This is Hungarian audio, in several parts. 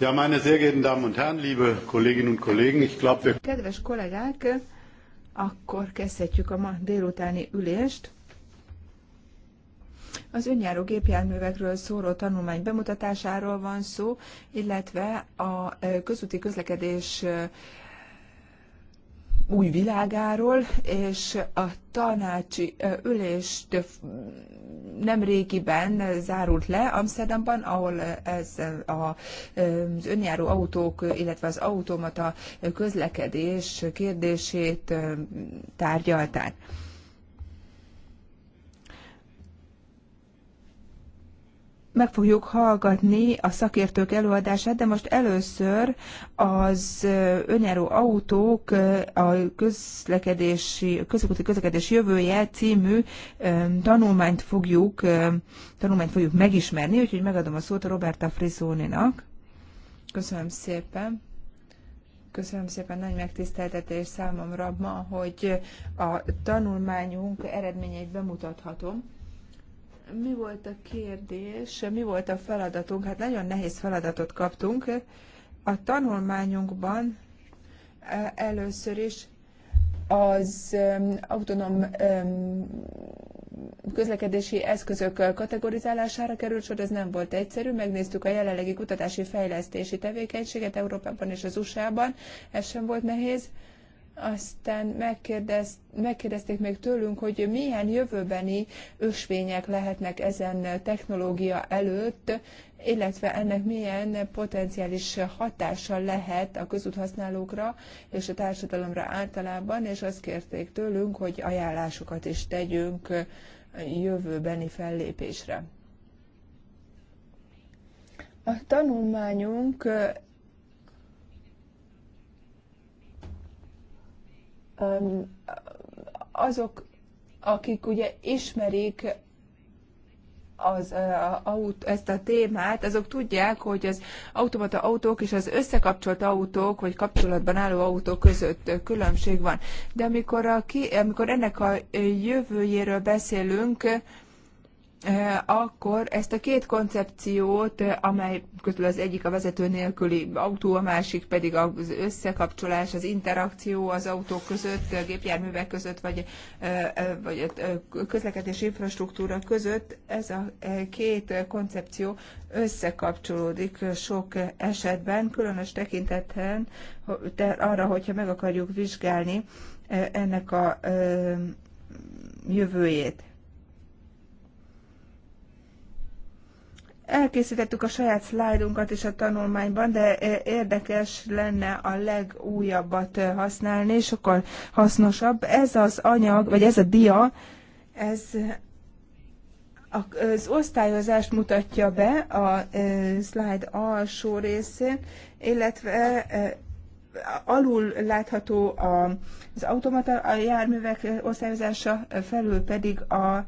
Ja, meine sehr geehrten Damen und Herren, liebe Kolleginnen und Kollegen, ich glaube, wir... Kedves kollégák, akkor kezdhetjük a ma délutáni ülést. Az önjáró gépjárművekről szóló tanulmány bemutatásáról van szó, illetve a közúti közlekedés új világáról, és a tanácsi ülést nem régiben zárult le Amsterdamban, ahol ez a, az önjáró autók, illetve az automata közlekedés kérdését tárgyalták. meg fogjuk hallgatni a szakértők előadását, de most először az önjáró autók a közlekedési, közlekedési, közlekedési jövője című tanulmányt fogjuk, tanulmányt fogjuk megismerni, úgyhogy megadom a szót a Roberta Frizóninak. Köszönöm szépen. Köszönöm szépen, nagy megtiszteltetés számomra ma, hogy a tanulmányunk eredményeit bemutathatom mi volt a kérdés, mi volt a feladatunk? Hát nagyon nehéz feladatot kaptunk. A tanulmányunkban e, először is az autonóm közlekedési eszközök kategorizálására került sor, ez nem volt egyszerű. Megnéztük a jelenlegi kutatási fejlesztési tevékenységet Európában és az USA-ban, ez sem volt nehéz. Aztán megkérdez, megkérdezték még tőlünk, hogy milyen jövőbeni ösvények lehetnek ezen technológia előtt, illetve ennek milyen potenciális hatása lehet a közúthasználókra és a társadalomra általában, és azt kérték tőlünk, hogy ajánlásokat is tegyünk jövőbeni fellépésre. A tanulmányunk azok, akik ugye ismerik az, aut, ezt a témát, azok tudják, hogy az automata autók és az összekapcsolt autók, vagy kapcsolatban álló autók között különbség van. De amikor, a ki, amikor ennek a jövőjéről beszélünk, akkor ezt a két koncepciót, amely közül az egyik a vezető nélküli autó, a másik pedig az összekapcsolás, az interakció az autók között, a gépjárművek között, vagy, vagy a közlekedési infrastruktúra között, ez a két koncepció összekapcsolódik sok esetben, különös tekintetben arra, hogyha meg akarjuk vizsgálni ennek a jövőjét. Elkészítettük a saját szlájdunkat is a tanulmányban, de eh, érdekes lenne a legújabbat eh, használni, sokkal hasznosabb. Ez az anyag, vagy ez a dia, ez az osztályozást mutatja be a eh, slide alsó részén, illetve alul látható az automata járművek osztályozása, felül pedig a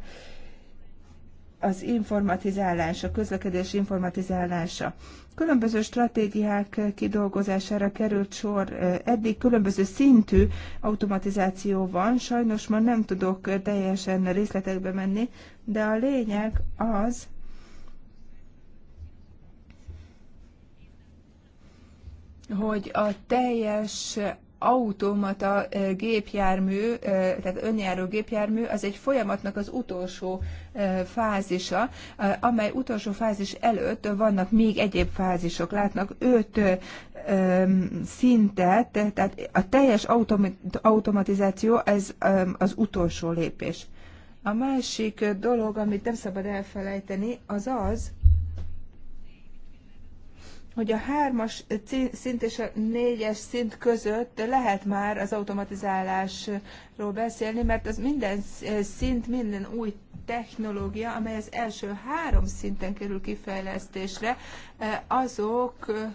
az informatizálása, közlekedés informatizálása. Különböző stratégiák kidolgozására került sor. Eddig különböző szintű automatizáció van, sajnos ma nem tudok teljesen részletekbe menni, de a lényeg az, hogy a teljes automata gépjármű, tehát önjáró gépjármű, az egy folyamatnak az utolsó fázisa, amely utolsó fázis előtt vannak még egyéb fázisok. Látnak öt szintet, tehát a teljes automatizáció ez az utolsó lépés. A másik dolog, amit nem szabad elfelejteni, az az, hogy a hármas szint és a négyes szint között lehet már az automatizálásról beszélni, mert az minden szint, minden új technológia, amely az első három szinten kerül kifejlesztésre, e, azok e,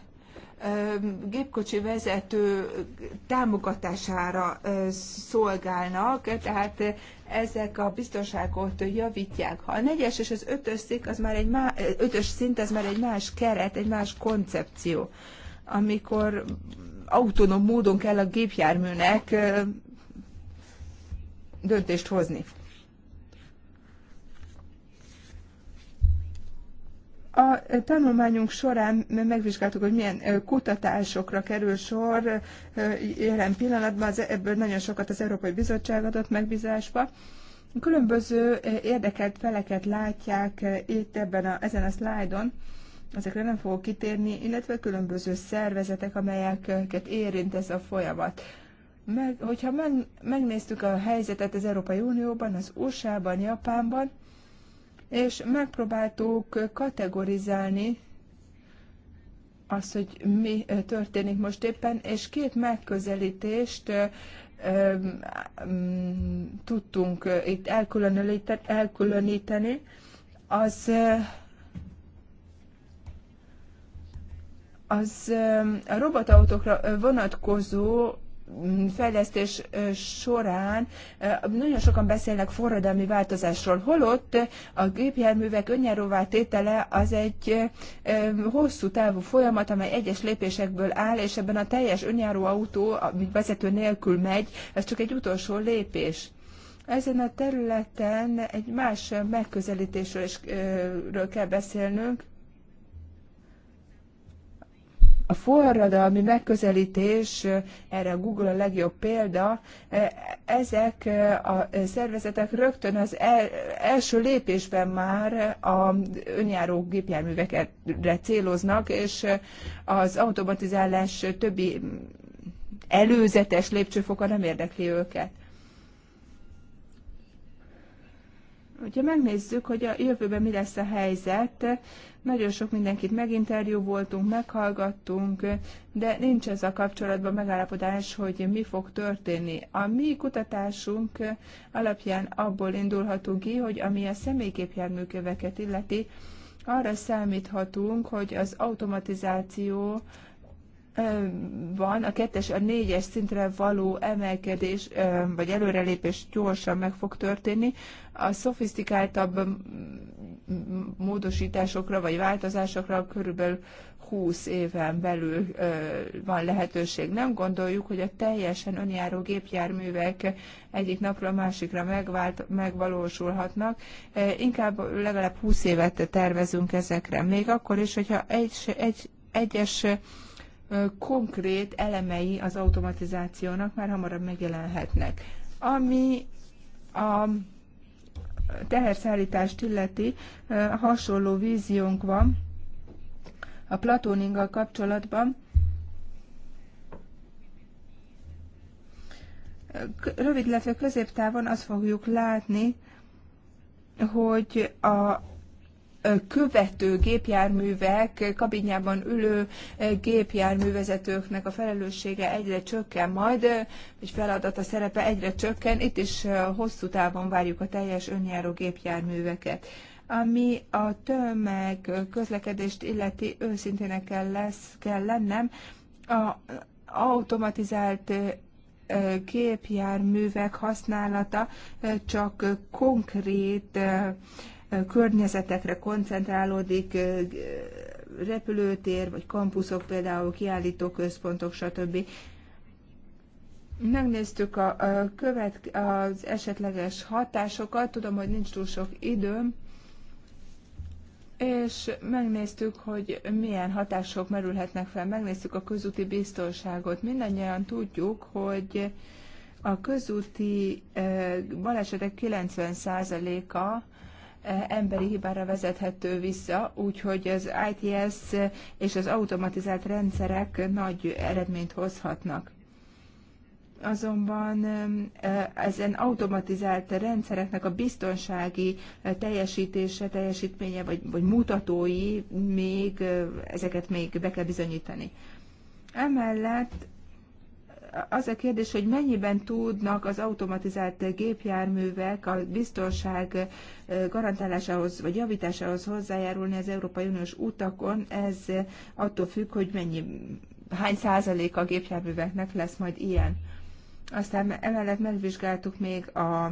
e, gépkocsi vezető támogatására szolgálnak, tehát ezek a biztonságot javítják. Ha A negyes és az ötös, szik, az már egy má, ötös szint, az már egy más keret, egy más koncepció. Amikor autonóm módon kell a gépjárműnek döntést hozni. A tanulmányunk során megvizsgáltuk, hogy milyen kutatásokra kerül sor jelen pillanatban, az, ebből nagyon sokat az Európai Bizottság adott megbízásba. Különböző érdekelt feleket látják itt ebben a, ezen a szlájdon, ezekre nem fogok kitérni, illetve különböző szervezetek, amelyeket érint ez a folyamat. Meg, hogyha megnéztük a helyzetet az Európai Unióban, az USA-ban, Japánban, és megpróbáltuk kategorizálni azt, hogy mi történik most éppen, és két megközelítést tudtunk itt elkülöníteni. Az az a robotautókra vonatkozó fejlesztés során nagyon sokan beszélnek forradalmi változásról, holott a gépjárművek önjáróvá tétele az egy hosszú távú folyamat, amely egyes lépésekből áll, és ebben a teljes önjáró autó, amit vezető nélkül megy, ez csak egy utolsó lépés. Ezen a területen egy más megközelítésről is kell beszélnünk, a forradalmi megközelítés, erre a Google a legjobb példa, e, ezek e, a szervezetek rögtön az e, első lépésben már a önjáró gépjárművekre céloznak, és az automatizálás többi előzetes lépcsőfoka nem érdekli őket. Hogyha megnézzük, hogy a jövőben mi lesz a helyzet, nagyon sok mindenkit meginterjú voltunk, meghallgattunk, de nincs ez a kapcsolatban megállapodás, hogy mi fog történni. A mi kutatásunk alapján abból indulhatunk ki, hogy ami a személyképjárműköveket illeti, arra számíthatunk, hogy az automatizáció van a kettes, a négyes szintre való emelkedés vagy előrelépés gyorsan meg fog történni. A szofisztikáltabb módosításokra vagy változásokra körülbelül 20 éven belül van lehetőség. Nem gondoljuk, hogy a teljesen önjáró gépjárművek egyik napra a másikra megvált, megvalósulhatnak. Inkább legalább 20 évet tervezünk ezekre. Még akkor is, hogyha egy, egy, egyes konkrét elemei az automatizációnak már hamarabb megjelenhetnek. Ami a teherszállítást illeti, hasonló víziónk van a platóninggal kapcsolatban. Rövid, illetve középtávon azt fogjuk látni, hogy a követő gépjárművek, kabinjában ülő eh, gépjárművezetőknek a felelőssége egyre csökken majd, és eh, feladata szerepe egyre csökken. Itt is eh, hosszú távon várjuk a teljes önjáró gépjárműveket. Ami a tömeg közlekedést illeti, őszintének kell, lesz, kell lennem, a automatizált gépjárművek használata csak konkrét környezetekre koncentrálódik, repülőtér, vagy kampuszok például, kiállítóközpontok, stb. Megnéztük a, a követ, az esetleges hatásokat, tudom, hogy nincs túl sok időm, és megnéztük, hogy milyen hatások merülhetnek fel. Megnéztük a közúti biztonságot. Mindannyian tudjuk, hogy a közúti balesetek 90%-a emberi hibára vezethető vissza, úgyhogy az ITS és az automatizált rendszerek nagy eredményt hozhatnak. Azonban eh, ezen automatizált rendszereknek a biztonsági eh, teljesítése, teljesítménye vagy, vagy mutatói még, eh, ezeket még be kell bizonyítani. Emellett az a kérdés, hogy mennyiben tudnak az automatizált gépjárművek a biztonság eh, garantálásához vagy javításához hozzájárulni az Európai Uniós utakon, ez eh, attól függ, hogy mennyi, hány százalék a gépjárműveknek lesz majd ilyen. Aztán emellett megvizsgáltuk még a,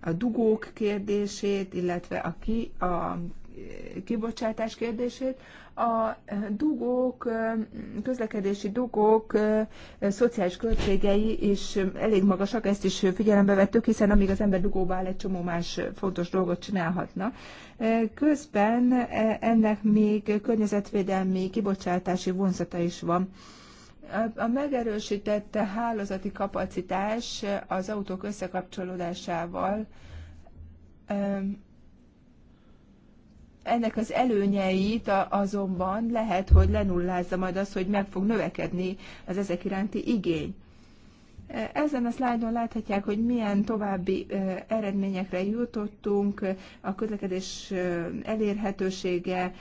a dugók kérdését, illetve a, ki, a kibocsátás kérdését. A dugók, közlekedési dugók szociális költségei is elég magasak, ezt is figyelembe vettük, hiszen amíg az ember dugóba áll, egy csomó más fontos dolgot csinálhatna. Közben ennek még környezetvédelmi kibocsátási vonzata is van. A megerősített hálózati kapacitás az autók összekapcsolódásával ennek az előnyeit azonban lehet, hogy lenullázza majd az, hogy meg fog növekedni az ezek iránti igény. E, ezen a szlájdon láthatják, hogy milyen további e, eredményekre jutottunk, a közlekedés e, elérhetősége,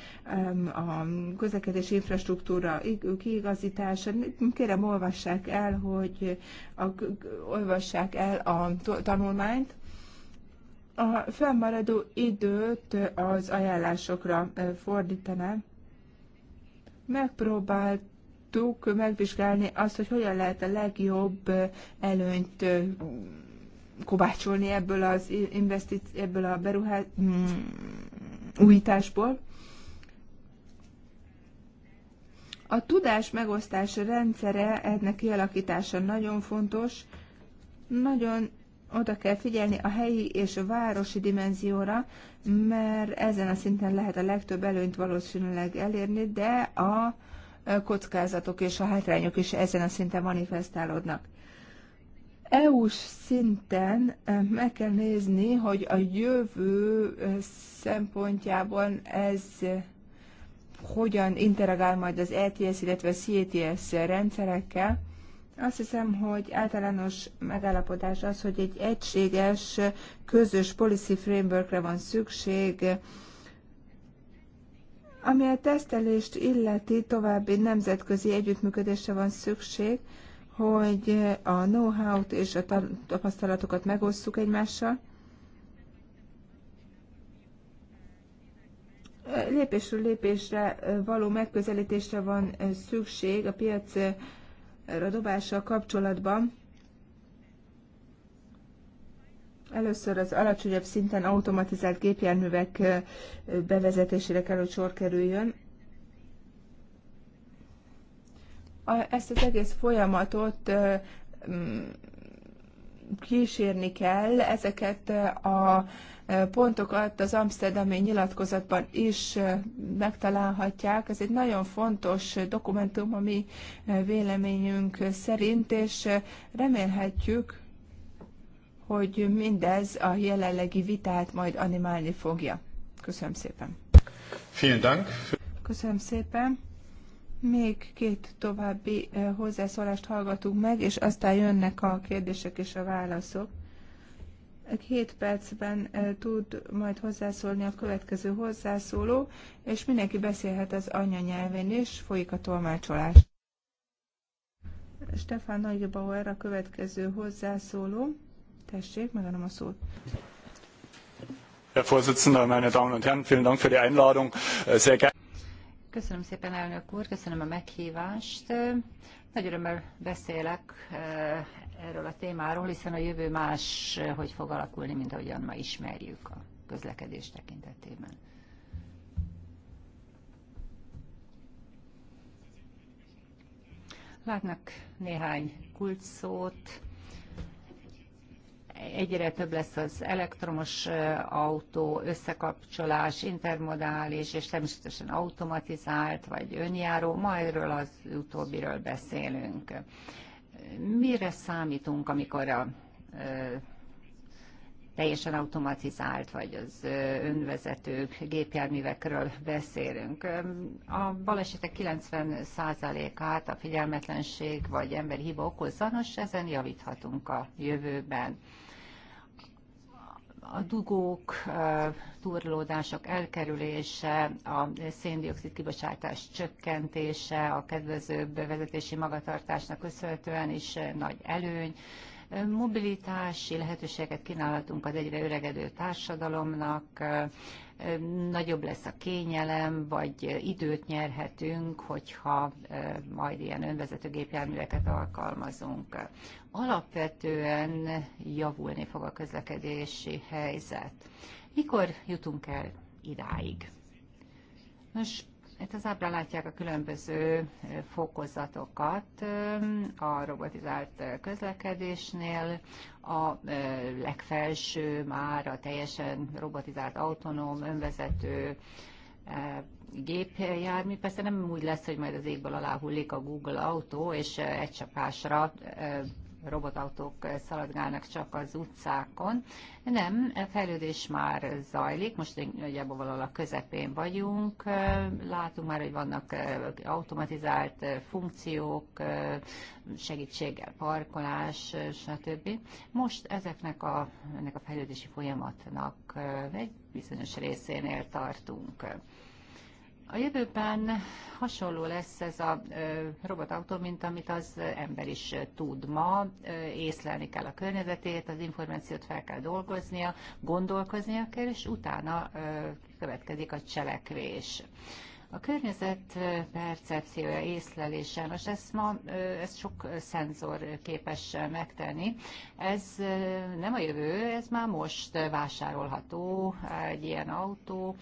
a közlekedés infrastruktúra kiigazítása. Kérem, olvassák el, hogy a, olvassák el a tanulmányt a felmaradó időt az ajánlásokra fordítaná. Megpróbáltuk megvizsgálni azt, hogy hogyan lehet a legjobb előnyt kovácsolni ebből az investíci- ebből a beruház mm, újításból. A tudás megosztás rendszere, ennek kialakítása nagyon fontos. Nagyon oda kell figyelni a helyi és a városi dimenzióra, mert ezen a szinten lehet a legtöbb előnyt valószínűleg elérni, de a kockázatok és a hátrányok is ezen a szinten manifestálódnak. EU-s szinten eh, meg kell nézni, hogy a jövő eh, szempontjában ez eh, hogyan interagál majd az ETS, illetve a CETS rendszerekkel, azt hiszem, hogy általános megállapodás az, hogy egy egységes, közös policy frameworkre van szükség, ami a tesztelést illeti, további nemzetközi együttműködésre van szükség, hogy a know-how-t és a tapasztalatokat megosszuk egymással. Lépésről lépésre való megközelítésre van szükség a piac dobással kapcsolatban Először az alacsonyabb szinten automatizált gépjárművek bevezetésére kell, hogy sor kerüljön. Ezt az egész folyamatot kísérni kell, ezeket a pontokat az Amsterdami nyilatkozatban is megtalálhatják. Ez egy nagyon fontos dokumentum a mi véleményünk szerint, és remélhetjük, hogy mindez a jelenlegi vitát majd animálni fogja. Köszönöm szépen. Vielen Dank. Köszönöm szépen. Még két további hozzászólást hallgatunk meg, és aztán jönnek a kérdések és a válaszok. Két percben tud majd hozzászólni a következő hozzászóló, és mindenki beszélhet az anyanyelvén is, folyik a tolmácsolás. Stefan Nagybauer a következő hozzászóló. Tessék, megadom a szót. Herr Vorsitzender, meine Damen und Herren, vielen Dank für die Einladung. Sehr gerne. Köszönöm szépen, elnök úr, köszönöm a meghívást. Nagy örömmel beszélek erről a témáról, hiszen a jövő más, hogy fog alakulni, mint ahogyan ma ismerjük a közlekedés tekintetében. Látnak néhány kulcsszót. Egyre több lesz az elektromos autó, összekapcsolás, intermodális, és természetesen automatizált vagy önjáró. Ma erről az utóbbiről beszélünk mire számítunk, amikor a teljesen automatizált, vagy az önvezető gépjárművekről beszélünk. A balesetek 90%-át a figyelmetlenség vagy emberi hiba okozza, nos, ezen javíthatunk a jövőben a dugók, túrlódások elkerülése, a széndiokszid kibocsátás csökkentése, a kedvezőbb vezetési magatartásnak köszönhetően is nagy előny. Mobilitási lehetőséget kínálhatunk az egyre öregedő társadalomnak, nagyobb lesz a kényelem, vagy időt nyerhetünk, hogyha majd ilyen önvezető gépjárműveket alkalmazunk. Alapvetően javulni fog a közlekedési helyzet. Mikor jutunk el idáig? Nos, itt hát az ábrán látják a különböző fokozatokat a robotizált közlekedésnél. A legfelső már a teljesen robotizált, autonóm, önvezető gépjármű. Persze nem úgy lesz, hogy majd az égből alá hullik a Google autó, és egy csapásra robotautók szaladgálnak csak az utcákon. Nem, fejlődés már zajlik, most nagyjából valahol a közepén vagyunk, látunk már, hogy vannak automatizált funkciók, segítséggel parkolás, stb. Most ezeknek a, ennek a fejlődési folyamatnak egy bizonyos részénél tartunk. A jövőben hasonló lesz ez a robotautó, mint amit az ember is tud ma. Észlelni kell a környezetét, az információt fel kell dolgoznia, gondolkoznia kell, és utána következik a cselekvés. A környezet percepciója, észlelése, most ezt ma ezt sok szenzor képes megtenni. Ez nem a jövő, ez már most vásárolható egy ilyen autó,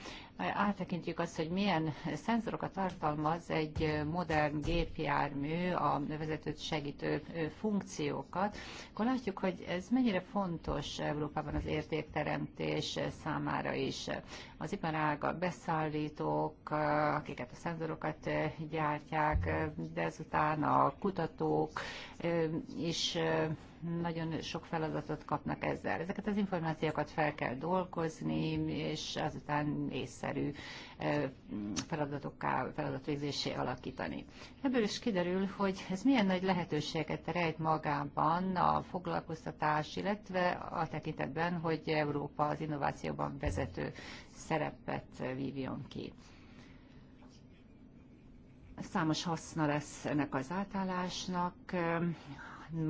áttekintjük azt, hogy milyen szenzorokat tartalmaz egy modern gépjármű, a vezetőt segítő funkciókat, akkor látjuk, hogy ez mennyire fontos Európában az értékteremtés számára is. Az iparág, a beszállítók, akiket a szenzorokat gyártják, de ezután a kutatók is nagyon sok feladatot kapnak ezzel. Ezeket az információkat fel kell dolgozni, és azután észszerű feladatokká, feladatvégzésé alakítani. Ebből is kiderül, hogy ez milyen nagy lehetőséget rejt magában a foglalkoztatás, illetve a tekintetben, hogy Európa az innovációban vezető szerepet vívjon ki számos haszna lesz ennek az átállásnak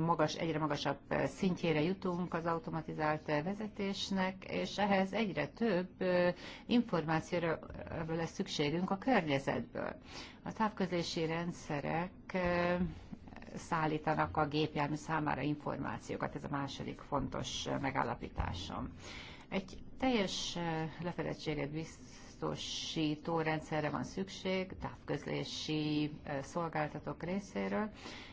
magas, egyre magasabb szintjére jutunk az automatizált vezetésnek, és ehhez egyre több információra lesz szükségünk a környezetből. A távközlési rendszerek szállítanak a gépjármű számára információkat, ez a második fontos megállapításom. Egy teljes lefedettséget biztosító rendszerre van szükség távközlési szolgáltatók részéről,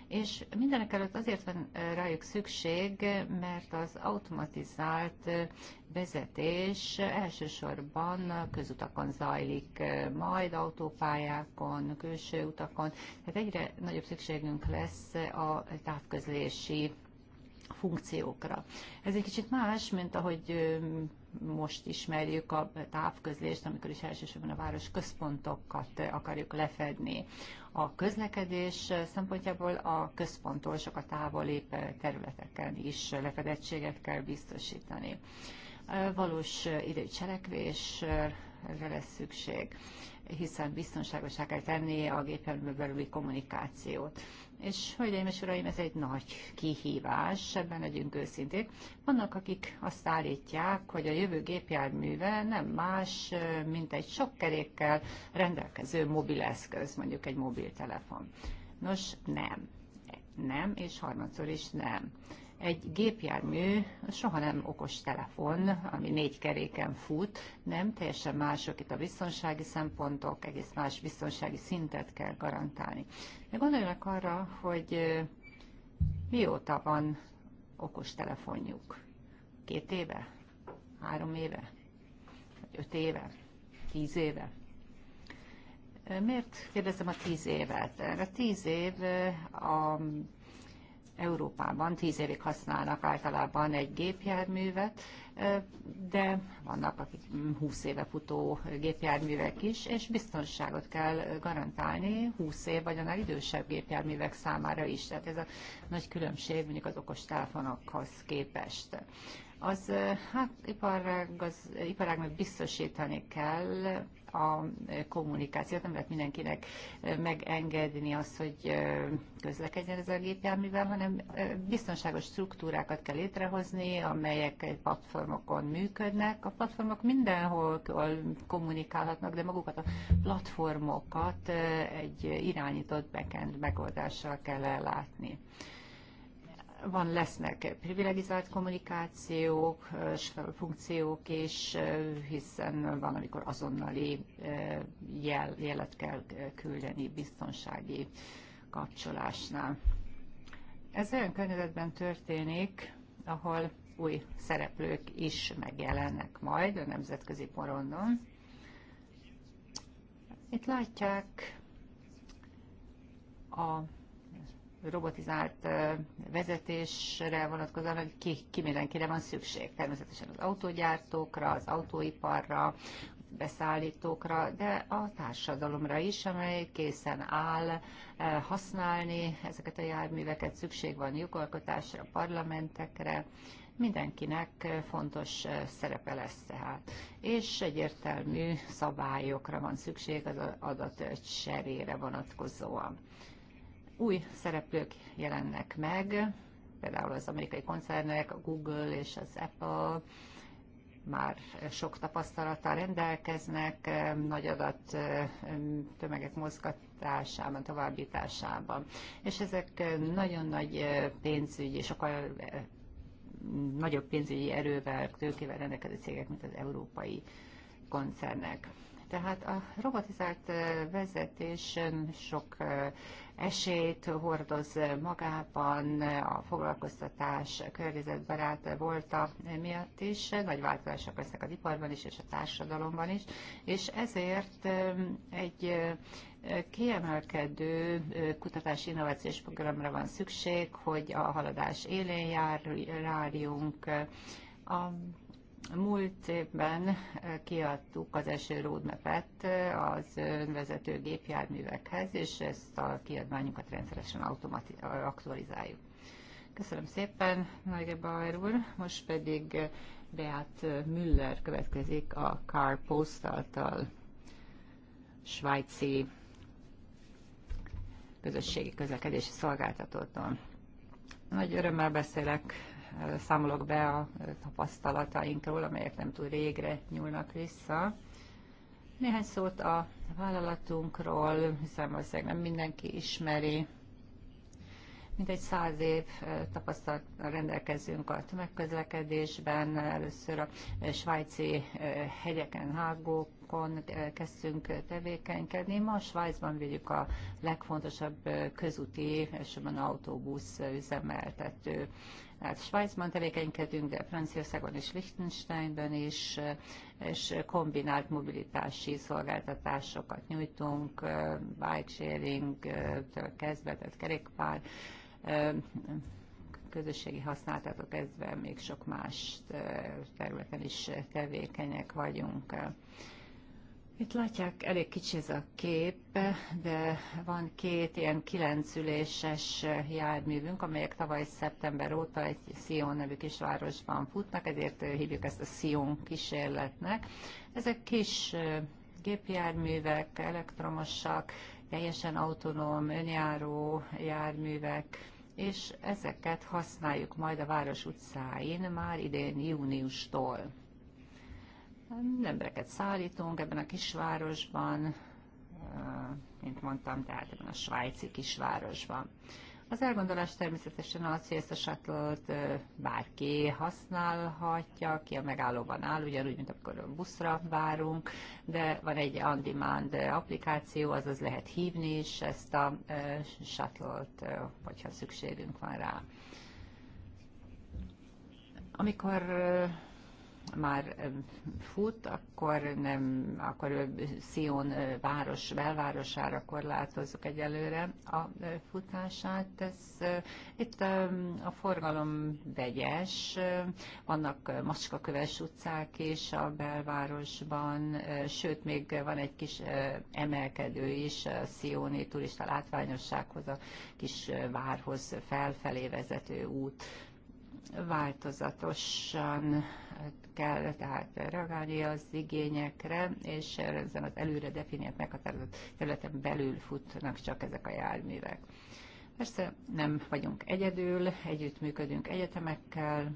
és mindenek előtt azért van rájuk szükség, mert az automatizált vezetés elsősorban közutakon zajlik, majd autópályákon, külső utakon, tehát egyre nagyobb szükségünk lesz a távközlési funkciókra. Ez egy kicsit más, mint ahogy most ismerjük a távközlést, amikor is elsősorban a város központokat akarjuk lefedni a közlekedés szempontjából a központtól sok a távolibb eh, területeken is lefedettséget kell biztosítani. Eh, valós idő cselekvésre lesz szükség hiszen biztonságosá kell tenni a gépen belüli kommunikációt. És hölgyeim és uraim, ez egy nagy kihívás, ebben legyünk őszinték. Vannak, akik azt állítják, hogy a jövő gépjárműve nem más, mint egy sok kerékkel rendelkező mobileszköz, mondjuk egy mobiltelefon. Nos, nem. Nem, és harmadszor is nem. Egy gépjármű az soha nem okos telefon, ami négy keréken fut, nem, teljesen mások itt a biztonsági szempontok, egész más biztonsági szintet kell garantálni. De gondoljanak arra, hogy mióta van okos telefonjuk? Két éve? Három éve? Vagy öt éve? Tíz éve? Miért kérdezem a tíz évet? A tíz év a Európában tíz évig használnak általában egy gépjárművet, de vannak akik 20 éve futó gépjárművek is, és biztonságot kell garantálni 20 év vagy annál idősebb gépjárművek számára is. Tehát ez a nagy különbség mondjuk az okostelefonokhoz képest. Az hát, iparág, az iparágnak biztosítani kell a kommunikációt, nem lehet mindenkinek eh, megengedni azt, hogy eh, közlekedjen ez a gépjárművel, hanem eh, biztonságos struktúrákat kell létrehozni, amelyek platformokon működnek. A platformok mindenhol kommunikálhatnak, de magukat a platformokat egy irányított backend megoldással kell ellátni van, lesznek privilegizált kommunikációk, funkciók is, hiszen van, amikor azonnali jel, jelet kell küldeni biztonsági kapcsolásnál. Ez olyan környezetben történik, ahol új szereplők is megjelennek majd a nemzetközi porondon. Itt látják a robotizált vezetésre vonatkozóan, hogy ki, ki mindenkire van szükség. Természetesen az autógyártókra, az autóiparra, beszállítókra, de a társadalomra is, amely készen áll használni ezeket a járműveket. Szükség van jogalkotásra, parlamentekre, mindenkinek fontos szerepe lesz tehát. És egyértelmű szabályokra van szükség az adat cserére vonatkozóan új szereplők jelennek meg, például az amerikai koncernek, a Google és az Apple már sok tapasztalattal rendelkeznek, nagy adat tömegek mozgatásában, továbbításában. És ezek nagyon nagy eh, pénzügyi, sokkal eh, nagyobb pénzügyi erővel, tőkével rendelkező cégek, mint az európai koncernek. Tehát a robotizált vezetés sok esélyt hordoz magában, a foglalkoztatás környezetbarát volt a miatt is, nagy változások lesznek az iparban is, és a társadalomban is, és ezért egy kiemelkedő kutatási innovációs programra van szükség, hogy a haladás élén járjunk, a Múlt évben eh, kiadtuk az első roadmap-et eh, az önvezető gépjárművekhez, és ezt a kiadványunkat rendszeresen automati- aktualizáljuk. Köszönöm szépen, Nagy Bauer úr. Most pedig eh, Beat Müller következik a Car Post által svájci közösségi közlekedési szolgáltatótól. Nagy örömmel beszélek számolok be a tapasztalatainkról, amelyek nem túl régre nyúlnak vissza. Néhány szót a vállalatunkról, hiszen valószínűleg nem mindenki ismeri. Mintegy száz év tapasztalat rendelkezünk a tömegközlekedésben. Először a svájci hegyeken, hágókon kezdtünk tevékenykedni. Ma a Svájcban vigyük a legfontosabb közúti, elsősorban autóbusz üzemeltető tehát Svájcban tevékenykedünk, de Franciaországban és Liechtensteinben is, és kombinált mobilitási szolgáltatásokat nyújtunk, bike sharing-től kezdve, tehát kerékpár, közösségi használatot kezdve még sok más területen is tevékenyek vagyunk. Itt látják, elég kicsi ez a kép, de van két ilyen kilencüléses járművünk, amelyek tavaly szeptember óta egy Sion nevű kisvárosban futnak, ezért hívjuk ezt a Sion kísérletnek. Ezek kis gépjárművek, elektromosak, teljesen autonóm, önjáró járművek, és ezeket használjuk majd a város utcáin már idén júniustól embereket szállítunk ebben a kisvárosban, eh, mint mondtam, tehát ebben a svájci kisvárosban. Az elgondolás természetesen az, hogy ezt a shuttle eh, bárki használhatja, ki a megállóban áll, ugyanúgy, mint akkor buszra várunk, de van egy on-demand applikáció, azaz lehet hívni is ezt a eh, shuttle-t, hogyha szükségünk van rá. Amikor már fut, akkor nem, akkor Szion város, belvárosára korlátozzuk egyelőre a futását. Ez, itt a forgalom vegyes, vannak macskaköves utcák is a belvárosban, sőt, még van egy kis emelkedő is a Szioni turista látványossághoz, a kis várhoz felfelé vezető út változatosan kell tehát reagálni az igényekre, és ezen az előre definiált meghatározott területen belül futnak csak ezek a járművek. Persze nem vagyunk egyedül, együttműködünk egyetemekkel,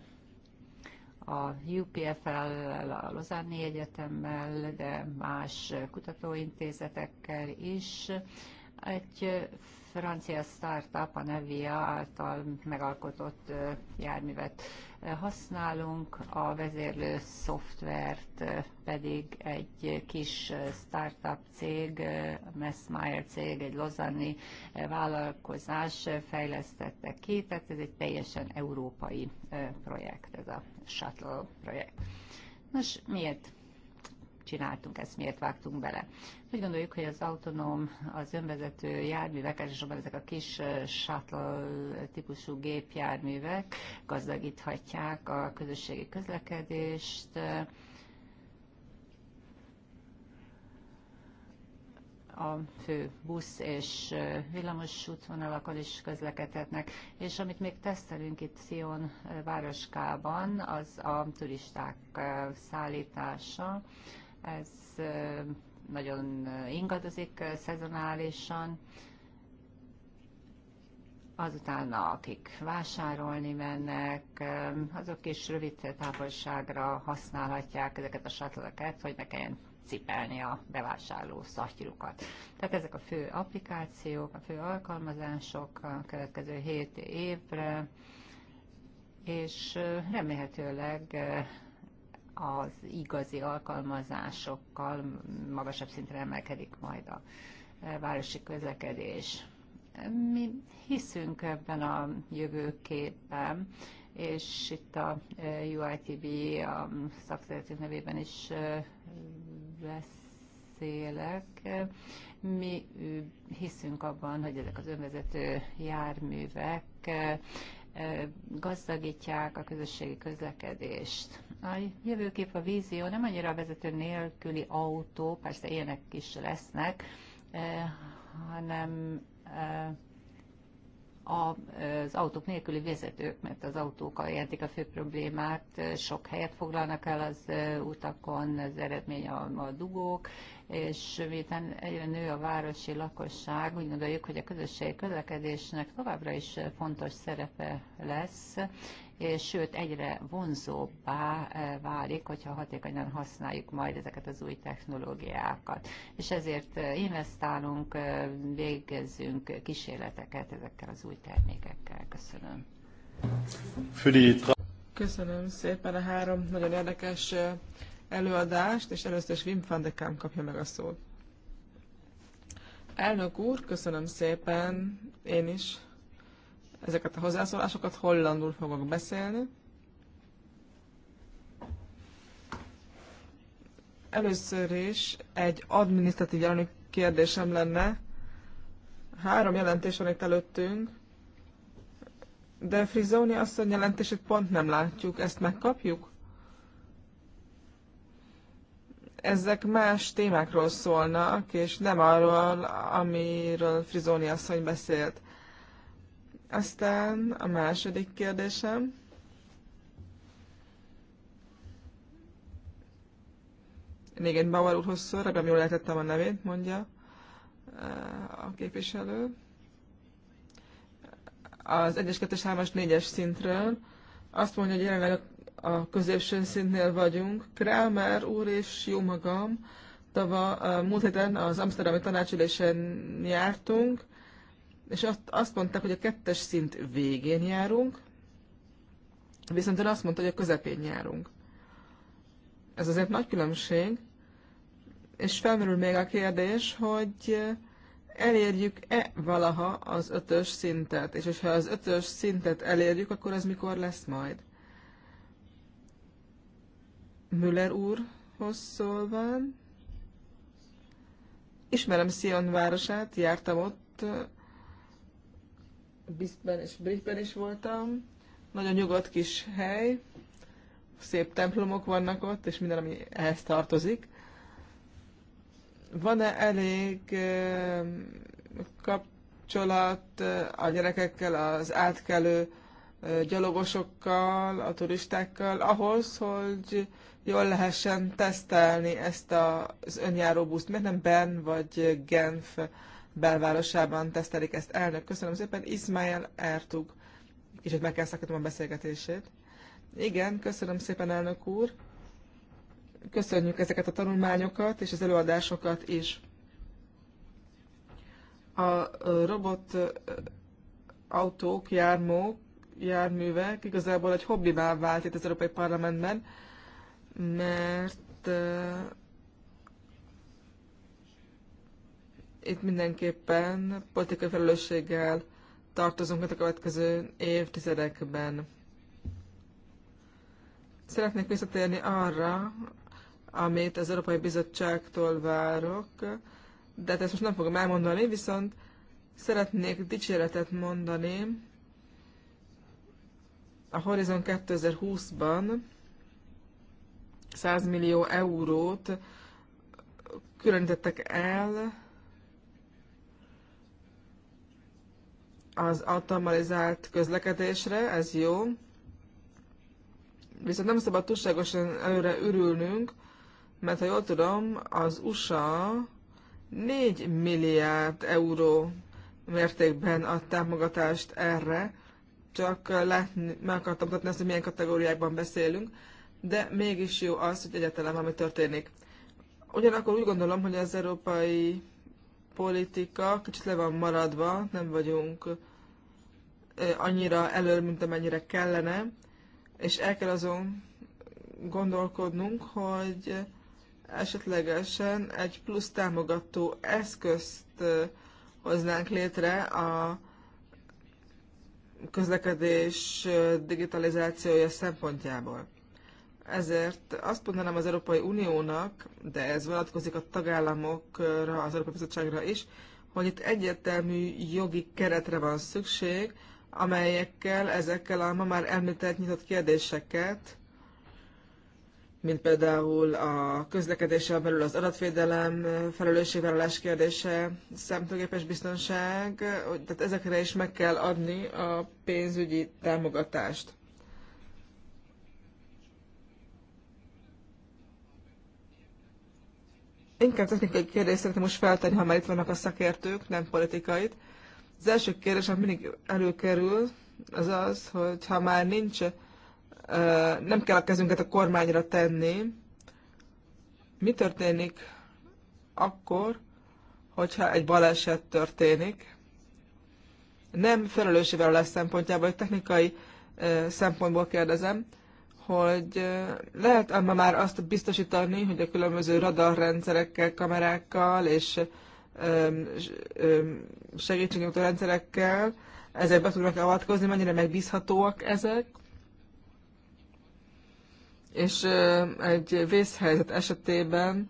a UPFL-lel, a Lozánni Egyetemmel, de más kutatóintézetekkel is, egy francia startup, a Nevia által megalkotott járművet használunk, a vezérlő szoftvert pedig egy kis startup cég, Messmeyer cég, egy lozani vállalkozás fejlesztette ki, tehát ez egy teljesen európai projekt, ez a Shuttle projekt. Nos, miért csináltunk, ezt miért vágtunk bele. Úgy gondoljuk, hogy az autonóm, az önvezető járművek, elsősorban ezek a kis shuttle típusú gépjárművek gazdagíthatják a közösségi közlekedést, a fő busz és villamos útvonalakon is közlekedhetnek. És amit még tesztelünk itt Szion városkában, az a turisták szállítása. Ez nagyon ingadozik szezonálisan. Azután, akik vásárolni mennek, azok is rövid távolságra használhatják ezeket a sátlakat, hogy ne kelljen cipelni a bevásárló szatyrukat. Tehát ezek a fő applikációk, a fő alkalmazások a következő 7 évre, és remélhetőleg az igazi alkalmazásokkal magasabb szintre emelkedik majd a e, városi közlekedés. Mi hiszünk ebben a jövőképpen, és itt a e, UITB a szakszeretők nevében is e, beszélek. Mi hiszünk abban, hogy ezek az önvezető járművek gazdagítják a közösségi közlekedést. A jövőkép, a vízió nem annyira a vezető nélküli autó, persze ilyenek is lesznek, hanem az autók nélküli vezetők, mert az autók jelentik a fő problémát, sok helyet foglalnak el az utakon, az eredmény a, a dugók, és miután egyre nő a városi lakosság, úgy gondoljuk, hogy a közösségi közlekedésnek továbbra is fontos szerepe lesz, és sőt egyre vonzóbbá eh, válik, hogyha hatékonyan használjuk majd ezeket az új technológiákat. És ezért eh, investálunk, eh, végezzünk kísérleteket ezekkel az új termékekkel. Köszönöm. Köszönöm szépen a három nagyon érdekes előadást, és először is Wim van de Kamp kapja meg a szót. Elnök úr, köszönöm szépen, én is ezeket a hozzászólásokat, hollandul fogok beszélni. Először is egy adminisztratív jelenik kérdésem lenne. Három jelentés van itt előttünk, de Frizoni asszony jelentését pont nem látjuk. Ezt megkapjuk? ezek más témákról szólnak, és nem arról, amiről Frizoni asszony beszélt. Aztán a második kérdésem. Még egy Bauer úrhoz szól, remélem jól lehetettem a nevét, mondja eh, a képviselő. Az 1-es, 2-es, 3-as, 4-es szintről azt mondja, hogy jelenleg a középső szintnél vagyunk. Krámer úr és jó magam, tava, eh, múlt héten az Amsterdami tanácsülésen jártunk, és azt, azt mondták, hogy a kettes szint végén járunk, viszont ő azt mondta, hogy a közepén járunk. Ez azért nagy különbség, és felmerül még a kérdés, hogy elérjük-e valaha az ötös szintet, és ha az ötös szintet elérjük, akkor az mikor lesz majd? Müller úrhoz szólván. Ismerem Szion városát, jártam ott, Biszben és Brichben is voltam. Nagyon nyugodt kis hely, szép templomok vannak ott, és minden, ami ehhez tartozik. Van-e elég kapcsolat a gyerekekkel, az átkelő gyalogosokkal, a turistákkal, ahhoz, hogy jól lehessen tesztelni ezt az önjáró buszt. Miért nem Ben vagy Genf belvárosában tesztelik ezt. Elnök, köszönöm szépen. Ismail Ertug. Kicsit meg kell szakítom a beszélgetését. Igen, köszönöm szépen, elnök úr. Köszönjük ezeket a tanulmányokat és az előadásokat is. A robot autók, jármók, járművek igazából egy hobbivá vált itt az Európai Parlamentben, mert itt mindenképpen politikai felelősséggel tartozunk a következő évtizedekben. Szeretnék visszatérni arra, amit az Európai Bizottságtól várok, de ezt most nem fogom elmondani, viszont szeretnék dicséretet mondani a Horizon 2020-ban 100 millió eurót különítettek el az automatizált közlekedésre, ez jó, viszont nem szabad túlságosan előre ürülnünk, mert ha jól tudom, az USA 4 milliárd euró mértékben ad támogatást erre, csak látni, meg akartam mutatni azt, hogy milyen kategóriákban beszélünk, de mégis jó az, hogy egyetlen ami történik. Ugyanakkor úgy gondolom, hogy az Európai politika kicsit le van maradva, nem vagyunk annyira elő, mint amennyire kellene, és el kell azon gondolkodnunk, hogy esetlegesen egy plusz támogató eszközt hoznánk létre a közlekedés digitalizációja szempontjából. Ezért azt mondanám az Európai Uniónak, de ez vonatkozik a tagállamokra, az Európai Bizottságra is, hogy itt egyértelmű jogi keretre van szükség, amelyekkel ezekkel a ma már említett nyitott kérdéseket, mint például a közlekedéssel belül az adatvédelem, felelősségvállalás kérdése, számítógépes biztonság, tehát ezekre is meg kell adni a pénzügyi támogatást. Inkább technikai kérdést szeretném most feltenni, ha már itt vannak a szakértők, nem politikait. Az első kérdés, ami mindig előkerül, az az, hogy ha már nincs, nem kell a kezünket a kormányra tenni, mi történik akkor, hogyha egy baleset történik? Nem felelősével lesz szempontjából, hogy technikai szempontból kérdezem, hogy lehet ám már azt biztosítani, hogy a különböző radarrendszerekkel, kamerákkal és segítségnyújtó rendszerekkel ezek be tudnak avatkozni, mennyire megbízhatóak ezek. És egy vészhelyzet esetében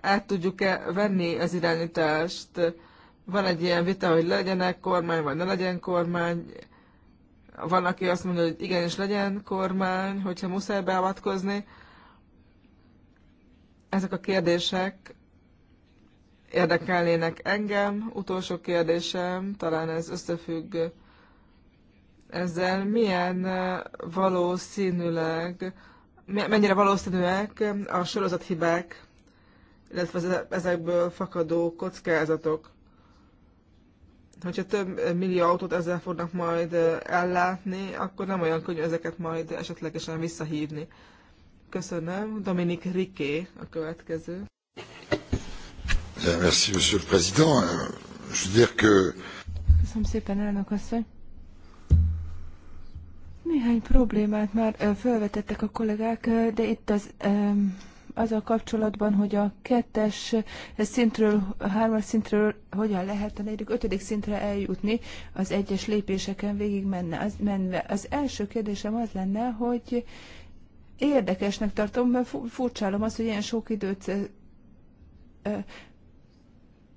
át tudjuk-e venni az irányítást, van egy ilyen vita, hogy legyenek kormány, vagy ne legyen kormány, van, aki azt mondja, hogy igenis legyen kormány, hogyha muszáj beavatkozni. Ezek a kérdések érdekelnének engem. Utolsó kérdésem, talán ez összefügg ezzel, milyen eh, valószínűleg, mennyire valószínűek eh, a sorozathibák, illetve ezekből fakadó kockázatok hogyha több millió autót ezzel fognak majd ellátni, akkor nem olyan könnyű ezeket majd esetlegesen visszahívni. Köszönöm. Dominik Riké a következő. Merci, monsieur le président. Euh, je veux dire que... Köszönöm szépen, elnök asszony. Néhány problémát már felvetettek a kollégák, de itt az az a kapcsolatban, hogy a kettes szintről, a hármas szintről hogyan lehet a negyedik, ötödik szintre eljutni az egyes lépéseken végig menne, az, menve. Az első kérdésem az lenne, hogy érdekesnek tartom, mert furcsálom azt, hogy ilyen sok időt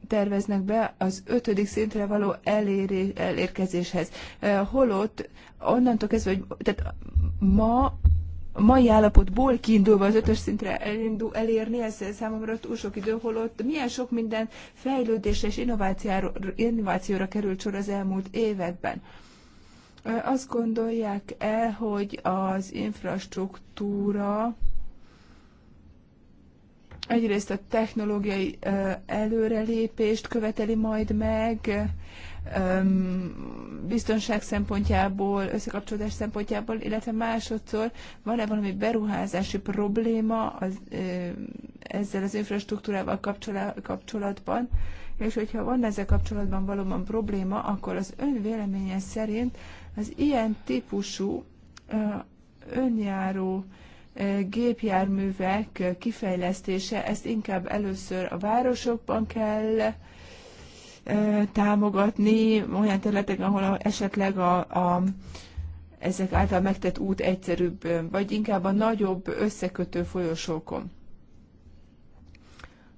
terveznek be az ötödik szintre való eléri, elérkezéshez. Holott onnantól kezdve, hogy tehát ma mai állapotból kiindulva az ötös szintre elindul, elérni, ez számomra túl sok idő, holott milyen sok minden fejlődésre és innovációra, került sor az elmúlt években. Azt gondolják el, hogy az infrastruktúra egyrészt a technológiai előrelépést követeli majd meg, biztonság szempontjából, összekapcsolódás szempontjából, illetve másodszor van-e valami beruházási probléma az, ezzel az infrastruktúrával kapcsolatban, és hogyha van ezzel kapcsolatban valóban probléma, akkor az ön véleménye szerint az ilyen típusú önjáró gépjárművek kifejlesztése, ezt inkább először a városokban kell e, támogatni, olyan területeken, ahol esetleg a, a ezek által megtett út egyszerűbb, vagy inkább a nagyobb összekötő folyosókon.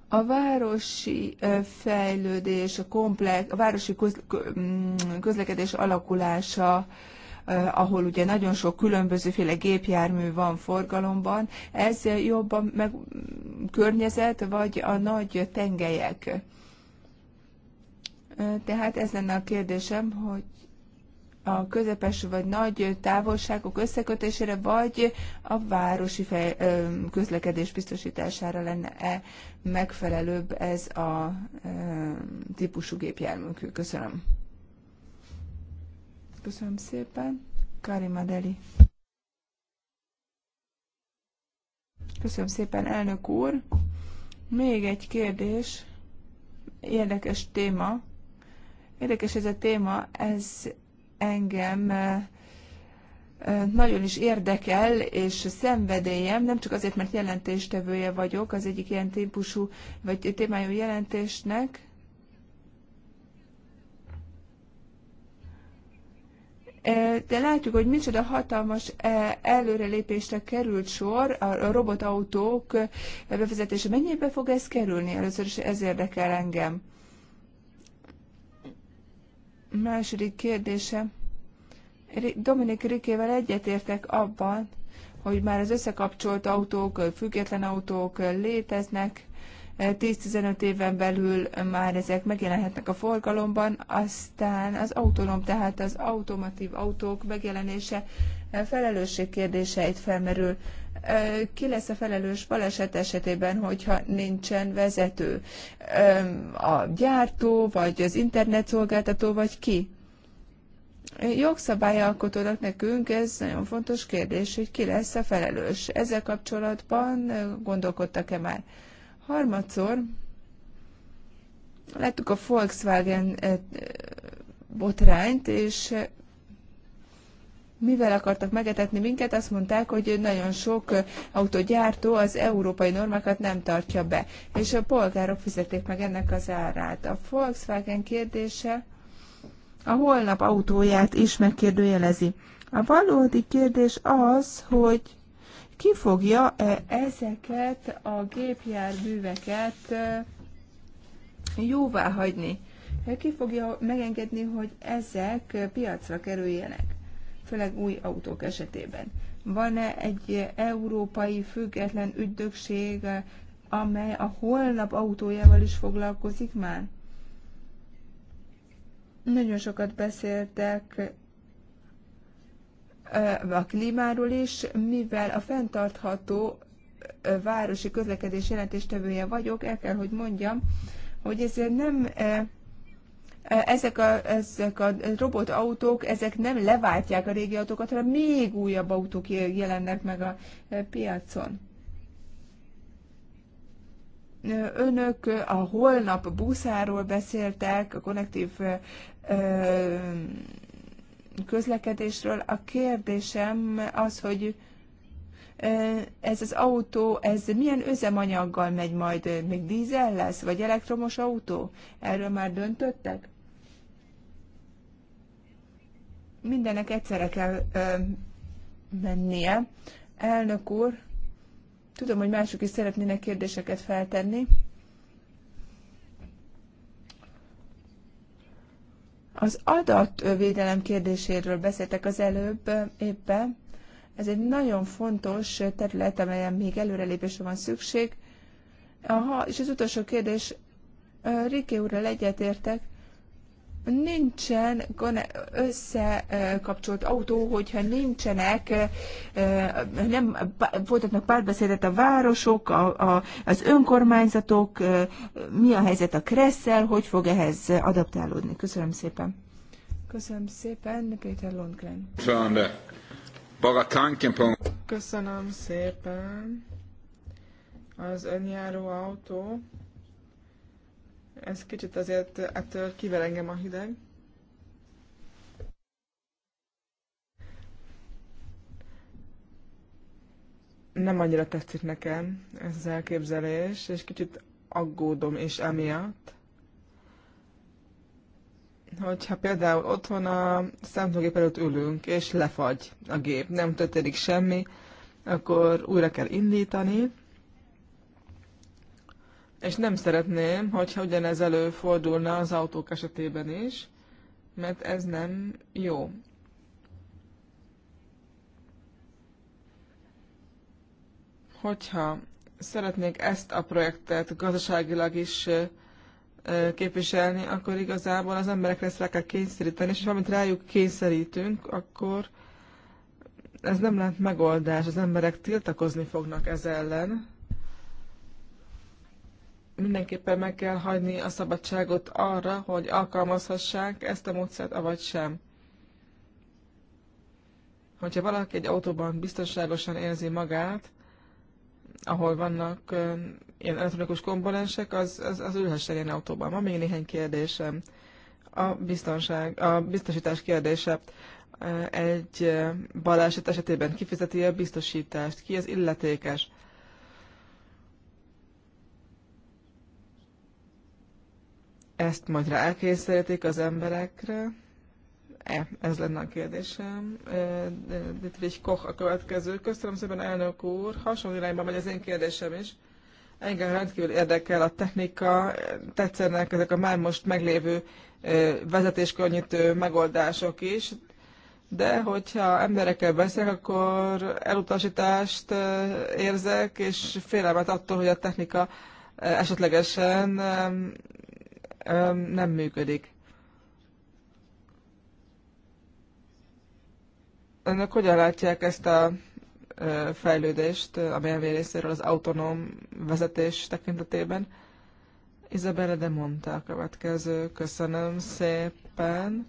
A városi e, fejlődés, a, komplex, a városi közlekedés alakulása, Eh, ahol ugye nagyon sok különbözőféle gépjármű van forgalomban, ez jobban meg környezet, vagy a nagy tengelyek? Eh, tehát ez lenne a kérdésem, hogy a közepes vagy nagy távolságok összekötésére, vagy a városi fej, eh, közlekedés biztosítására lenne-e megfelelőbb ez a típusú gépjárműkű? Köszönöm. Köszönöm szépen. Karima Deli. Köszönöm szépen, elnök úr. Még egy kérdés. Érdekes téma. Érdekes ez a téma, ez engem nagyon is érdekel, és szenvedélyem, nem csak azért, mert jelentéstevője vagyok az egyik ilyen típusú, vagy témájú jelentésnek, E, de látjuk, hogy micsoda hatalmas e, előrelépésre került sor a robotautók e, bevezetése. Mennyibe fog ez kerülni? Először is ez érdekel engem. Második kérdése. Dominik Rikével egyetértek abban, hogy már az összekapcsolt autók, független autók léteznek, 10-15 éven belül már ezek megjelenhetnek a forgalomban, aztán az autonóm, tehát az automatív autók megjelenése e, felelősség kérdéseit felmerül. E, ki lesz a felelős baleset esetében, hogyha nincsen vezető? E, a gyártó, vagy az internetszolgáltató, vagy ki? jogszabályalkotónak nekünk ez nagyon fontos kérdés, hogy ki lesz a felelős. Ezzel kapcsolatban gondolkodtak-e már? Harmadszor láttuk a Volkswagen botrányt, és mivel akartak megetetni minket, azt mondták, hogy nagyon sok autógyártó az európai normákat nem tartja be, és a polgárok fizették meg ennek az árát. A Volkswagen kérdése a holnap autóját is megkérdőjelezi. A valódi kérdés az, hogy ki fogja e, ezeket a gépjárműveket e, jóvá hagyni? E, ki fogja megengedni, hogy ezek piacra kerüljenek, főleg új autók esetében? Van-e egy európai független ügydökség, amely a holnap autójával is foglalkozik már? Nagyon sokat beszéltek a klímáról is, mivel a fenntartható városi közlekedés jelentéstevője vagyok, el kell, hogy mondjam, hogy ez nem ezek a, ezek a robotautók, ezek nem leváltják a régi autókat, hanem még újabb autók jelennek meg a piacon. Önök a holnap buszáról beszéltek, a konnektív közlekedésről. A kérdésem az, hogy ez az autó, ez milyen üzemanyaggal megy majd? Még dízel lesz, vagy elektromos autó? Erről már döntöttek? Mindenek egyszerre kell ö, mennie. Elnök úr, tudom, hogy mások is szeretnének kérdéseket feltenni. Az adatvédelem kérdéséről beszéltek az előbb éppen. Ez egy nagyon fontos terület, amelyen még előrelépésre van szükség. Aha, és az utolsó kérdés, Riké úrral egyetértek, nincsen összekapcsolt autó, hogyha nincsenek, nem folytatnak párbeszédet a városok, a, a, az önkormányzatok, mi a helyzet a Kresszel, hogy fog ehhez adaptálódni. Köszönöm szépen. Köszönöm szépen, Péter Lundgren. Köszönöm szépen. Az önjáró autó ez kicsit azért ettől kivel engem a hideg. Nem annyira tetszik nekem ez az elképzelés, és kicsit aggódom is emiatt. Hogyha például otthon a számítógép előtt ülünk, és lefagy a gép, nem történik semmi, akkor újra kell indítani, és nem szeretném, hogyha ugyanez előfordulna az autók esetében is, mert ez nem jó. Hogyha szeretnék ezt a projektet gazdaságilag is képviselni, akkor igazából az emberekre ezt rá kell kényszeríteni, és amit rájuk kényszerítünk, akkor ez nem lehet megoldás, az emberek tiltakozni fognak ez ellen, mindenképpen meg kell hagyni a szabadságot arra, hogy alkalmazhassák ezt a módszert, avagy sem. Hogyha valaki egy autóban biztonságosan érzi magát, ahol vannak ilyen elektronikus komponensek, az, az, az ülhessen ilyen autóban. Van még néhány kérdésem. A, biztonság, a biztosítás kérdése. Egy baleset esetében kifizeti a biztosítást? Ki az illetékes? ezt majd rákényszerítik az emberekre? E, ez lenne a kérdésem. E, Dietrich Koch a következő. Köszönöm szépen, elnök úr. Hasonló irányban megy az én kérdésem is. Engem rendkívül érdekel a technika, tetszenek ezek a már most meglévő e, vezetéskönnyítő megoldások is, de hogyha emberekkel beszélek, akkor elutasítást e, érzek, és félelmet attól, hogy a technika esetlegesen nem működik. Önök hogyan látják ezt a fejlődést a BMW részéről az autonóm vezetés tekintetében? Izabella de mondta a következő. Köszönöm szépen.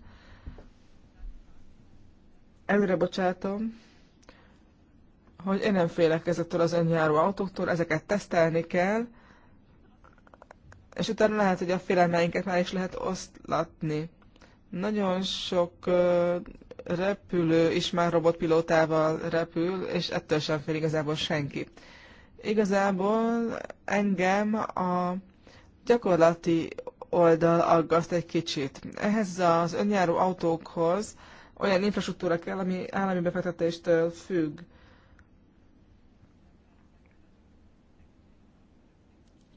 Előre bocsátom, hogy én nem félek ezektől az önjáró autóktól, ezeket tesztelni kell, és utána lehet, hogy a félelmeinket már is lehet oszlatni. Nagyon sok repülő is már robotpilótával repül, és ettől sem fél igazából senki. Igazából engem a gyakorlati oldal aggaszt egy kicsit. Ehhez az önjáró autókhoz olyan infrastruktúra kell, ami állami befektetéstől függ.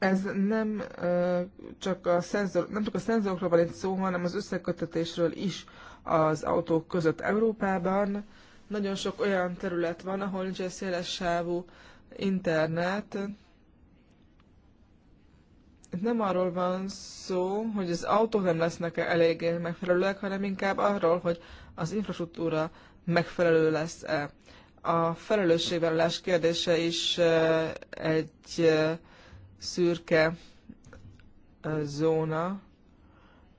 ez nem csak a, szenzor, nem csak a szenzorokról van itt szó, hanem az összekötetésről is az autók között Európában. Nagyon sok olyan terület van, ahol nincs egy széles sávú internet. nem arról van szó, hogy az autók nem lesznek eléggé megfelelőek, hanem inkább arról, hogy az infrastruktúra megfelelő lesz-e. A felelősségvállalás kérdése is egy szürke zóna.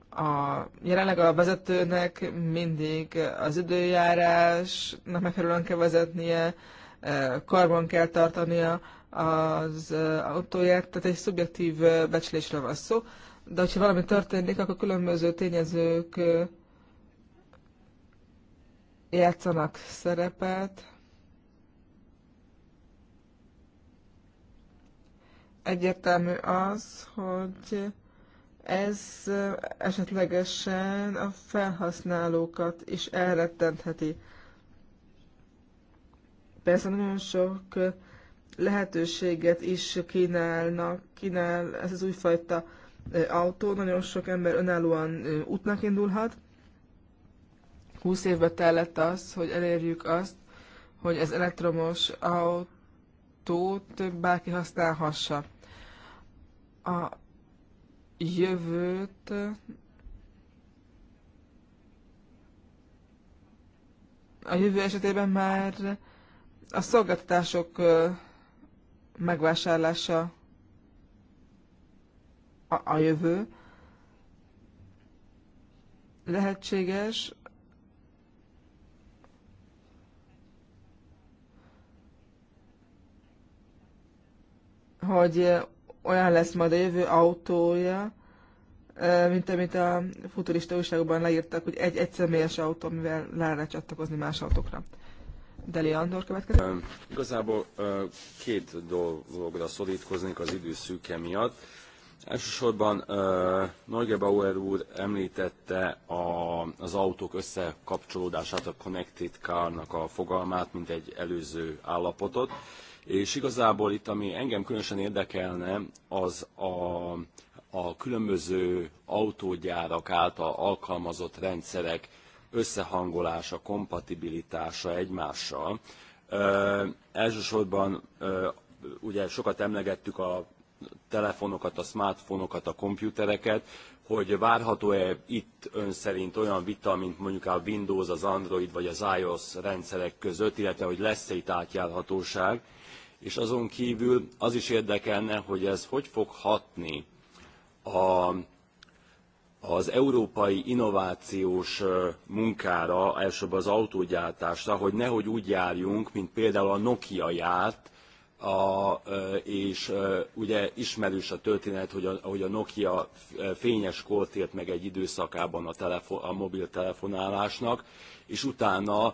A, jelenleg a vezetőnek mindig az időjárásnak megfelelően kell vezetnie, karban kell tartania az autóját, tehát egy szubjektív becslésre van szó. De hogyha valami történik, akkor különböző tényezők játszanak szerepet. egyértelmű az, hogy ez esetlegesen a felhasználókat is elrettentheti. Persze nagyon sok lehetőséget is kínálnak, kínál ez az újfajta autó, nagyon sok ember önállóan útnak indulhat. 20 évbe tellett az, hogy elérjük azt, hogy az elektromos autót bárki használhassa a jövőt a jövő esetében már a szolgáltatások megvásárlása a, a jövő lehetséges, hogy olyan lesz majd a jövő autója, mint amit a futurista újságokban leírtak, hogy egy egyszemélyes autó, amivel le lehet csatlakozni más autókra. Deli Andor következik. Um, igazából uh, két dologra szorítkoznék az idő szűke miatt. Elsősorban uh, Bauer úr említette a, az autók összekapcsolódását, a Connected Car-nak a fogalmát, mint egy előző állapotot. Uh, és igazából itt, ami engem különösen érdekelne, az a, a különböző autógyárak által alkalmazott rendszerek összehangolása, kompatibilitása egymással. Ö, elsősorban ö, ugye sokat emlegettük a telefonokat, a smartfonokat, a komputereket, hogy várható-e itt ön szerint olyan vita, mint mondjuk a Windows, az Android vagy az iOS rendszerek között, illetve hogy lesz-e itt átjárhatóság és azon kívül az is érdekelne, hogy ez hogy fog hatni a, az európai innovációs munkára, elsőbb az autógyártásra, hogy nehogy úgy járjunk, mint például a Nokia járt, a, és ugye ismerős a történet, hogy a, hogy a Nokia fényes kort ért meg egy időszakában a, telefon, a mobiltelefonálásnak, és utána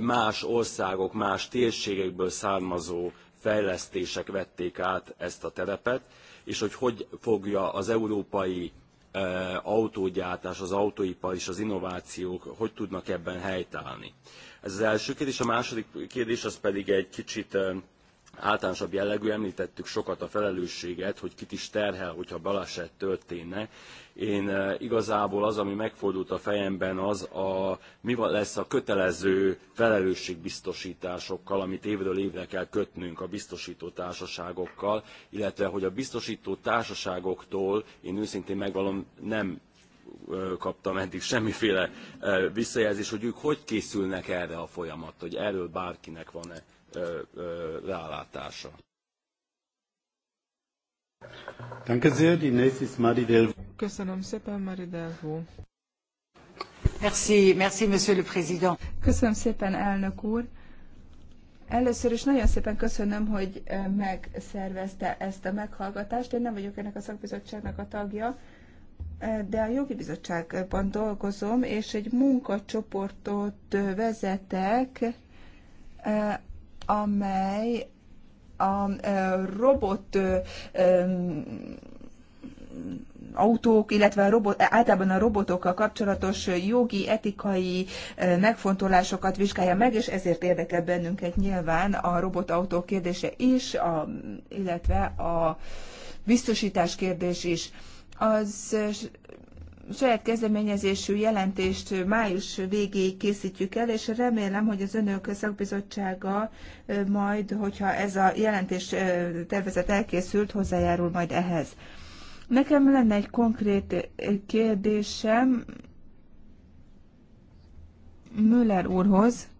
más országok, más térségekből származó fejlesztések vették át ezt a terepet, és hogy hogy fogja az európai autógyártás, az autóipar és az innovációk hogy tudnak ebben helytállni. Ez az első kérdés. A második kérdés az pedig egy kicsit általánosabb jellegű, említettük sokat a felelősséget, hogy kit is terhel, hogyha baleset történne, én eh, igazából az, ami megfordult a fejemben, az a, mi lesz a kötelező felelősségbiztosításokkal, amit évről évre kell kötnünk a biztosító társaságokkal, illetve hogy a biztosító társaságoktól, én őszintén megvalom, nem eh, kaptam eddig semmiféle eh, visszajelzés, hogy ők hogy készülnek erre a folyamat, hogy erről bárkinek van-e rálátása. Köszönöm szépen, Mari Delvaux. Merci, merci, monsieur le président. Köszönöm szépen, elnök úr. Először is nagyon szépen köszönöm, hogy eh, megszervezte ezt a meghallgatást. Én nem vagyok ennek a szakbizottságnak a tagja, eh, de a jogi bizottságban dolgozom, és egy munkacsoportot eh, vezetek, amely a robot autók, illetve a robot, általában a robotokkal kapcsolatos jogi, etikai megfontolásokat vizsgálja meg, és ezért érdekel bennünket nyilván a robotautók kérdése is, a, illetve a biztosítás kérdés is. Az saját kezdeményezésű jelentést május végéig készítjük el, és remélem, hogy az önök szakbizottsága majd, hogyha ez a jelentés tervezet elkészült, hozzájárul majd ehhez. Nekem lenne egy konkrét kérdésem Müller úrhoz.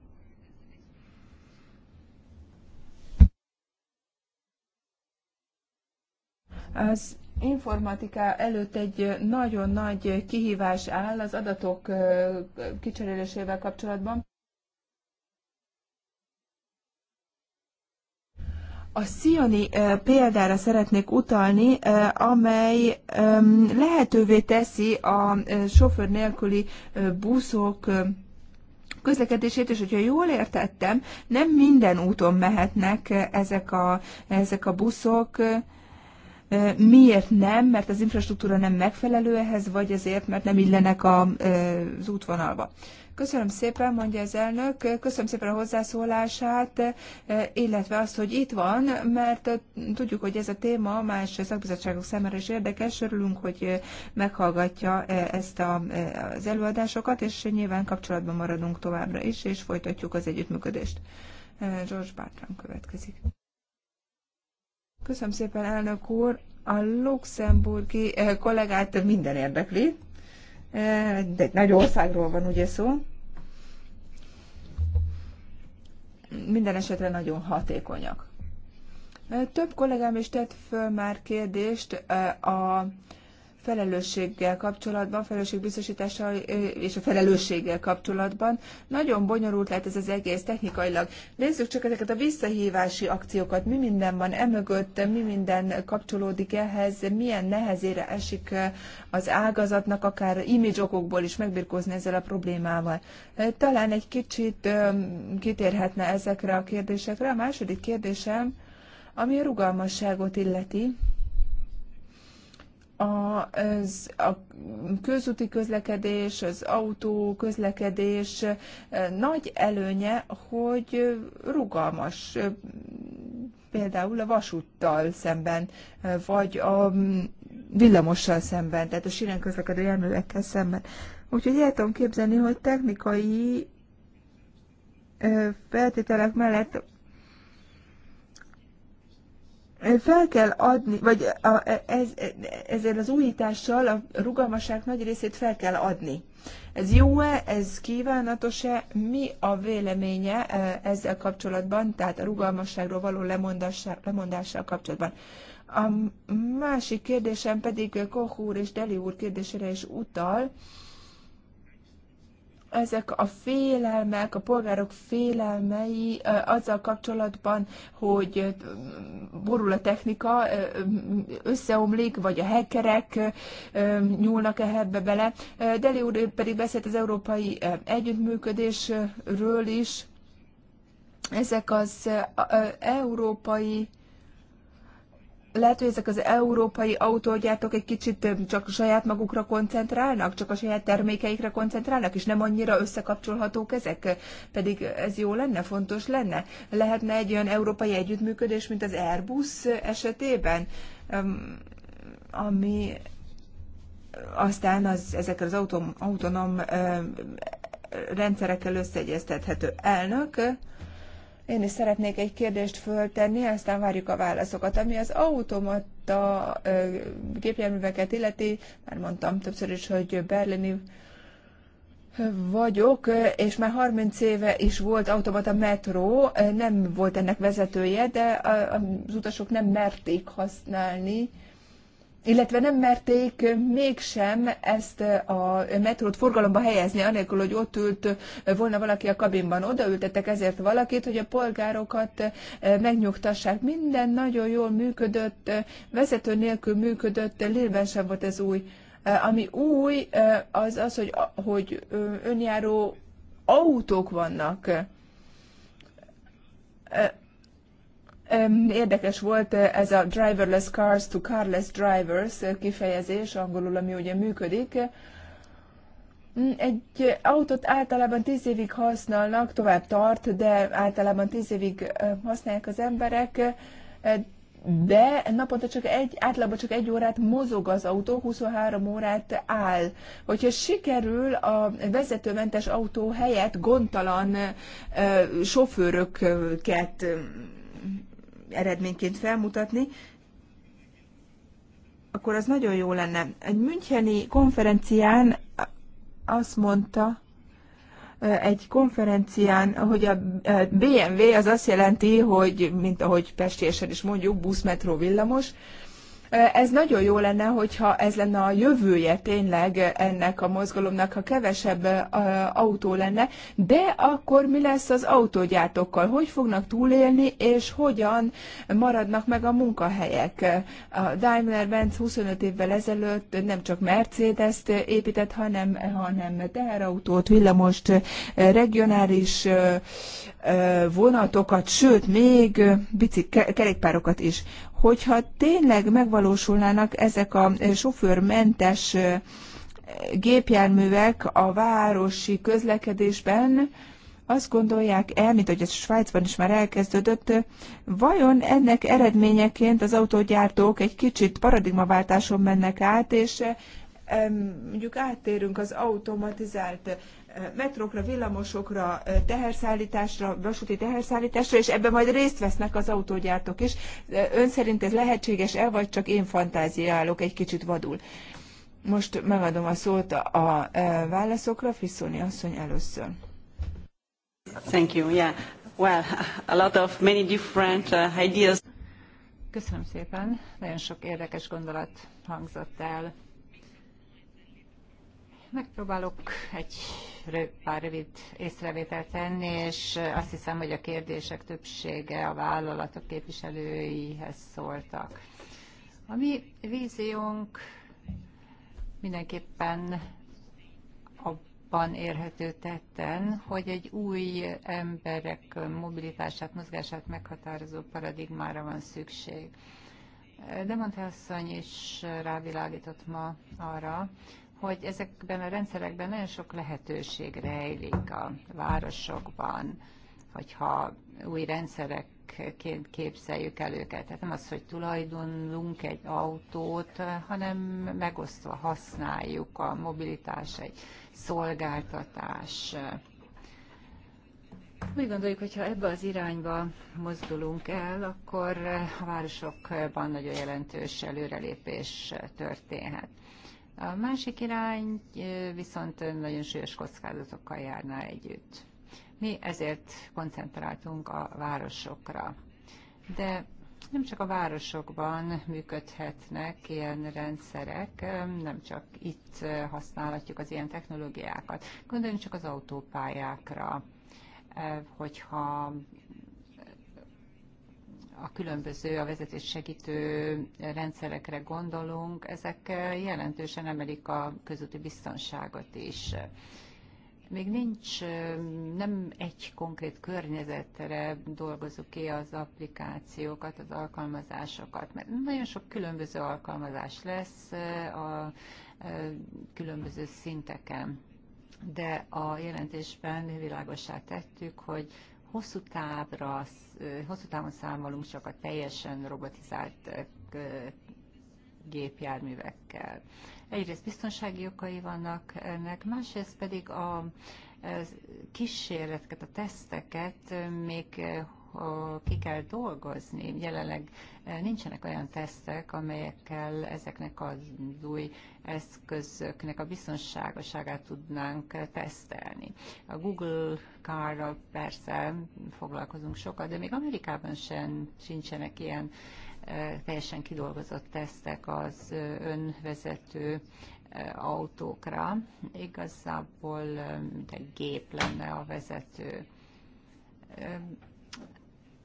Az informatika előtt egy nagyon nagy kihívás áll az adatok kicserélésével kapcsolatban. A szioni példára szeretnék utalni, amely lehetővé teszi a sofőr nélküli buszok közlekedését, és hogyha jól értettem, nem minden úton mehetnek ezek a, ezek a buszok, Miért nem? Mert az infrastruktúra nem megfelelő ehhez, vagy azért, mert nem illenek az útvonalba. Köszönöm szépen, mondja az elnök, köszönöm szépen a hozzászólását, illetve azt, hogy itt van, mert tudjuk, hogy ez a téma más szakbizottságok számára is érdekes, örülünk, hogy meghallgatja ezt a, az előadásokat, és nyilván kapcsolatban maradunk továbbra is, és folytatjuk az együttműködést. George Bartram következik. Köszönöm szépen, elnök úr. A luxemburgi eh, kollégát minden érdekli. Eh, de egy nagy országról van ugye szó. Minden esetre nagyon hatékonyak. Eh, több kollégám is tett föl már kérdést a felelősséggel kapcsolatban, felelősségbiztosítással és a felelősséggel kapcsolatban. Nagyon bonyolult lehet ez az egész technikailag. Nézzük csak ezeket a visszahívási akciókat, mi minden van emögött, mi minden kapcsolódik ehhez, milyen nehezére esik az ágazatnak, akár image okokból is megbirkózni ezzel a problémával. Talán egy kicsit kitérhetne ezekre a kérdésekre. A második kérdésem, ami a rugalmasságot illeti, a, ez a közúti közlekedés, az autó közlekedés e, nagy előnye, hogy rugalmas, e, például a vasúttal szemben, e, vagy a villamossal szemben, tehát a síren közlekedő járművekkel szemben. Úgyhogy el tudom képzelni, hogy technikai feltételek mellett fel kell adni, vagy a, e, ez, ezzel az újítással a rugalmasság nagy részét fel kell adni. Ez jó-e, ez kívánatos-e, mi a véleménye e, ezzel kapcsolatban, tehát a rugalmasságról való lemondással, lemondással kapcsolatban. A másik kérdésem pedig Koch úr és Deli úr kérdésére is utal, ezek a félelmek, a polgárok félelmei azzal kapcsolatban, hogy borul a technika, összeomlik, vagy a hackerek nyúlnak ehhez bele. Deli úr pedig beszélt az európai együttműködésről is. Ezek az európai lehet, hogy ezek az európai autógyártók egy kicsit csak saját magukra koncentrálnak, csak a saját termékeikre koncentrálnak, és nem annyira összekapcsolhatók ezek, pedig ez jó lenne, fontos lenne. Lehetne egy olyan európai együttműködés, mint az Airbus esetében, ami aztán az, ezekkel az autonóm rendszerekkel összeegyeztethető elnök. Én is szeretnék egy kérdést föltenni, aztán várjuk a válaszokat. Ami az automata gépjárműveket illeti, már mondtam többször is, hogy berlini vagyok, és már 30 éve is volt automata metró, nem volt ennek vezetője, de az utasok nem merték használni, illetve nem merték mégsem ezt a metrót forgalomba helyezni, anélkül, hogy ott ült volna valaki a kabinban. Odaültettek ezért valakit, hogy a polgárokat eh, megnyugtassák. Minden nagyon jól működött, eh, vezető nélkül működött, lélben sem volt ez új. Eh, ami új, az az, hogy, hogy önjáró autók vannak Érdekes volt ez a driverless cars to carless drivers kifejezés, angolul, ami ugye működik. Hm, egy autót általában 10 évig használnak, tovább tart, de általában 10 évig használják az emberek, de naponta csak egy, átlagban csak egy órát mozog az autó, 23 órát áll. Hogyha sikerül a vezetőmentes autó helyett gondtalan sofőröket eredményként felmutatni, akkor az nagyon jó lenne. Egy Müncheni konferencián azt mondta, egy konferencián, hogy a BMW az azt jelenti, hogy mint ahogy pestiesen is mondjuk, busz, metró, villamos, ez nagyon jó lenne, hogyha ez lenne a jövője tényleg ennek a mozgalomnak, ha kevesebb autó lenne, de akkor mi lesz az autógyártókkal? Hogy fognak túlélni, és hogyan maradnak meg a munkahelyek? A Daimler-Benz 25 évvel ezelőtt nem csak Mercedes-t épített, hanem, hanem teherautót, villamost, regionális vonatokat, sőt, még bicik, kerékpárokat is hogyha tényleg megvalósulnának ezek a eh, sofőrmentes eh, gépjárművek a városi közlekedésben, azt gondolják el, mint hogy ez Svájcban is már elkezdődött, vajon ennek eredményeként az autógyártók egy kicsit paradigmaváltáson mennek át, és eh, mondjuk áttérünk az automatizált eh, metrokra, villamosokra, eh, teherszállításra, vasúti teherszállításra, és ebben majd részt vesznek az autógyártók is. Ön szerint ez lehetséges el vagy csak én fantáziálok egy kicsit vadul? Most megadom a szót a eh, válaszokra, Fiszóni asszony először. Thank you, yeah. Well, a lot of many different uh, ideas. Köszönöm szépen, nagyon sok érdekes gondolat hangzott el Megpróbálok egy pár rövid észrevételt tenni, és azt hiszem, hogy a kérdések többsége a vállalatok képviselőihez szóltak. A mi víziónk mindenképpen abban érhető tetten, hogy egy új emberek mobilitását, mozgását meghatározó paradigmára van szükség. De mondta asszony is rávilágított ma arra, hogy ezekben a rendszerekben nagyon sok lehetőség rejlik a városokban, hogyha új rendszerek képzeljük el őket. Tehát nem az, hogy tulajdonlunk egy autót, hanem megosztva használjuk a mobilitás, egy szolgáltatás. Úgy gondoljuk, hogy ha ebbe az irányba mozdulunk el, akkor a városokban nagyon jelentős előrelépés történhet. A másik irány viszont nagyon súlyos kockázatokkal járna együtt. Mi ezért koncentráltunk a városokra. De nem csak a városokban működhetnek ilyen rendszerek, nem csak itt használhatjuk az ilyen technológiákat. Gondoljunk csak az autópályákra, hogyha a különböző a vezetés segítő rendszerekre gondolunk, ezek eh, jelentősen emelik a közúti biztonságot is. Még nincs, eh, nem egy konkrét környezetre dolgozunk ki az applikációkat, az alkalmazásokat, mert nagyon sok különböző alkalmazás lesz eh, a különböző szinteken de a jelentésben világosá tettük, hogy hosszú távra, hosszú távon számolunk csak a teljesen robotizált gépjárművekkel. Egyrészt biztonsági okai vannak ennek, másrészt pedig a kísérleteket, a teszteket még ki kell dolgozni. Jelenleg Nincsenek olyan tesztek, amelyekkel ezeknek az új eszközöknek a biztonságosságát tudnánk tesztelni. A Google Car-ra persze foglalkozunk sokat, de még Amerikában sem sincsenek ilyen e, teljesen kidolgozott tesztek az önvezető e, autókra. Igazából e, egy gép lenne a vezető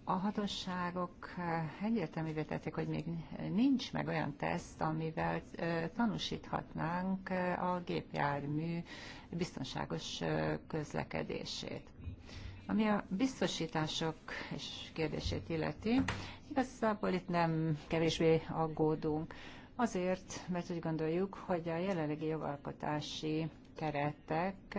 a hatóságok eh, egyértelművé tették, hogy még nincs meg olyan teszt, amivel eh, tanúsíthatnánk eh, a gépjármű biztonságos közlekedését. Ami a biztosítások és kérdését illeti, igazából itt nem kevésbé aggódunk. Azért, mert úgy gondoljuk, hogy a jelenlegi jogalkotási keretek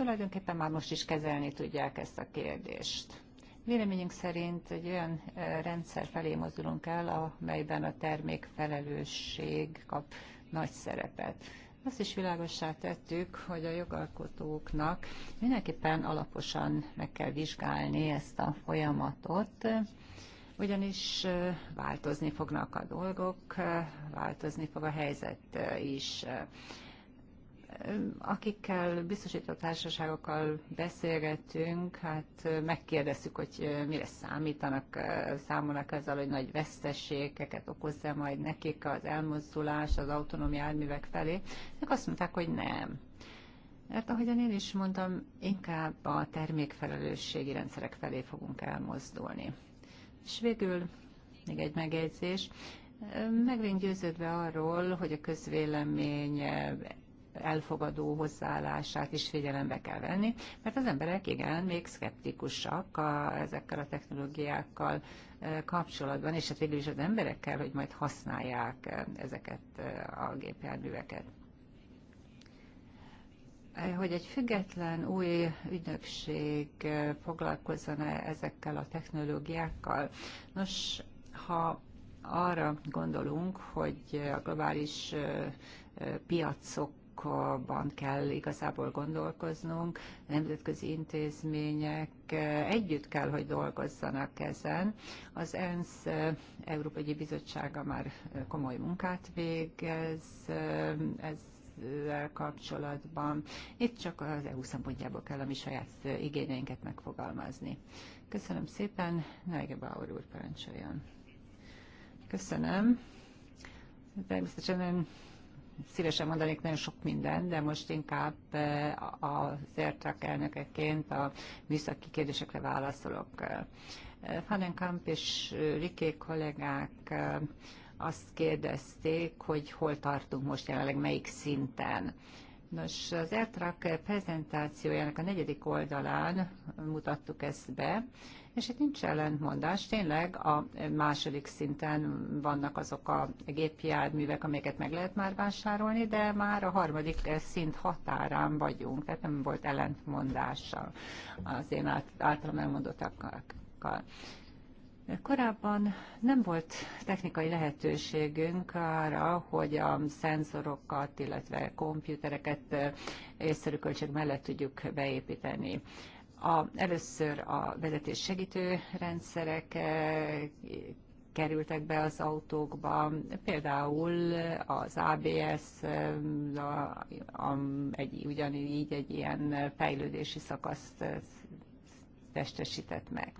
tulajdonképpen már most is kezelni tudják ezt a kérdést. Véleményünk szerint egy olyan e, rendszer felé mozdulunk el, amelyben a termék kap nagy szerepet. Azt is világossá tettük, hogy a jogalkotóknak mindenképpen alaposan meg kell vizsgálni ezt a folyamatot, ugyanis e, változni fognak a dolgok, e, változni fog a helyzet is akikkel biztosító társaságokkal beszélgetünk, hát megkérdeztük, hogy mire számítanak, számolnak ezzel, hogy nagy veszteségeket okozza majd nekik az elmozdulás az autonóm járművek felé. Ők azt mondták, hogy nem. Mert ahogyan én is mondtam, inkább a termékfelelősségi rendszerek felé fogunk elmozdulni. És végül még egy megjegyzés. Meg győződve arról, hogy a közvélemény elfogadó hozzáállását is figyelembe kell venni, mert az emberek igen, még szkeptikusak a, ezekkel a technológiákkal e, kapcsolatban, és hát végül is az emberekkel, hogy majd használják e, ezeket e, a gépjárműveket hogy egy független új ügynökség foglalkozzon -e ezekkel a technológiákkal. Nos, ha arra gondolunk, hogy a globális piacok dolgokban kell igazából gondolkoznunk, nemzetközi intézmények eh, együtt kell, hogy dolgozzanak ezen. Az ENSZ eh, Európai Bizottsága már eh, komoly munkát végez, ez kapcsolatban. Itt csak az EU szempontjából kell a mi saját igényeinket megfogalmazni. Köszönöm szépen, Nelge Bauer úr parancsoljon. Köszönöm. Természetesen szívesen mondanék nagyon sok minden, de most inkább eh, az értrak elnökeként a műszaki kérdésekre válaszolok. Fadenkamp eh, és Riké kollégák eh, azt kérdezték, hogy hol tartunk most jelenleg, melyik szinten. Nos, az Eltrak prezentációjának a negyedik oldalán mutattuk ezt be, és itt nincs ellentmondás. Tényleg a második szinten vannak azok a gépjárművek, amelyeket meg lehet már vásárolni, de már a harmadik szint határán vagyunk, tehát nem volt ellentmondása az én általam elmondottakkal. Korábban nem volt technikai lehetőségünk arra, hogy a szenzorokat, illetve komputereket észszerű költség mellett tudjuk beépíteni. A, először a vezetés segítő rendszerek kerültek be az autókba, például az ABS a, a, egy, ugyanígy egy ilyen fejlődési szakaszt testesített meg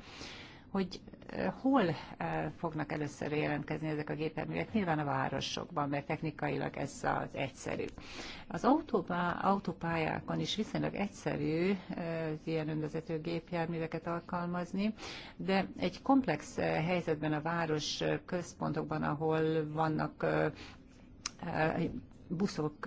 hogy eh, hol eh, fognak először jelentkezni ezek a gépjárművek? Nyilván a városokban, mert technikailag ez az egyszerű. Az autópá, autópályákon is viszonylag egyszerű eh, ilyen önvezető gépjárműveket alkalmazni, de egy komplex helyzetben a város központokban, ahol vannak buszok,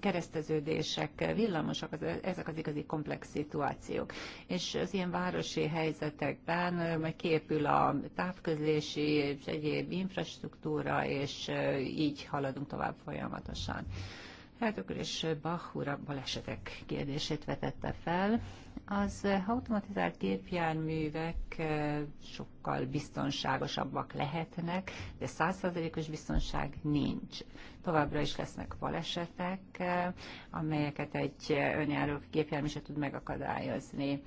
kereszteződések, villamosak, az, ezek az igazi komplex szituációk. És az ilyen városi helyzetekben majd képül a távközlési és egyéb infrastruktúra, és így haladunk tovább folyamatosan. Hát akkor is Bach úr a balesetek kérdését vetette fel. Az automatizált gépjárművek eh, sokkal biztonságosabbak lehetnek, de százszerzelékos biztonság nincs. Továbbra is lesznek balesetek, eh, amelyeket egy önjáró gépjármű se tud megakadályozni.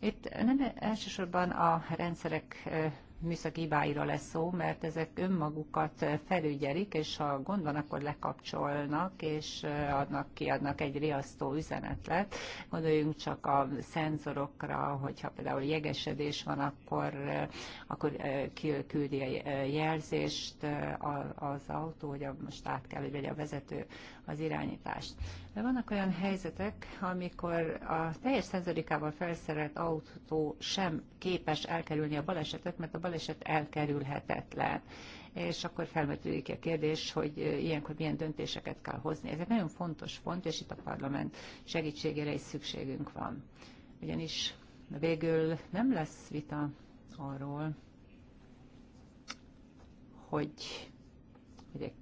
Itt nem elsősorban a rendszerek eh, műszaki hibáira lesz szó, mert ezek önmagukat felügyelik, és ha gond van, akkor lekapcsolnak, és adnak, kiadnak egy riasztó üzenetet. Gondoljunk csak a szenzorokra, hogyha például jegesedés van, akkor, akkor küldi a jelzést az autó, hogy most át kell, hogy vegye a vezető az irányítást. De vannak olyan helyzetek, amikor a teljes szenzorikával felszerelt autó sem képes elkerülni a balesetet, mert a baleset elkerülhetetlen. És akkor felvetődik a kérdés, hogy ilyenkor milyen döntéseket kell hozni. Ez egy nagyon fontos pont, és itt a parlament segítségére is szükségünk van. Ugyanis végül nem lesz vita arról, hogy, hogy egy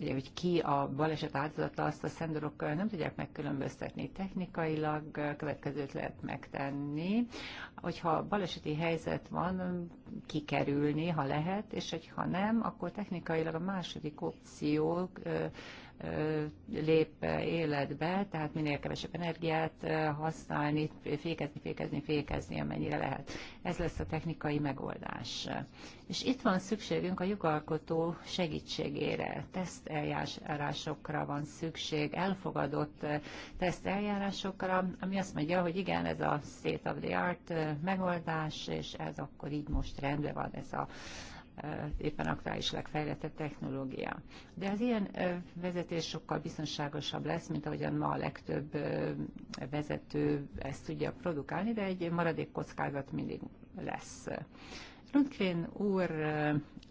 ugye, hogy ki a baleset áldozata, azt a szendorok nem tudják megkülönböztetni. Technikailag következőt lehet megtenni, hogyha baleseti helyzet van, kikerülni, ha lehet, és hogyha nem, akkor technikailag a második opció lép életbe, tehát minél kevesebb energiát használni, fékezni, fékezni, fékezni, amennyire lehet. Ez lesz a technikai megoldás. És itt van szükségünk a jogalkotó segítségére, teszteljárásokra van szükség, elfogadott teszteljárásokra, ami azt mondja, hogy igen, ez a state of the art megoldás, és ez akkor így most rendben van, ez a éppen aktuális legfejlettebb technológia. De az ilyen vezetés sokkal biztonságosabb lesz, mint ahogyan ma a legtöbb vezető ezt tudja produkálni, de egy maradék kockázat mindig lesz. Rundgren úr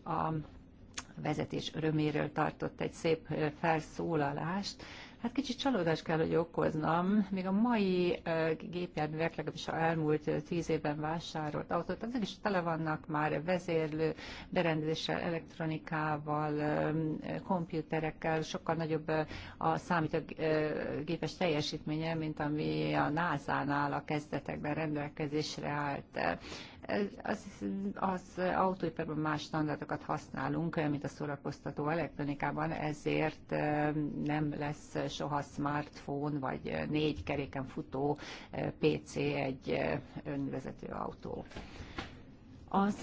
a vezetés öröméről tartott egy szép felszólalást, Hát kicsit csalódást kell, hogy okoznom. Még a mai gépjárművek, legalábbis a elmúlt tíz évben vásárolt autót, azok is tele vannak már vezérlő berendezéssel, elektronikával, komputerekkel, sokkal nagyobb a számítógépes teljesítménye, mint ami a NASA-nál a kezdetekben rendelkezésre állt az, az autóiparban más standardokat használunk, eh, mint a szórakoztató elektronikában, ezért eh, nem lesz soha smartphone vagy eh, négy keréken futó PC egy önvezető autó. Az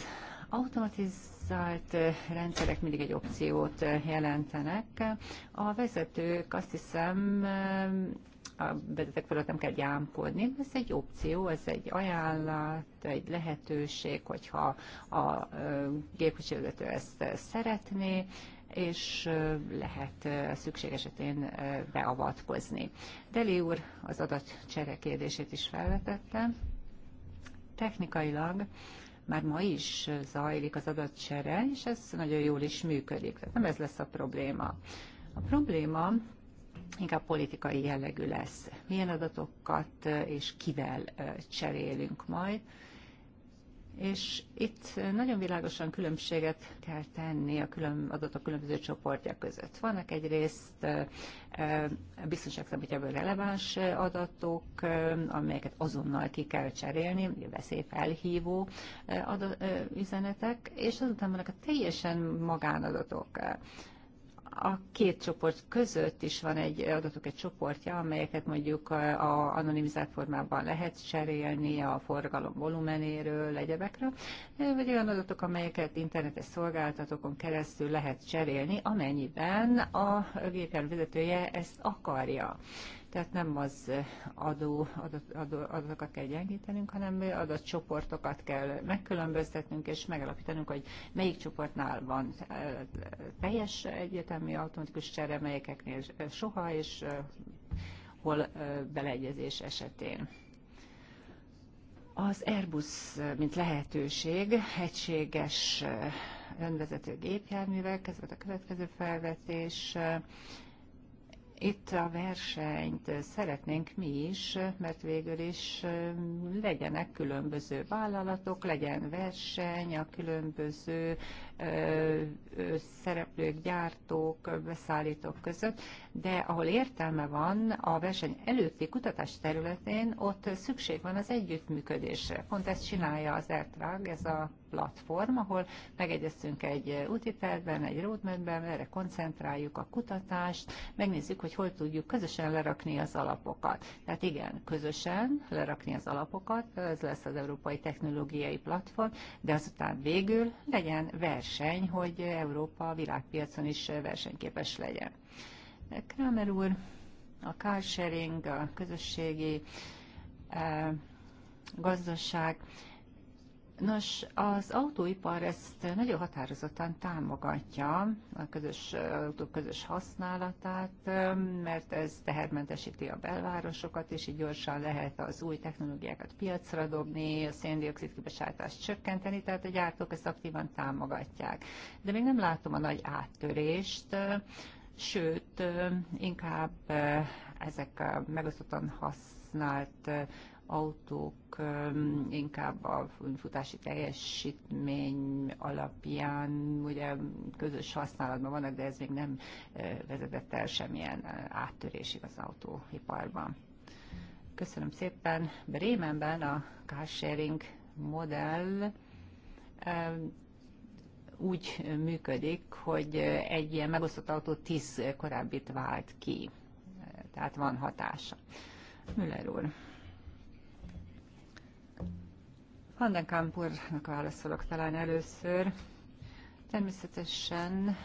automatizált rendszerek mindig egy opciót jelentenek. A vezetők azt hiszem a vezetek fölött nem kell gyámkodni. Ez egy opció, ez egy ajánlat, egy lehetőség, hogyha a gépkocsivezető ezt szeretné, és lehet szükség esetén beavatkozni. Deli úr az adatcsere kérdését is felvetette. Technikailag már ma is zajlik az adatcsere, és ez nagyon jól is működik. Tehát nem ez lesz a probléma. A probléma inkább politikai jellegű lesz. Milyen adatokat és kivel cserélünk majd. És itt nagyon világosan különbséget kell tenni a külön adatok különböző csoportja között. Vannak egyrészt biztonság szempontjából releváns adatok, amelyeket azonnal ki kell cserélni, veszélyfelhívó üzenetek, és azután vannak a teljesen magánadatok a két csoport között is van egy adatok egy csoportja, amelyeket mondjuk a anonimizált formában lehet cserélni a forgalom volumenéről, egyebekről, vagy olyan adatok, amelyeket internetes szolgáltatókon keresztül lehet cserélni, amennyiben a gépjárművezetője ezt akarja. Tehát nem az eh, adó, adat, adó, adatokat kell gyengítenünk, hanem eh, adatcsoportokat kell megkülönböztetnünk, és megalapítanunk, hogy melyik csoportnál van eh, teljes egyetemi automatikus csere, melyikeknél soha, és hol beleegyezés esetén. Az Airbus, mint lehetőség, egységes önvezető gépjárművek, ez volt a következő felvetés, itt a versenyt szeretnénk mi is, mert végül is legyenek különböző vállalatok, legyen verseny a különböző szereplők, gyártók, beszállítók között, de ahol értelme van a verseny előtti kutatás területén, ott szükség van az együttműködésre. Pont ezt csinálja az ERTRAG, ez a platform, ahol megegyeztünk egy útitervben, egy roadmapben, erre koncentráljuk a kutatást, megnézzük, hogy hol tudjuk közösen lerakni az alapokat. Tehát igen, közösen lerakni az alapokat, ez lesz az Európai Technológiai Platform, de azután végül legyen verseny, hogy Európa a világpiacon is versenyképes legyen. Kramer úr, a carsharing, a közösségi eh, gazdaság. Nos, az autóipar ezt nagyon határozottan támogatja, a közös autók közös használatát, mert ez tehermentesíti a belvárosokat, és így gyorsan lehet az új technológiákat piacra dobni, a széndiokszid kibocsátást csökkenteni, tehát a gyártók ezt aktívan támogatják. De még nem látom a nagy áttörést, sőt, inkább ezek a megosztottan használt autók inkább a futási teljesítmény alapján ugye közös használatban vannak, de ez még nem vezetett el semmilyen áttörésig az autóiparban. Köszönöm szépen. Brémenben a sharing modell úgy működik, hogy egy ilyen megosztott autó tíz korábbit vált ki. Tehát van hatása. Müller úr. Vandenkamp úrnak válaszolok talán először. Természetesen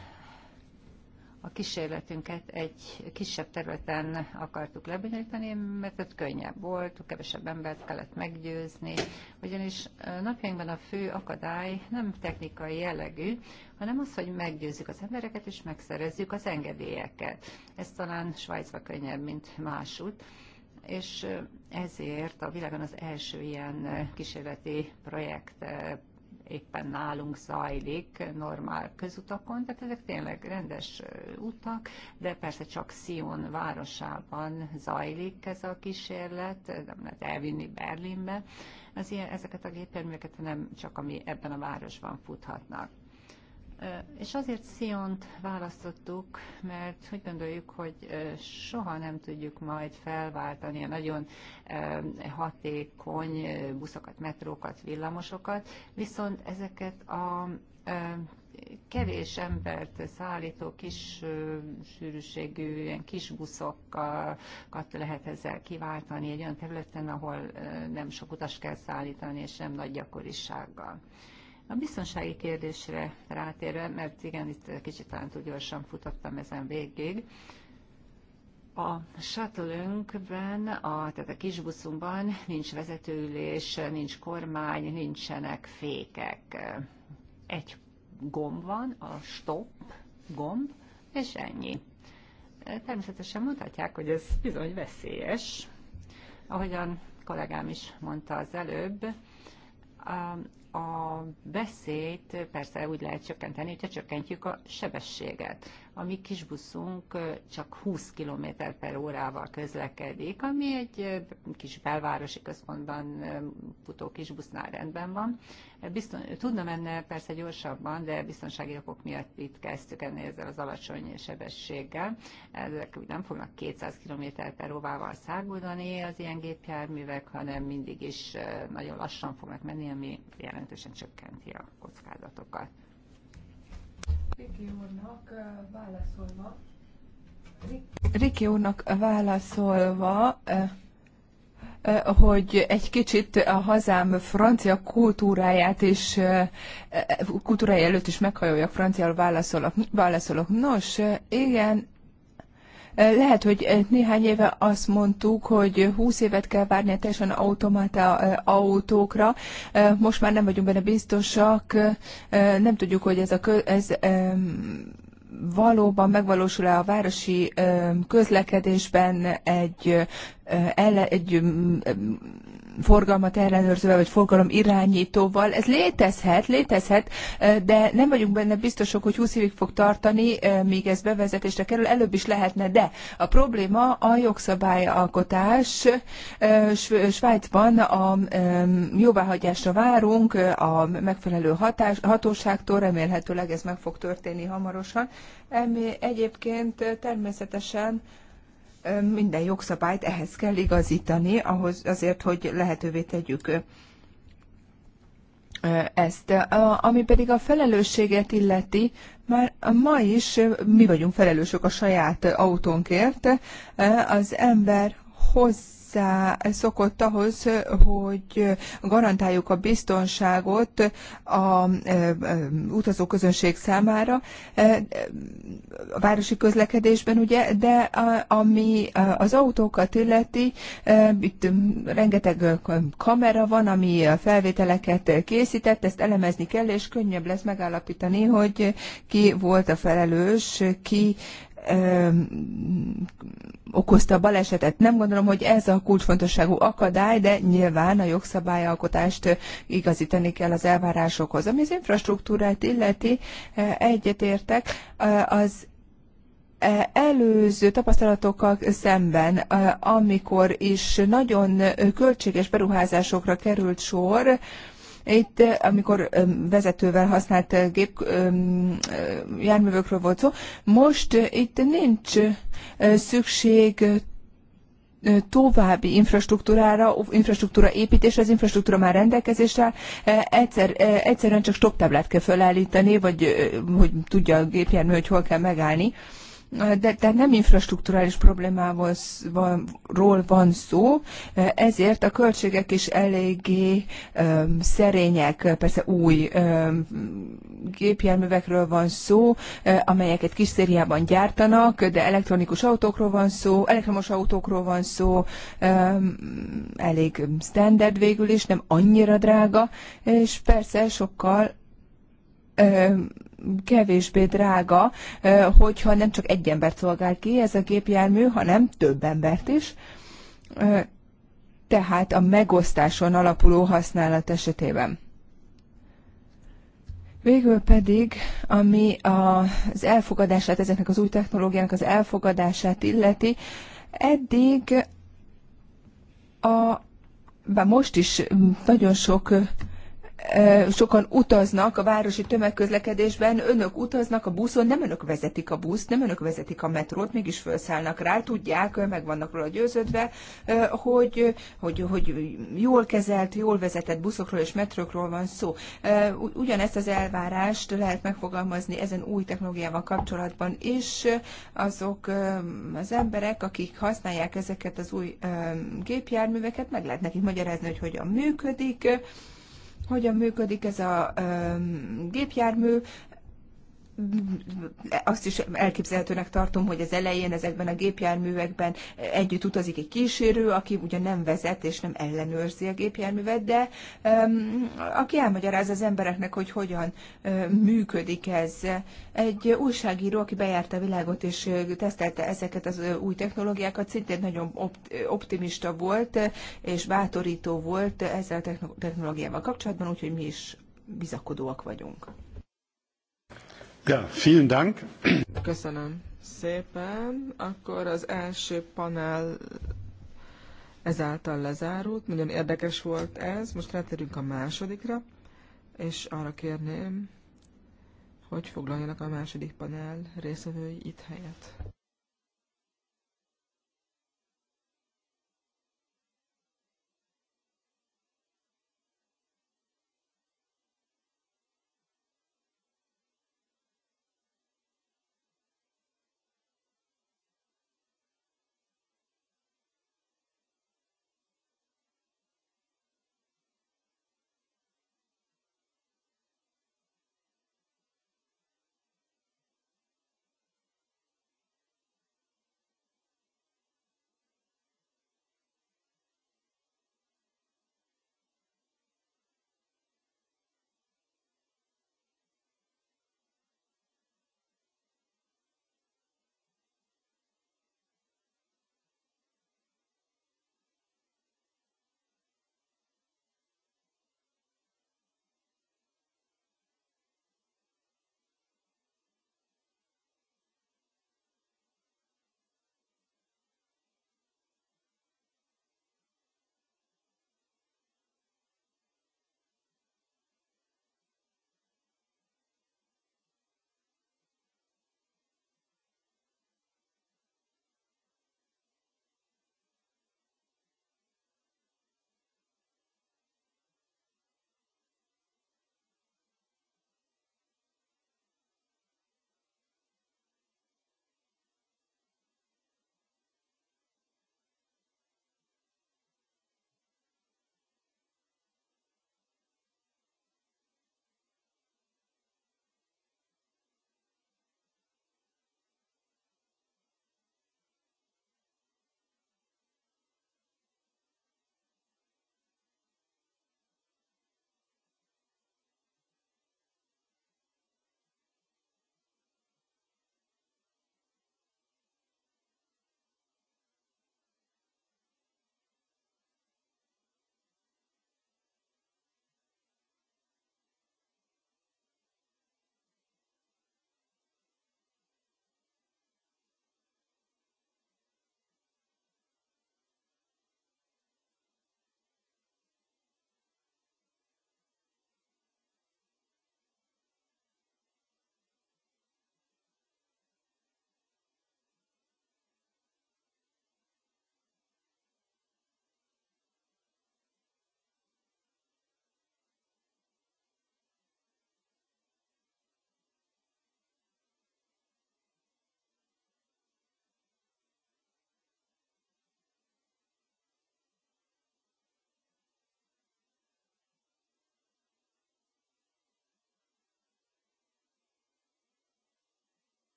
a kísérletünket egy kisebb területen akartuk lebonyolítani, mert ott könnyebb volt, kevesebb embert kellett meggyőzni, ugyanis napjainkban a fő akadály nem technikai jellegű, hanem az, hogy meggyőzzük az embereket és megszerezzük az engedélyeket. Ez talán Svájcban könnyebb, mint másút és ezért a világon az első ilyen kísérleti projekt éppen nálunk zajlik normál közutakon, tehát ezek tényleg rendes utak, de persze csak Sion városában zajlik ez a kísérlet, nem lehet elvinni Berlinbe. Az ilyen, ezeket a gépjárműveket nem csak ami ebben a városban futhatnak. És azért Sziont választottuk, mert úgy gondoljuk, hogy soha nem tudjuk majd felváltani a nagyon hatékony buszokat, metrókat, villamosokat, viszont ezeket a kevés embert szállító kis sűrűségű ilyen kis buszokat lehet ezzel kiváltani egy olyan területen, ahol nem sok utas kell szállítani, és nem nagy gyakorisággal. A biztonsági kérdésre rátérve, mert igen, itt kicsit talán túl gyorsan futottam ezen végig, a shuttle-ünkben, a, tehát a buszunkban nincs vezetőülés, nincs kormány, nincsenek fékek. Egy gomb van, a stop gomb, és ennyi. Természetesen mondhatják, hogy ez bizony veszélyes. Ahogyan kollégám is mondta az előbb, a veszélyt persze úgy lehet csökkenteni, hogyha csökkentjük a sebességet a mi kis buszunk csak 20 km per órával közlekedik, ami egy kis belvárosi központban futó kis busznál rendben van. Bizton, tudna menne persze gyorsabban, de biztonsági okok miatt itt kezdtük ennél ezzel az alacsony sebességgel. Ezek nem fognak 200 km per óvával száguldani az ilyen gépjárművek, hanem mindig is nagyon lassan fognak menni, ami jelentősen csökkenti a kockázatokat. Riki úrnak válaszolva, Riki úrnak válaszolva, hogy egy kicsit a hazám francia kultúráját is, kultúrája előtt is meghajoljak, franciául válaszolok. válaszolok. Nos, igen, lehet, hogy eh, néhány éve azt mondtuk, hogy 20 évet kell várni a teljesen automata eh, autókra. Eh, most már nem vagyunk benne biztosak, nem tudjuk, hogy ez a kö, ez valóban megvalósul-e a városi közlekedésben egy, egy mm, forgalmat ellenőrzővel, vagy forgalom irányítóval. Ez létezhet, létezhet, de nem vagyunk benne biztosok, hogy 20 évig fog tartani, míg ez bevezetésre kerül, előbb is lehetne, de a probléma a jogszabályalkotás. Svájcban a jóváhagyásra várunk a megfelelő hatás, hatóságtól, remélhetőleg ez meg fog történni hamarosan. Egyébként természetesen minden jogszabályt ehhez kell igazítani, ahhoz azért, hogy lehetővé tegyük ezt. Ami pedig a felelősséget illeti, már ma is mi vagyunk felelősök a saját autónkért, az ember hozzá hozzá szokott ahhoz, hogy garantáljuk a biztonságot a utazóközönség számára a városi közlekedésben, ugye, de ami az autókat illeti, itt rengeteg kamera van, ami a felvételeket készített, ezt elemezni kell, és könnyebb lesz megállapítani, hogy ki volt a felelős, ki okozta a balesetet. Nem gondolom, hogy ez a kulcsfontosságú akadály, de nyilván a jogszabályalkotást igazítani kell az elvárásokhoz. Ami az infrastruktúrát illeti, egyetértek, az előző tapasztalatokkal szemben, amikor is nagyon költséges beruházásokra került sor, itt, eh, amikor vezetővel használt eh, gép eh, járművekről volt szó, most itt nincs szükség további infrastruktúrára, infrastruktúra építésre, az infrastruktúra már rendelkezésre egyszer, egyszerűen csak táblát kell felállítani, vagy hogy tudja a gépjármű, hogy hol kell megállni de, de nem infrastruktúrális problémával van szó, ezért a költségek is eléggé szerények, persze új gépjárművekről van szó, amelyeket kis szériában gyártanak, de elektronikus autókról van szó, elektromos autókról van szó, elég standard végül is, nem annyira drága, és persze sokkal kevésbé drága, hogyha nem csak egy ember szolgál ki ez a gépjármű, hanem több embert is. Tehát a megosztáson alapuló használat esetében. Végül pedig, ami az elfogadását, ezeknek az új technológiának az elfogadását illeti, eddig a, most is nagyon sok sokan utaznak a városi tömegközlekedésben, önök utaznak a buszon, nem önök vezetik a buszt, nem önök vezetik a metrót, mégis felszállnak rá, tudják, meg vannak róla győződve, hogy, hogy, hogy jól kezelt, jól vezetett buszokról és metrókról van szó. Ugyanezt az elvárást lehet megfogalmazni ezen új technológiával kapcsolatban is. Azok az emberek, akik használják ezeket az új gépjárműveket, meg lehet nekik magyarázni, hogy hogyan működik, hogyan működik ez a gépjármű, azt is elképzelhetőnek tartom, hogy az elején ezekben a gépjárművekben együtt utazik egy kísérő, aki ugye nem vezet és nem ellenőrzi a gépjárművet, de um, aki elmagyaráz az embereknek, hogy hogyan um, működik ez. Egy újságíró, aki bejárta a világot és tesztelte ezeket az új technológiákat, szintén nagyon optimista volt és bátorító volt ezzel a technológiával kapcsolatban, úgyhogy mi is bizakodóak vagyunk. Ja, vielen Dank. Köszönöm szépen. Akkor az első panel ezáltal lezárult. Nagyon érdekes volt ez. Most rátérünk a másodikra, és arra kérném, hogy foglaljanak a második panel részvevői itt helyet.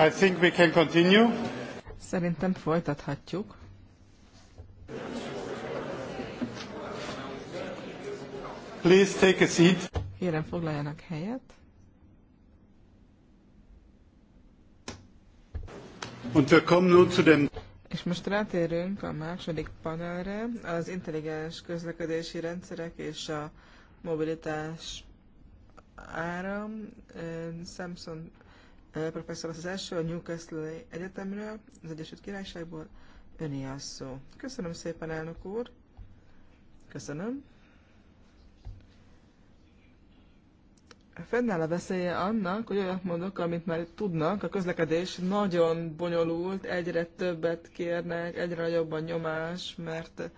I think we can continue. Szerintem folytathatjuk. Please take a seat. Kérem, foglaljanak helyet. Und wir kommen nun zu dem és most rátérünk a második panelre, az intelligens közlekedési rendszerek és a mobilitás áram. Samson professzor, az, első a Newcastle Egyetemről, az Egyesült Királyságból. Öné a szó. Köszönöm szépen, elnök úr. Köszönöm. Fennáll a veszélye annak, hogy olyat mondok, amit már tudnak, a közlekedés nagyon bonyolult, egyre többet kérnek, egyre nagyobb a nyomás, mert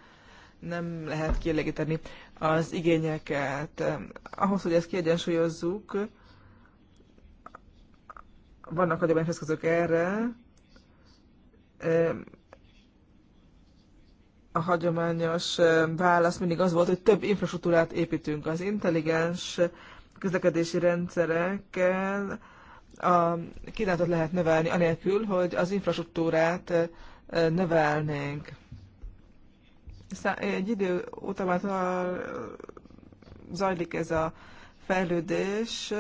nem lehet kielégíteni az igényeket. Ahhoz, hogy ezt kiegyensúlyozzuk, vannak hagyományos eszközök erre. A hagyományos válasz mindig az volt, hogy több infrastruktúrát építünk. Az intelligens közlekedési rendszerekkel a kínálatot lehet növelni, anélkül, hogy az infrastruktúrát növelnénk. Egy idő óta már zajlik ez a fejlődés,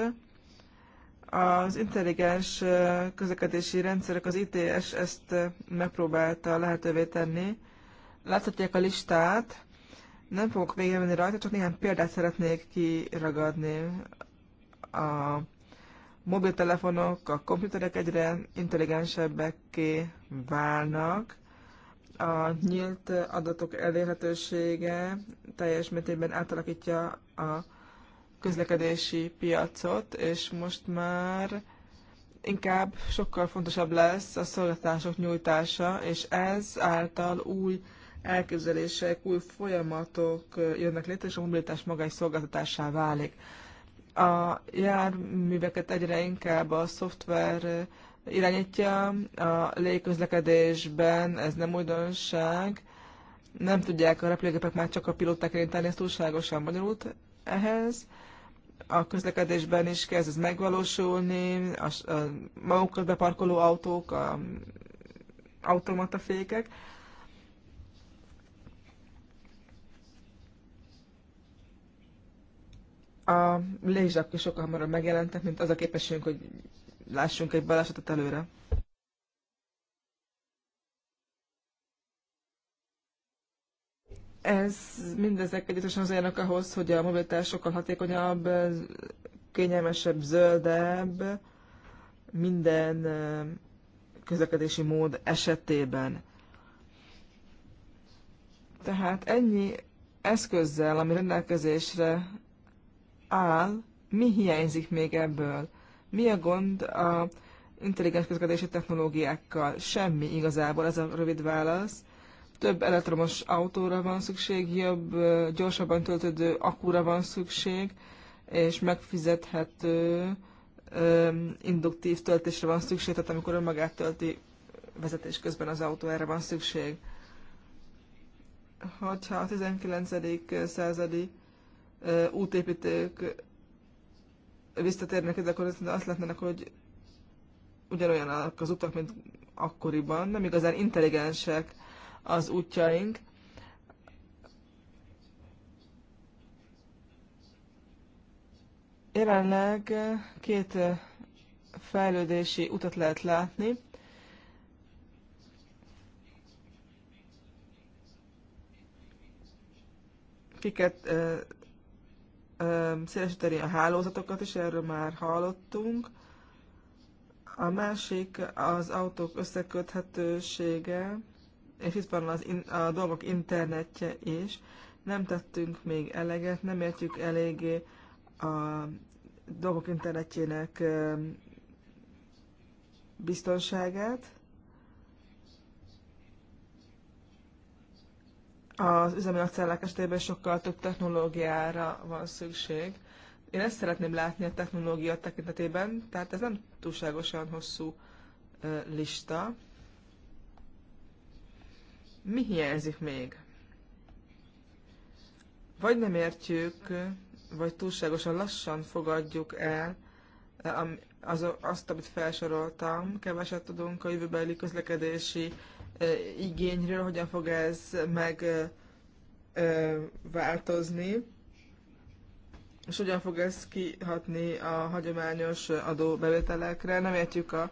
az intelligens közlekedési rendszerek, az ITS ezt megpróbálta lehetővé tenni. Láthatják a listát, nem fogok végigmenni rajta, csak néhány példát szeretnék kiragadni. A mobiltelefonok, a komputerek egyre intelligensebbek válnak, a nyílt adatok elérhetősége teljes mértékben átalakítja a közlekedési piacot, és most már inkább sokkal fontosabb lesz a szolgáltatások nyújtása, és ez által új elképzelések, új folyamatok jönnek létre, és a mobilitás maga egy szolgáltatássá válik. A járműveket egyre inkább a szoftver irányítja, a légközlekedésben ez nem újdonság, nem tudják a repülőgépek már csak a pilóták érinteni, ez túlságosan bonyolult ehhez, a közlekedésben is kezd ez megvalósulni, a, a magukat beparkoló autók, a automatafékek. A is sokkal hamarabb megjelentek, mint az a képességünk, hogy lássunk egy balesetet előre. Ez mindezek együttesen hozzájárnak ahhoz, hogy a mobilitás sokkal hatékonyabb, kényelmesebb, zöldebb minden közlekedési mód esetében. Tehát ennyi eszközzel, ami rendelkezésre áll, mi hiányzik még ebből? Mi a gond a intelligens közlekedési technológiákkal? Semmi igazából, ez a rövid válasz több elektromos autóra van szükség, jobb, gyorsabban töltődő akúra van szükség, és megfizethető induktív töltésre van szükség, tehát amikor önmagát tölti vezetés közben az autó, erre van szükség. Hogyha a 19. századi útépítők visszatérnek ide, akkor azt látnának, hogy ugyanolyanak az utak, mint akkoriban, nem igazán intelligensek az útjaink. Jelenleg két fejlődési utat lehet látni. Kiket ö, ö, szélesíteni a hálózatokat is, erről már hallottunk. A másik az autók összeköthetősége van az in, a dolgok internetje is. Nem tettünk még eleget, nem értjük eléggé a dolgok internetjének biztonságát. Az üzemi akcellák esetében sokkal több technológiára van szükség. Én ezt szeretném látni a technológia tekintetében, tehát ez nem túlságosan hosszú lista. Mi hiányzik még? Vagy nem értjük, vagy túlságosan lassan fogadjuk el eh, az, azt, amit felsoroltam, keveset tudunk a jövőbeli közlekedési eh, igényről, hogyan fog ez megváltozni, eh, és hogyan fog ez kihatni a hagyományos adóbevételekre. Nem értjük a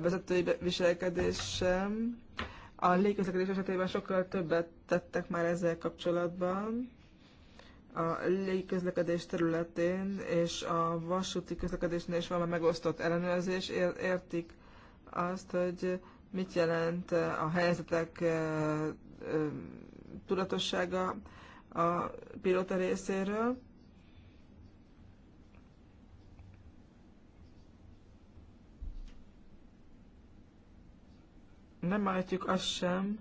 vezetői viselkedés sem. A légközlekedés esetében sokkal többet tettek már ezzel kapcsolatban a légközlekedés területén és a vasúti közlekedésnél is van a megosztott ellenőrzés, értik azt, hogy mit jelent eh, a helyzetek eh, eh, tudatossága a pilóta részéről. nem állítjuk azt sem,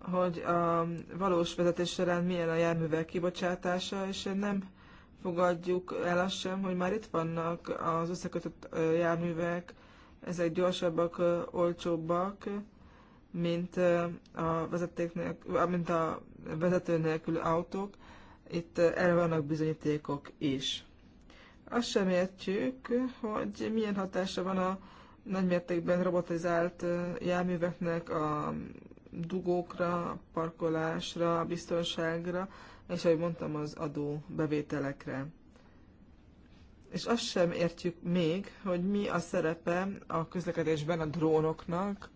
hogy a valós vezetés során milyen a járművek kibocsátása, és nem fogadjuk el azt sem, hogy már itt vannak az összekötött járművek, ezek gyorsabbak, olcsóbbak, mint a, vezeték nélkül, mint a vezető nélkül autók. Itt erre vannak bizonyítékok is. Azt sem értjük, hogy milyen hatása van a nagymértékben robotizált járműveknek a dugókra, a parkolásra, a biztonságra, és ahogy mondtam, az adó bevételekre. És azt sem értjük még, hogy mi a szerepe a közlekedésben a drónoknak,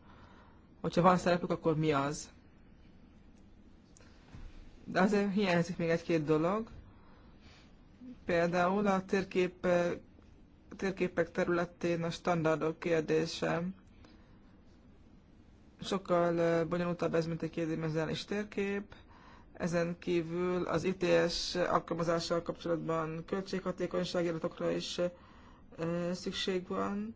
hogyha van szerepük, akkor mi az. De azért hiányzik még egy-két dolog. Például a térkép térképek területén a standardok kérdése sokkal bonyolultabb ez, mint egy kétdimenziális térkép. Ezen kívül az ITS alkalmazással kapcsolatban költséghatékonysági adatokra is szükség van.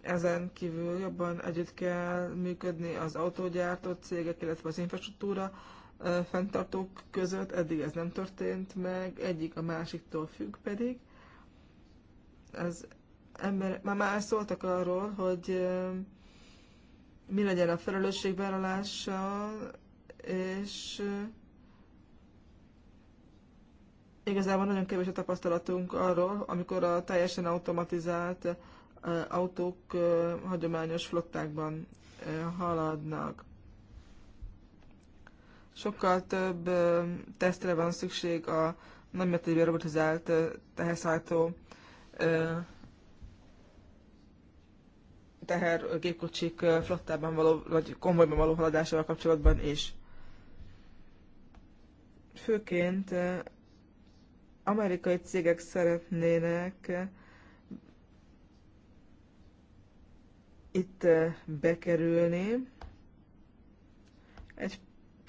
Ezen kívül jobban együtt kell működni az autógyártó cégek, illetve az infrastruktúra fenntartók között. Eddig ez nem történt meg, egyik a másiktól függ pedig az ember, már már szóltak arról, hogy mi legyen a felelősségvállalása, és igazából nagyon kevés a tapasztalatunk arról, amikor a teljesen automatizált autók hagyományos flottákban haladnak. Sokkal több tesztre van szükség a nagymértékű robotizált teherszállító teher gépkocsik flottában való, vagy konvojban való haladásával kapcsolatban is. Főként amerikai cégek szeretnének itt bekerülni. Egy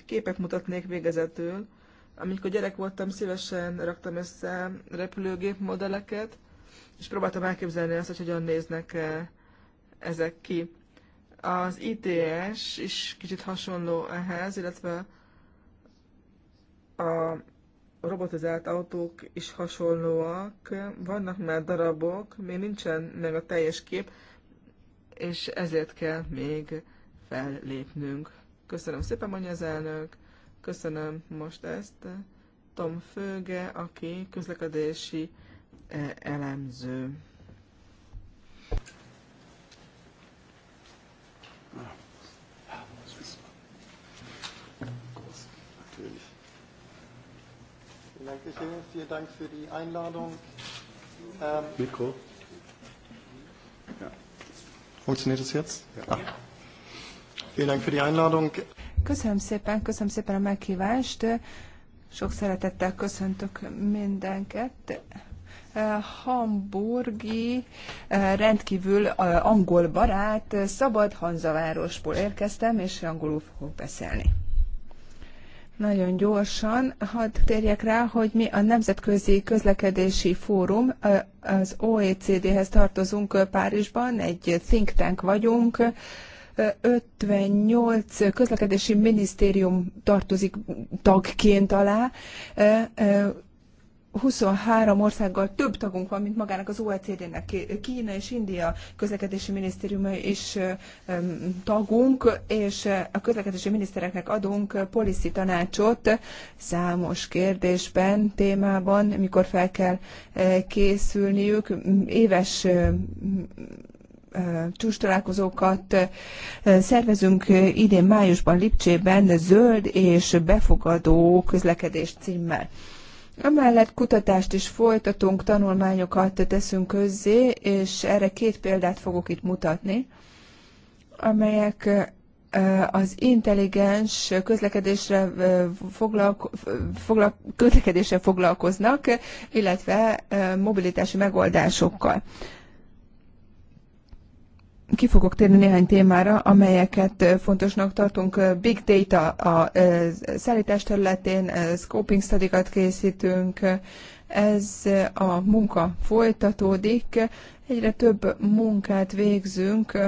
képet mutatnék végezetül. Amikor gyerek voltam, szívesen raktam össze repülőgép modelleket, és próbáltam elképzelni azt, hogy hogyan néznek eh, ezek ki. Az ITS is kicsit hasonló ehhez, illetve a robotizált autók is hasonlóak, vannak már darabok, még nincsen meg a teljes kép, és ezért kell még fellépnünk. Köszönöm szépen, mondja az elnök, köszönöm most ezt Tom Főge, aki közlekedési elemző. vielen Dank für die Einladung. Ähm, Mikro. Ja. Funktioniert es jetzt? Ja. Ah. Vielen Dank für die Einladung. Köszönöm szépen, köszönöm szépen a meghívást. Sok szeretettel köszöntök mindenket. Eh, hamburgi eh, rendkívül eh, angol barát, szabad Hanzavárosból érkeztem, és angolul fogok beszélni. Nagyon gyorsan, hadd térjek rá, hogy mi a Nemzetközi Közlekedési Fórum, az OECD-hez tartozunk Párizsban, egy think tank vagyunk, 58 közlekedési minisztérium tartozik tagként alá, 23 országgal több tagunk van, mint magának az OECD-nek. Kína és India közlekedési minisztériuma is tagunk, és a közlekedési minisztereknek adunk policy tanácsot számos kérdésben, témában, mikor fel kell készülniük. Éves csúcstalálkozókat szervezünk idén májusban Lipcsében zöld és befogadó közlekedés címmel. Emellett kutatást is folytatunk, tanulmányokat teszünk közzé, és erre két példát fogok itt mutatni, amelyek az intelligens közlekedésre, foglalko- foglal- közlekedésre foglalkoznak, illetve mobilitási megoldásokkal ki fogok térni néhány témára, amelyeket fontosnak tartunk. Big data a szállítás területén, scoping studikat készítünk, ez a munka folytatódik, egyre több munkát végzünk,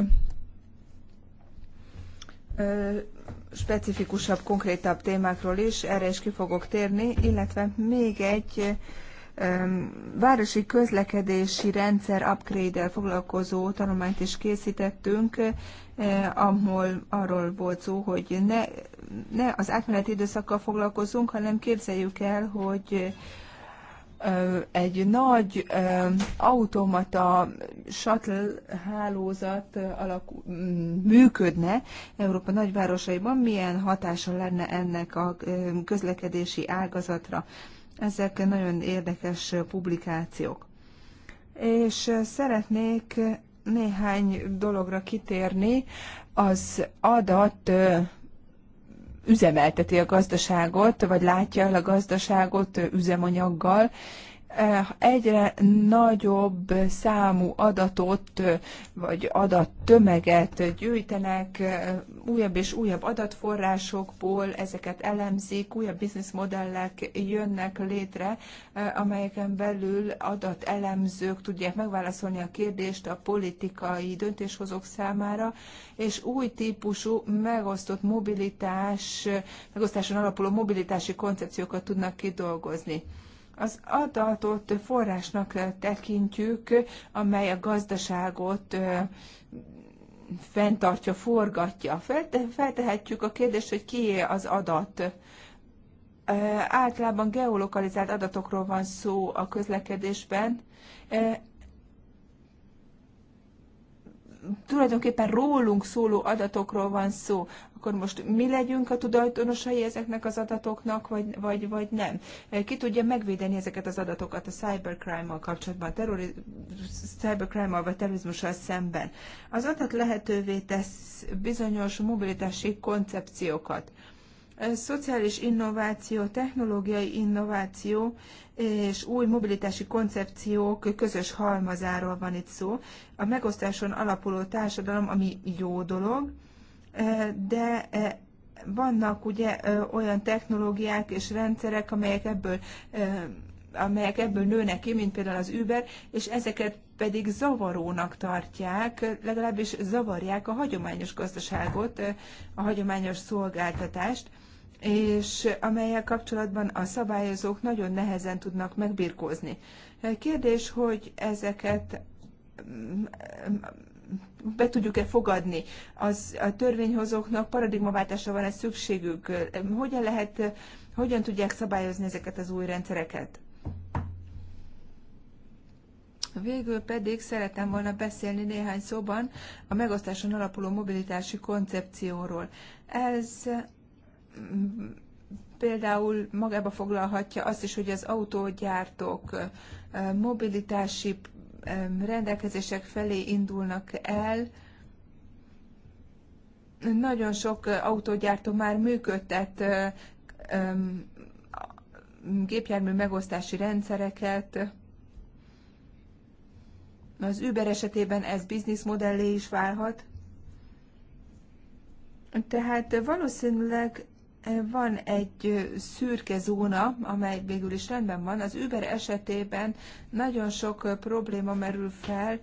specifikusabb, konkrétabb témákról is, erre is ki fogok térni, illetve még egy városi közlekedési rendszer upgrade-el foglalkozó tanulmányt is készítettünk, eh, ahol arról volt szó, hogy ne, ne az átmeneti időszakkal foglalkozunk, hanem képzeljük el, hogy egy nagy automata shuttle hálózat alakú, mm, működne Európa nagyvárosaiban, milyen hatása lenne ennek a közlekedési ágazatra. Ezek nagyon érdekes publikációk. És szeretnék néhány dologra kitérni. Az adat üzemelteti a gazdaságot, vagy látja el a gazdaságot üzemanyaggal, egyre nagyobb számú adatot vagy adattömeget gyűjtenek, újabb és újabb adatforrásokból ezeket elemzik, újabb bizniszmodellek jönnek létre, amelyeken belül adatelemzők tudják megválaszolni a kérdést a politikai döntéshozók számára, és új típusú megosztott mobilitás, megosztáson alapuló mobilitási koncepciókat tudnak kidolgozni. Az adatot forrásnak tekintjük, amely a gazdaságot fenntartja, forgatja. Feltehetjük a kérdést, hogy kié az adat. Általában geolokalizált adatokról van szó a közlekedésben. Tulajdonképpen rólunk szóló adatokról van szó akkor most mi legyünk a tudatonosai ezeknek az adatoknak, vagy, vagy, vagy nem? Ki tudja megvédeni ezeket az adatokat a cybercrime-mal kapcsolatban, a cybercrime-mal vagy terrorizmussal szemben? Az adat lehetővé tesz bizonyos mobilitási koncepciókat szociális innováció, technológiai innováció és új mobilitási koncepciók közös halmazáról van itt szó. A megosztáson alapuló társadalom, ami jó dolog, de vannak ugye olyan technológiák és rendszerek, amelyek ebből amelyek ebből nőnek ki, mint például az Uber, és ezeket pedig zavarónak tartják, legalábbis zavarják a hagyományos gazdaságot, a hagyományos szolgáltatást, és amelyek kapcsolatban a szabályozók nagyon nehezen tudnak megbirkózni. Kérdés, hogy ezeket be tudjuk-e fogadni. Az, a törvényhozóknak paradigmaváltásra van-e szükségük? Hogyan lehet, hogyan tudják szabályozni ezeket az új rendszereket? Végül pedig szeretem volna beszélni néhány szóban a megosztáson alapuló mobilitási koncepcióról. Ez mm, például magába foglalhatja azt is, hogy az autógyártók mm, mobilitási rendelkezések felé indulnak el. Nagyon sok autógyártó már működtet gépjármű megosztási rendszereket. Az Uber esetében ez bizniszmodellé is válhat. Tehát valószínűleg van egy szürke zóna, amely végül is rendben van. Az Uber esetében nagyon sok probléma merül fel.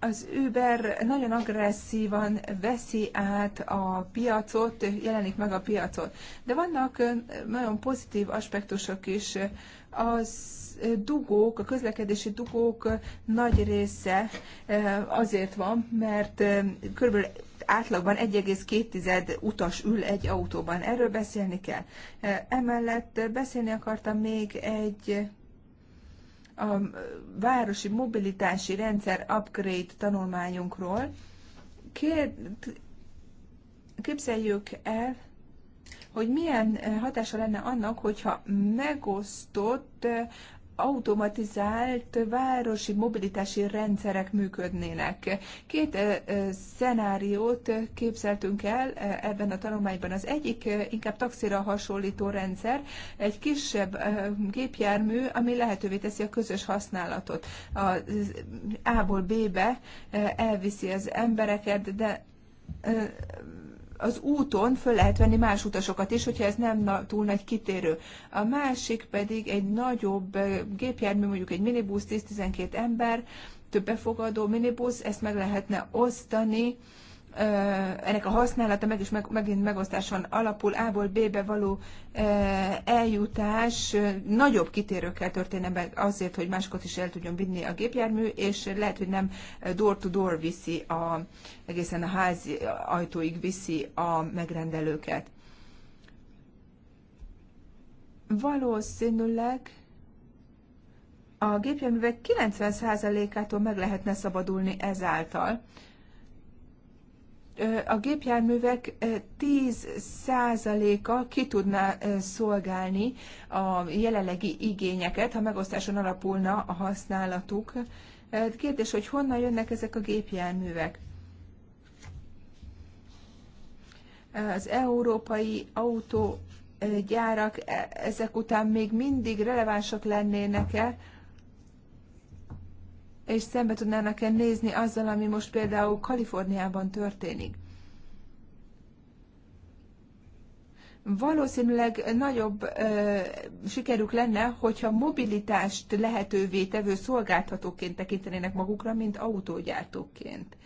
Az Uber nagyon agresszívan veszi át a piacot, jelenik meg a piacot. De vannak nagyon pozitív aspektusok is. Az dugók, a közlekedési dugók nagy része azért van, mert körülbelül átlagban 1,2 utas ül egy autóban. Erről beszélni kell. Emellett beszélni akartam még egy a városi mobilitási rendszer upgrade tanulmányunkról. képzeljük el, hogy milyen hatása lenne annak, hogyha megosztott automatizált városi mobilitási rendszerek működnének. Két szenáriót képzeltünk el ebben a tanulmányban. Az egyik inkább taxira hasonlító rendszer, egy kisebb gépjármű, ami lehetővé teszi a közös használatot. A A-ból B-be elviszi az embereket, de az úton föl lehet venni más utasokat is, hogyha ez nem túl nagy kitérő. A másik pedig egy nagyobb eh, gépjármű, mondjuk egy minibusz, 10-12 ember, több befogadó minibusz, ezt meg lehetne osztani, ennek a használata meg is meg, megint megosztáson alapul A-ból B-be való eljutás nagyobb kitérőkkel történne meg azért, hogy másokat is el tudjon vinni a gépjármű, és lehet, hogy nem door-to-door viszi, a, egészen a házi ajtóig viszi a megrendelőket. Valószínűleg a gépjárművek 90%-ától meg lehetne szabadulni ezáltal a gépjárművek 10%-a ki tudná szolgálni a jelenlegi igényeket, ha megosztáson alapulna a használatuk. Kérdés, hogy honnan jönnek ezek a gépjárművek? Az európai autógyárak e, ezek után még mindig relevánsak lennének-e? és szembe tudnának-e nézni azzal, ami most például Kaliforniában történik. Valószínűleg nagyobb ö, sikerük lenne, hogyha mobilitást lehetővé tevő szolgáltatóként tekintenének magukra, mint autógyártóként.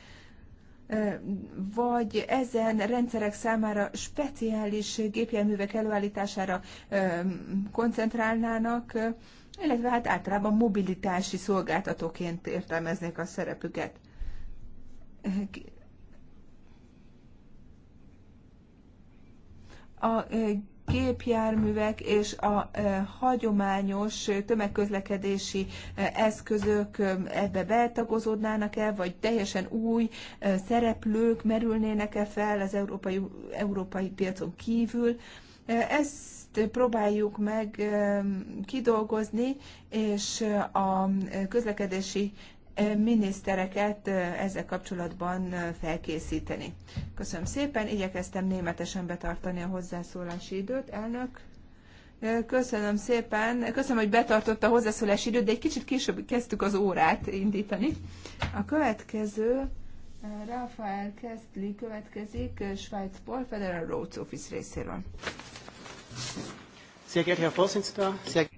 vagy ezen rendszerek számára speciális gépjárművek előállítására ö, koncentrálnának. Ö, illetve hát általában mobilitási szolgáltatóként értelmeznék a szerepüket. A gépjárművek és a hagyományos tömegközlekedési eszközök ebbe betagozódnának el, vagy teljesen új szereplők merülnének-e fel az európai, európai piacon kívül. Ez próbáljuk meg kidolgozni, és a közlekedési minisztereket ezzel kapcsolatban felkészíteni. Köszönöm szépen, igyekeztem németesen betartani a hozzászólási időt, elnök. Köszönöm szépen, köszönöm, hogy betartotta a hozzászólási időt, de egy kicsit később kezdtük az órát indítani. A következő Rafael Kestli következik Svájcból, Federal Roads Office részéről. Sehr geehrter Herr Vorsitzender, sehr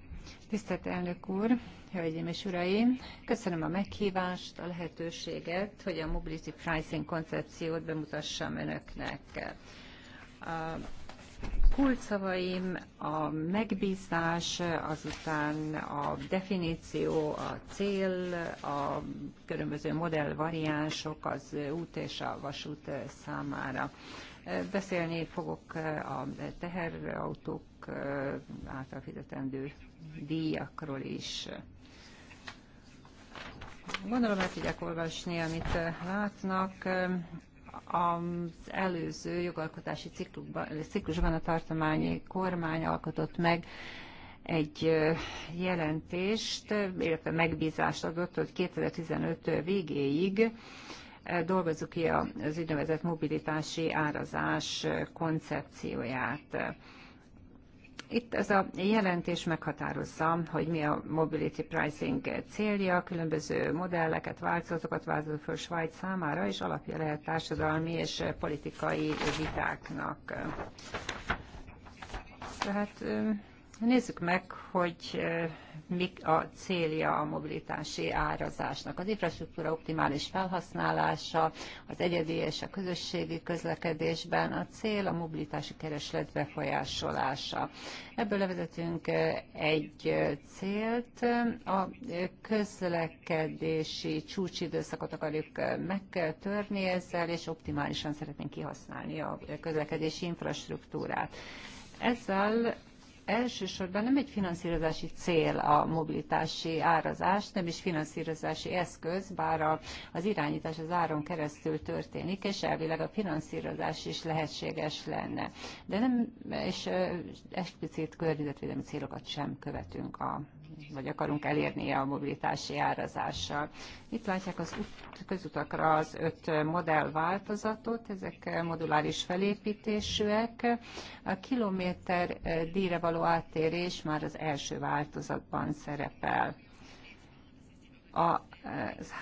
Tisztelt elnök úr, hölgyeim és uraim! Köszönöm a meghívást, a lehetőséget, hogy a Mobility Pricing koncepciót bemutassam önöknek. A kulcsszavaim a megbízás, azután a definíció, a cél, a különböző modellvariánsok az út és a vasút számára. Beszélni fogok a teherautók által fizetendő díjakról is. Gondolom el tudják olvasni, amit látnak. Az előző jogalkotási ciklusban a tartományi kormány alkotott meg egy jelentést, illetve megbízást adott, hogy 2015 végéig dolgozzuk ki az úgynevezett mobilitási árazás koncepcióját. Itt ez a jelentés meghatározza, hogy mi a mobility pricing célja, különböző modelleket, változatokat vázol föl Svájc számára, és alapja lehet társadalmi és politikai vitáknak. Tehát Nézzük meg, hogy mik a célja a mobilitási árazásnak. Az infrastruktúra optimális felhasználása, az egyedi és a közösségi közlekedésben a cél a mobilitási kereslet befolyásolása. Ebből levezetünk egy célt, a közlekedési csúcsidőszakot akarjuk megtörni ezzel, és optimálisan szeretnénk kihasználni a közlekedési infrastruktúrát. Ezzel elsősorban nem egy finanszírozási cél a mobilitási árazás, nem is finanszírozási eszköz, bár a, az irányítás az áron keresztül történik, és elvileg a finanszírozás is lehetséges lenne. De nem, és explicit környezetvédelmi célokat sem követünk a vagy akarunk elérni a mobilitási árazással. Itt látják az út, közutakra az öt modellváltozatot, ezek moduláris felépítésűek. A kilométer díjra való áttérés már az első változatban szerepel a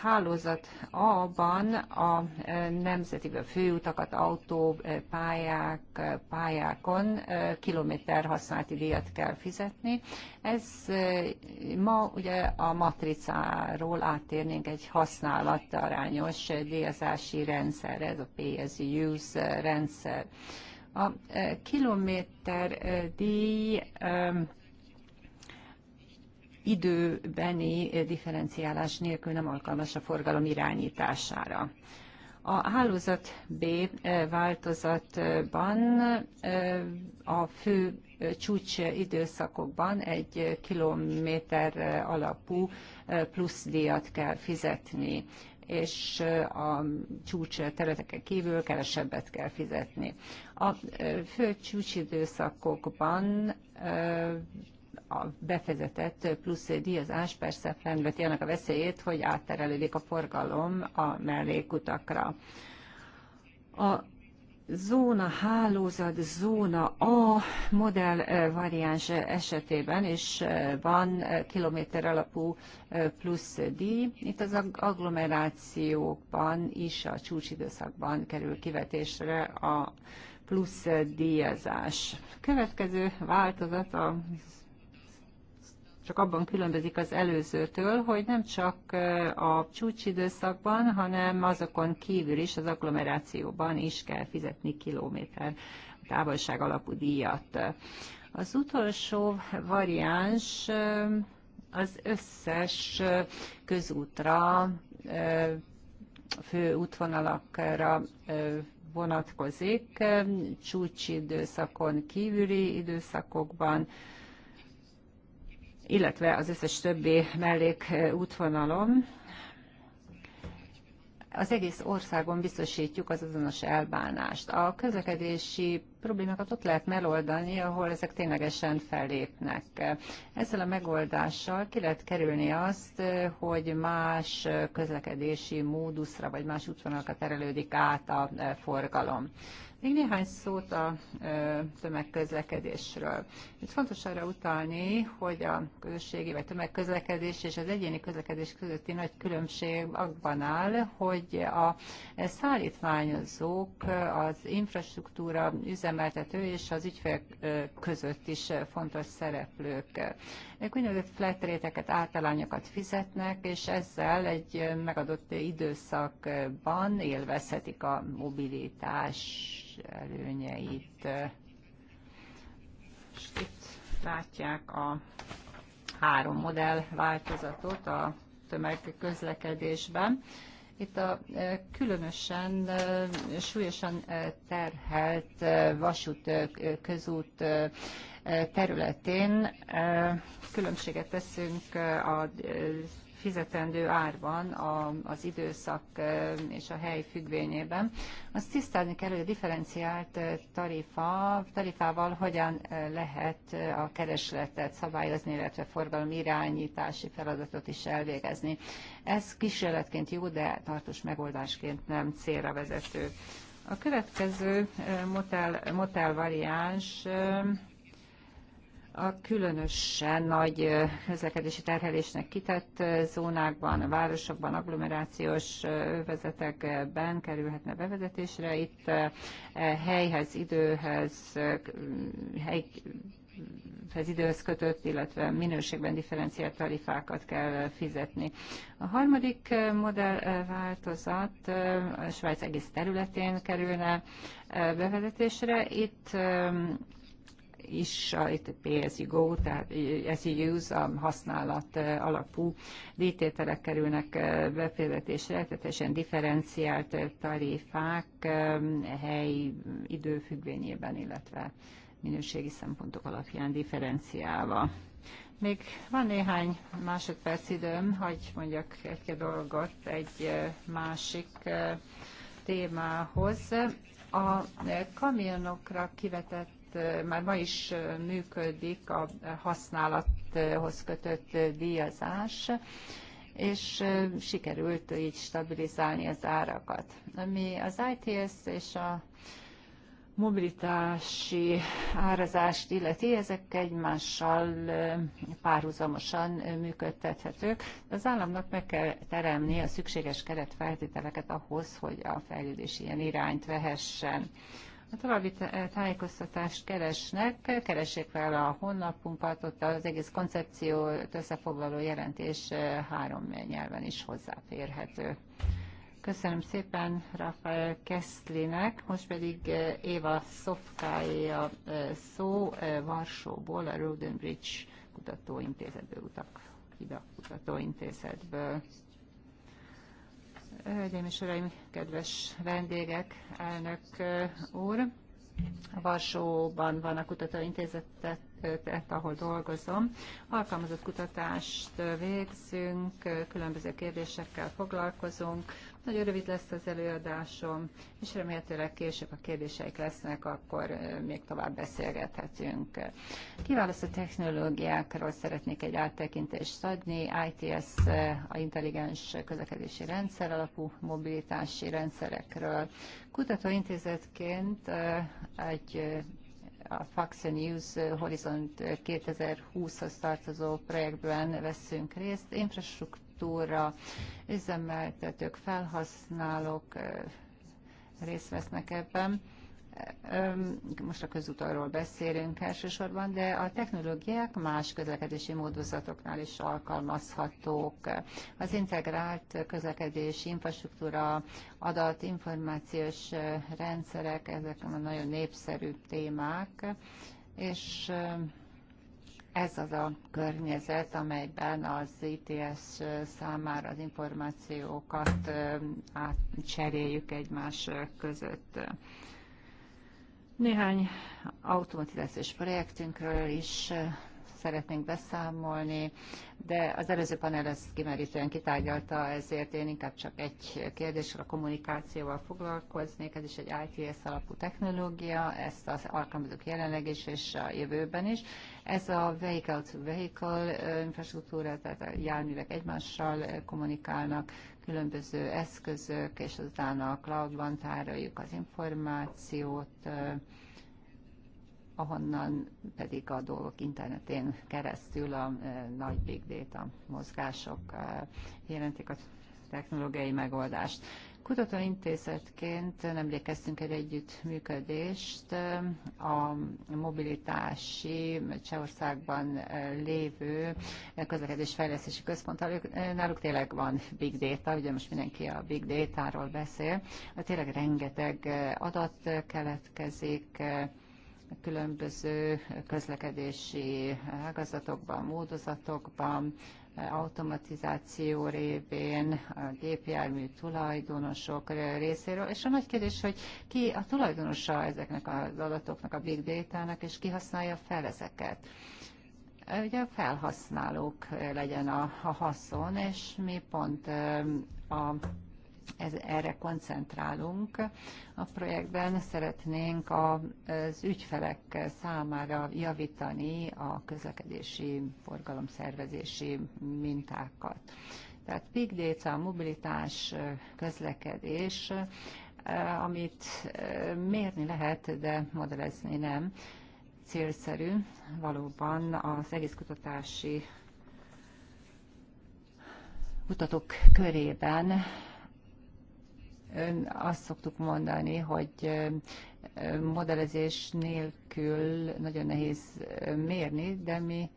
hálózat A-ban a e, nemzeti a főutakat, autópályák, e, e, pályákon kilométer használati díjat kell fizetni. Ez ma ugye a matricáról áttérnénk egy használatarányos díjazási rendszerre, ez a PSU-use rendszer. A kilométer díj időbeni eh, differenciálás nélkül nem alkalmas a forgalom irányítására. A hálózat B eh, változatban eh, a fő csúcs időszakokban egy kilométer alapú plusz díjat kell fizetni, és a csúcs területeken kívül kevesebbet kell fizetni. A fő időszakokban a befezetett plusz díjazás persze fennveti annak a veszélyét, hogy átterelődik a forgalom a mellékutakra. A zóna hálózat, zóna A modell eh, variáns esetében is eh, van eh, kilométer alapú plusz díj. Itt az agglomerációkban is a csúcsidőszakban kerül kivetésre a plusz díjazás. Következő változat a csak abban különbözik az előzőtől, hogy nem csak a csúcsidőszakban, hanem azokon kívül is az agglomerációban is kell fizetni kilométer távolság alapú díjat. Az utolsó variáns az összes közútra, fő útvonalakra vonatkozik, csúcsidőszakon kívüli időszakokban, illetve az összes többi útvonalon. Az egész országon biztosítjuk az azonos elbánást. A közlekedési problémákat ott lehet megoldani, ahol ezek ténylegesen fellépnek. Ezzel a megoldással ki lehet kerülni azt, hogy más közlekedési móduszra vagy más útvonalakat terelődik át a forgalom. Még néhány szót a tömegközlekedésről. Itt fontos arra utalni, hogy a közösségi vagy tömegközlekedés és az egyéni közlekedés közötti nagy különbség abban áll, hogy a szállítmányozók, az infrastruktúra üzemeltető és az ügyfelek között is fontos szereplők. Ők úgynevezett flat réteket, általányokat fizetnek, és ezzel egy megadott időszakban élvezhetik a mobilitást előnyeit. És itt látják a három modell változatot a tömegközlekedésben. Itt a e, különösen e, súlyosan e, terhelt vasút közút területén különbséget teszünk a fizetendő árban a, az időszak és a hely függvényében. Azt tisztázni kell, hogy a differenciált tarifa, tarifával hogyan lehet a keresletet szabályozni, illetve forgalom irányítási feladatot is elvégezni. Ez kísérletként jó, de tartós megoldásként nem célra vezető. A következő motel, motel variáns a különösen nagy közlekedési terhelésnek kitett zónákban, a városokban, agglomerációs övezetekben kerülhetne bevezetésre. Itt e helyhez, időhez, hely ez időhöz kötött, illetve minőségben differenciált tarifákat kell fizetni. A harmadik modellváltozat a Svájc egész területén kerülne bevezetésre. Itt is, a pay as you go, tehát as you use, a um, használat uh, alapú díjtételek kerülnek uh, befizetésre, teljesen differenciált uh, tarifák um, hely időfüggvényében, illetve minőségi szempontok alapján differenciálva. Még van néhány másodperc időm, hogy mondjak egy-két dolgot egy másik témához. A kamionokra kivetett Hát, már ma is működik a használathoz kötött díjazás, és sikerült így stabilizálni az árakat. Ami az ITS és a mobilitási árazást illeti, ezek egymással párhuzamosan működtethetők. Az államnak meg kell teremni a szükséges keretfeltételeket ahhoz, hogy a fejlődés ilyen irányt vehessen. A további eh, tájékoztatást keresnek, keressék fel a honlapunkat, ott az egész koncepciót összefoglaló jelentés eh, három nyelven is hozzáférhető. Köszönöm szépen Rafael Keszlinek, most pedig eh, Éva Szofkáé a szó Varsóból, a Roden Bridge kutatóintézetből, utak, hida kutatóintézetből. Hölgyeim és Uraim, kedves vendégek, elnök úr! Varsóban van a kutatóintézetet, ahol dolgozom. Alkalmazott kutatást végzünk, különböző kérdésekkel foglalkozunk, nagyon rövid lesz az előadásom, és remélhetőleg később a kérdéseik lesznek, akkor még tovább beszélgethetünk. Kiválasztó technológiákról szeretnék egy áttekintést adni. ITS a intelligens közlekedési rendszer alapú mobilitási rendszerekről. Kutatóintézetként egy a Fox News Horizont 2020-hoz tartozó projektben veszünk részt. Infrastruktúra infrastruktúra, üzemeltetők, felhasználók részt vesznek ebben. Most a közutalról beszélünk elsősorban, de a technológiák más közlekedési módozatoknál is alkalmazhatók. Az integrált közlekedési infrastruktúra, adat, információs rendszerek, ezek a nagyon népszerű témák, és ez az a környezet, amelyben az ITS számára az információkat átcseréljük egymás között. Néhány automatizációs projektünkről is szeretnénk beszámolni, de az előző panel ezt kimerítően kitárgyalta, ezért én inkább csak egy kérdésre, a kommunikációval foglalkoznék. Ez is egy ITS alapú technológia, ezt az alkalmazók jelenleg is és a jövőben is. Ez a vehicle-to-vehicle infrastruktúra, tehát a járművek egymással kommunikálnak, különböző eszközök, és aztán a cloudban tároljuk az információt, ahonnan pedig a dolgok internetén keresztül a e, nagy big data mozgások e, jelentik a technológiai megoldást. Kutatóintézetként nem kezdtünk egy együttműködést e, a mobilitási Csehországban lévő közlekedésfejlesztési központtal. Náluk tényleg van big data, ugye most mindenki a big data-ról beszél. Tényleg rengeteg adat keletkezik, különböző közlekedési ágazatokban, módozatokban, automatizáció révén, a gépjármű tulajdonosok részéről, és a nagy kérdés, hogy ki a tulajdonosa ezeknek az adatoknak, a big data-nak, és ki használja fel ezeket. Ugye a felhasználók legyen a, a haszon, és mi pont a ez, erre koncentrálunk. A projektben szeretnénk az ügyfelek számára javítani a közlekedési forgalomszervezési mintákat. Tehát big data, mobilitás, közlekedés, amit mérni lehet, de modellezni nem célszerű. Valóban az egész kutatási mutatók körében ön azt szoktuk mondani, hogy modellezés nélkül nagyon nehéz mérni, de mi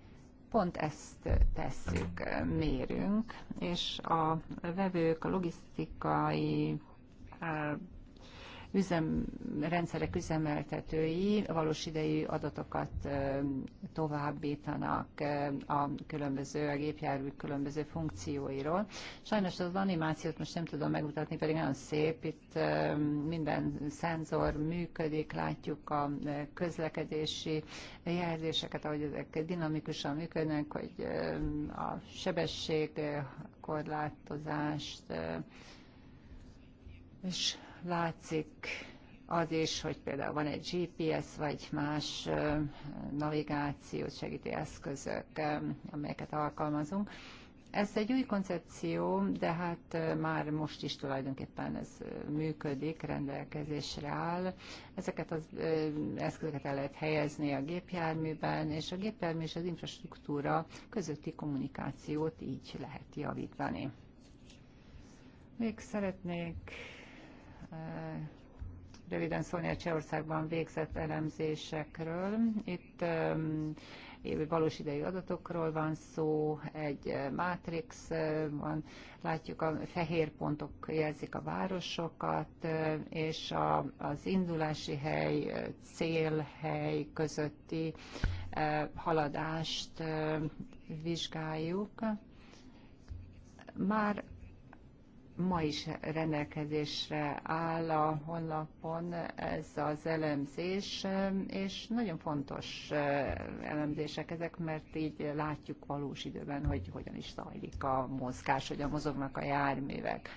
pont ezt tesszük, mérünk, és a vevők, a logisztikai üzemrendszerek üzemeltetői valós idejű adatokat továbbítanak a különböző, a gépjármű különböző funkcióiról. Sajnos az animációt most nem tudom megmutatni, pedig nagyon szép, itt minden szenzor működik, látjuk a közlekedési jelzéseket, ahogy ezek dinamikusan működnek, hogy a sebesség korlátozást, és látszik az is, hogy például van egy GPS vagy más navigációt segíti eszközök, amelyeket alkalmazunk. Ez egy új koncepció, de hát már most is tulajdonképpen ez működik, rendelkezésre áll. Ezeket az eszközöket el lehet helyezni a gépjárműben, és a gépjármű és az infrastruktúra közötti kommunikációt így lehet javítani. Még szeretnék röviden szólni a Csehországban végzett elemzésekről. Itt valós idejű adatokról van szó, egy mátrix van, látjuk a fehér pontok jelzik a városokat, és a, az indulási hely, célhely közötti haladást vizsgáljuk. Már ma is rendelkezésre áll a honlapon ez az elemzés, és nagyon fontos eh, elemzések ezek, mert így látjuk valós időben, hogy hogyan is zajlik a mozgás, hogyan mozognak a járművek.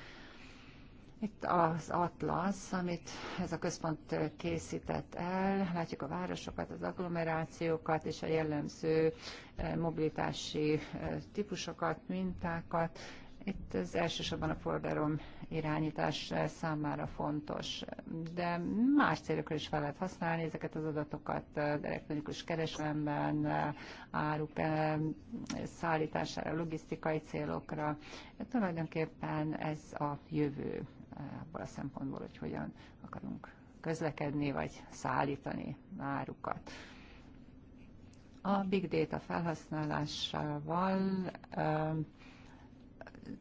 Itt az atlasz, amit ez a központ készített el, látjuk a városokat, az agglomerációkat és a jellemző eh, mobilitási eh, típusokat, mintákat, itt az elsősorban a forgalom irányítás számára fontos, de más célokra is fel lehet használni ezeket az adatokat elektronikus kereslemben, áruk szállítására, logisztikai célokra. Tulajdonképpen ez a jövő abból a szempontból, hogy hogyan akarunk közlekedni vagy szállítani árukat. A big data felhasználásával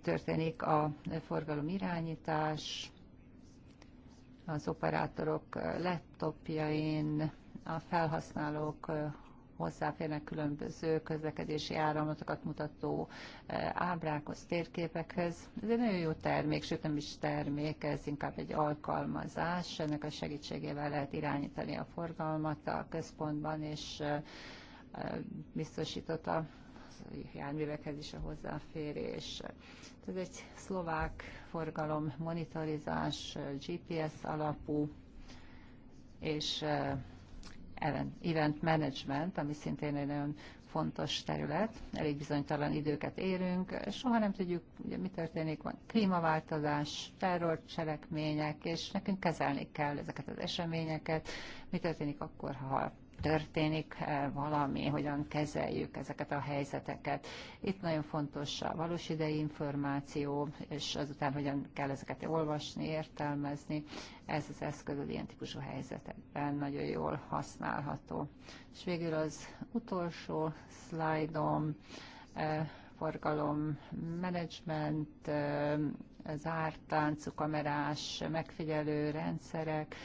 történik a forgalom irányítás, az operátorok laptopjain, a felhasználók hozzáférnek különböző közlekedési áramlatokat mutató eh, ábrákhoz, térképekhez. Ez egy nagyon jó termék, sőt nem is termék, ez inkább egy alkalmazás. Ennek a segítségével lehet irányítani a forgalmat a központban, és eh, eh, biztosított a járművekhez is a hozzáférés. Ez egy szlovák forgalom monitorizás, GPS alapú, és eh, event management, ami szintén egy nagyon fontos terület, elég bizonytalan időket érünk, soha nem tudjuk, ugye, mi történik, van klímaváltozás, terrorcselekmények, és nekünk kezelni kell ezeket az eseményeket, mi történik akkor, ha történik eh, valami, hogyan kezeljük ezeket a helyzeteket. Itt nagyon fontos a valós idei információ, és azután hogyan kell ezeket olvasni, értelmezni. Ez az eszköz az ilyen típusú helyzetekben nagyon jól használható. És végül az utolsó szlájdom, eh, forgalom menedzsment, eh, zárt táncu kamerás megfigyelő rendszerek,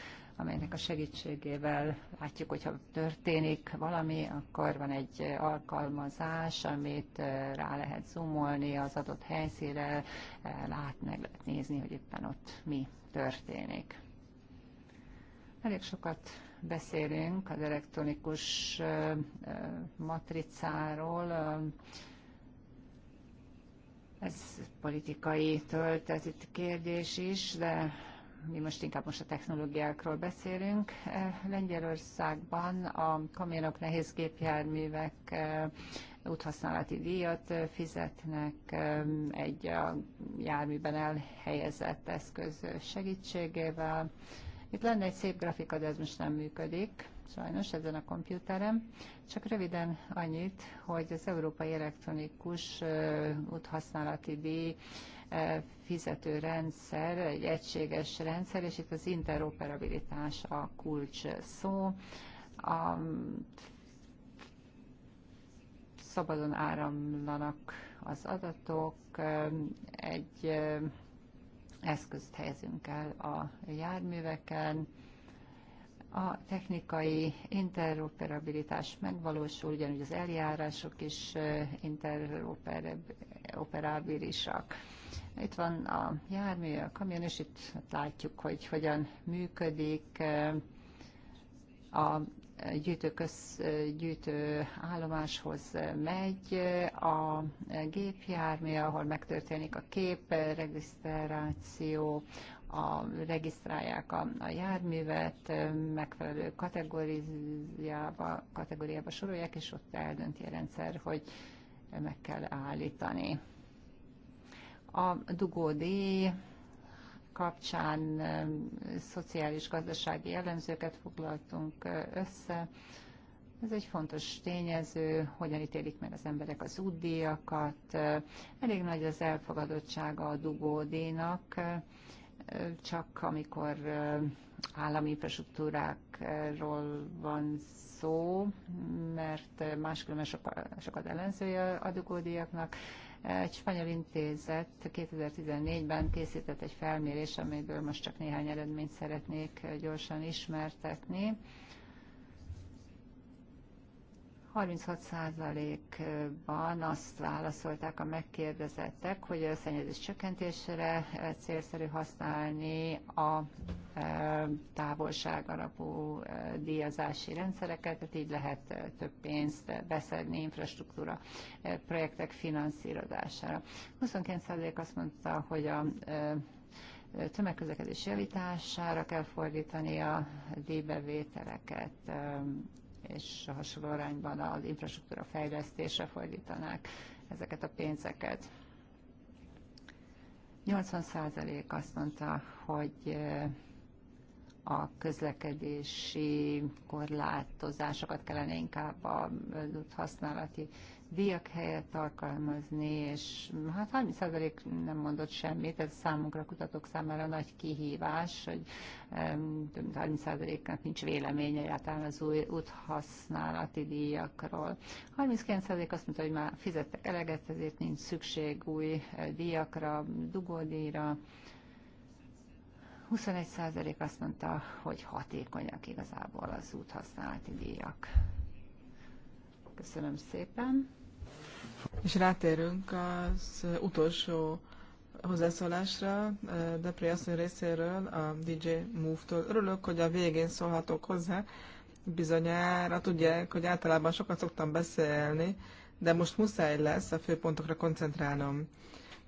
amelynek a segítségével látjuk, hogyha történik valami, akkor van egy alkalmazás, amit rá lehet zoomolni az adott helyszínre, lát, meg lehet nézni, hogy éppen ott mi történik. Elég sokat beszélünk az elektronikus matricáról, ez politikai töltet kérdés is, de mi most inkább most a technológiákról beszélünk. Eh, Lengyelországban a kamionok, nehéz gépjárművek eh, úthasználati díjat eh, fizetnek egy a járműben elhelyezett eszköz segítségével. Itt lenne egy szép grafika, de ez most nem működik, sajnos ezen a kompjúterem. Csak röviden annyit, hogy az Európai Elektronikus Úthasználati Díj fizető rendszer, egy egységes rendszer, és itt az interoperabilitás a kulcs szó. A szabadon áramlanak az adatok, egy eszközt helyezünk el a járműveken, a technikai interoperabilitás megvalósul, ugyanúgy az eljárások is interoperabilisak. Itt van a jármű, a kamion, és itt látjuk, hogy hogyan működik eh, a gyűjtőköz, gyűjtő állomáshoz megy a gépjármű, ahol megtörténik a képregisztráció, a, regisztrálják a, a járművet, eh, megfelelő kategóriába, kategóriába sorolják, és ott eldönti a rendszer, hogy meg kell állítani. A dugódi kapcsán szociális-gazdasági jellemzőket foglaltunk össze. Ez egy fontos tényező, hogyan ítélik meg az emberek az útdíjakat. Elég nagy az elfogadottsága a dugódénak, csak amikor állami infrastruktúrákról van szó, mert máskülönben sokat, sokat ellenzője a dugódíjaknak, egy spanyol intézet 2014-ben készített egy felmérés, amelyből most csak néhány eredményt szeretnék gyorsan ismertetni. 36%-ban azt válaszolták a megkérdezettek, hogy a szennyezés csökkentésére eh, célszerű használni a eh, távolság alapú eh, díjazási rendszereket, tehát így lehet több pénzt beszedni infrastruktúra projektek finanszírozására. 29% azt mondta, hogy a tömegközlekedés javítására kell fordítani a díjbevételeket, és hasonló arányban az infrastruktúra fejlesztése fordítanák ezeket a pénzeket. 80% azt mondta, hogy a közlekedési korlátozásokat kellene inkább a használati díjak helyett alkalmazni, és hát 30% nem mondott semmit, ez számunkra, kutatók számára nagy kihívás, hogy több mint 30%-nak nincs véleménye egyáltalán az új úthasználati díjakról. 39% azt mondta, hogy már fizettek eleget, ezért nincs szükség új eh, díjakra, dugódíjra. 21% azt mondta, hogy hatékonyak igazából az úthasználati díjak. Köszönöm szépen. És rátérünk az utolsó hozzászólásra eh, Depré asszony részéről, a DJ Move-tól. Örülök, hogy a végén szólhatok hozzá. Bizonyára tudják, hogy általában sokat szoktam beszélni, de most muszáj lesz a főpontokra koncentrálnom.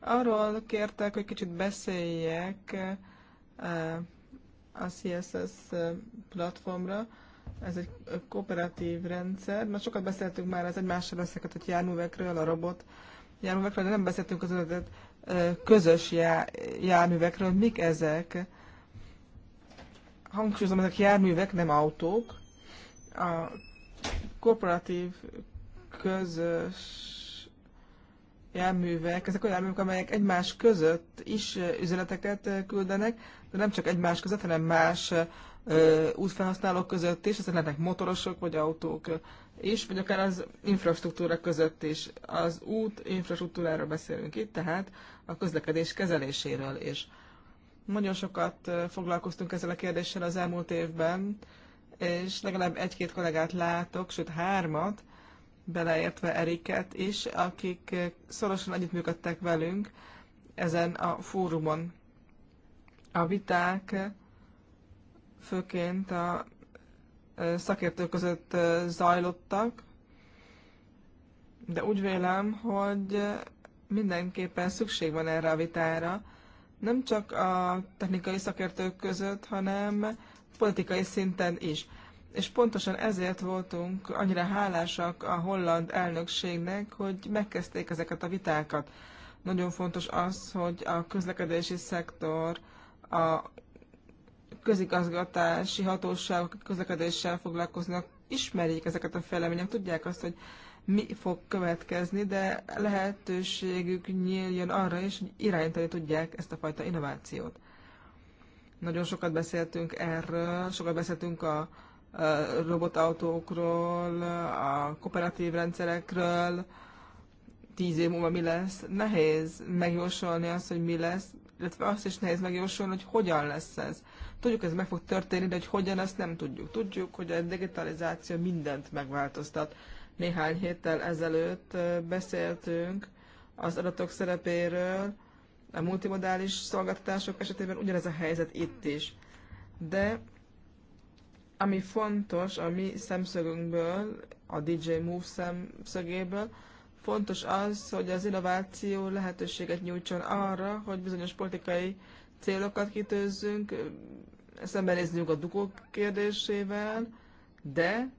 Arról kértek, hogy kicsit beszéljek eh, a CSS eh, platformra, ez egy kooperatív rendszer, Na, sokat beszéltünk már az egymással összekötött járművekről, a robot járművekről, de nem beszéltünk az ötletet közös já járművekről. Mik ezek? Hangsúlyozom, ezek járművek, nem autók. A kooperatív közös járművek, ezek olyan járművek, amelyek egymás között is üzeneteket küldenek, de nem csak egymás között, hanem más útfelhasználók között is, ezek lehetnek motorosok vagy autók is, vagy akár az infrastruktúra között is. Az út infrastruktúráról beszélünk itt, tehát a közlekedés kezeléséről is. Nagyon sokat foglalkoztunk ezzel a kérdéssel az elmúlt évben, és legalább egy-két kollégát látok, sőt hármat, beleértve Eriket is, akik szorosan együttműködtek velünk ezen a fórumon. A viták főként a szakértők között zajlottak, de úgy vélem, hogy mindenképpen szükség van erre a vitára, nem csak a technikai szakértők között, hanem politikai szinten is. És pontosan ezért voltunk annyira hálásak a holland elnökségnek, hogy megkezdték ezeket a vitákat. Nagyon fontos az, hogy a közlekedési szektor, a közigazgatási hatóságok, közlekedéssel foglalkoznak, ismerik ezeket a fejlemények, tudják azt, hogy mi fog következni, de lehetőségük nyíljon arra is, hogy irányítani tudják ezt a fajta innovációt. Nagyon sokat beszéltünk erről, sokat beszéltünk a, a robotautókról, a kooperatív rendszerekről, tíz év múlva mi lesz. Nehéz megjósolni azt, hogy mi lesz, illetve azt is nehéz megjósolni, hogy hogyan lesz ez. Tudjuk, ez meg fog történni, de hogy hogyan, ezt nem tudjuk. Tudjuk, hogy a digitalizáció mindent megváltoztat. Néhány héttel ezelőtt beszéltünk az adatok szerepéről, a multimodális szolgáltatások esetében ugyanez a helyzet itt is. De ami fontos a mi szemszögünkből, a DJ Move szemszögéből, fontos az, hogy az innováció lehetőséget nyújtson arra, hogy bizonyos politikai uh, célokat kitőzzünk, szembenéznünk a dugók kérdésével, de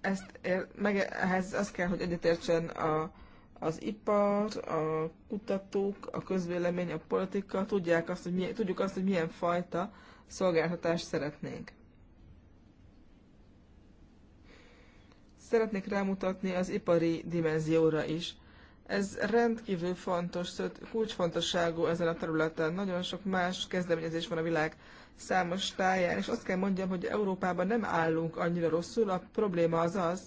ezt ér, meg, ehhez az kell, hogy egyetértsen a, az ipar, a kutatók, a közvélemény, a politika, tudják azt, hogy milyen, tudjuk azt, hogy milyen fajta szolgáltatást szeretnénk. Szeretnék rámutatni az ipari dimenzióra is. Ez rendkívül fontos, sőt kulcsfontosságú ezen a területen. Nagyon sok más kezdeményezés van a világ számos táján, és azt kell mondjam, hogy Európában nem állunk annyira rosszul. A probléma az az,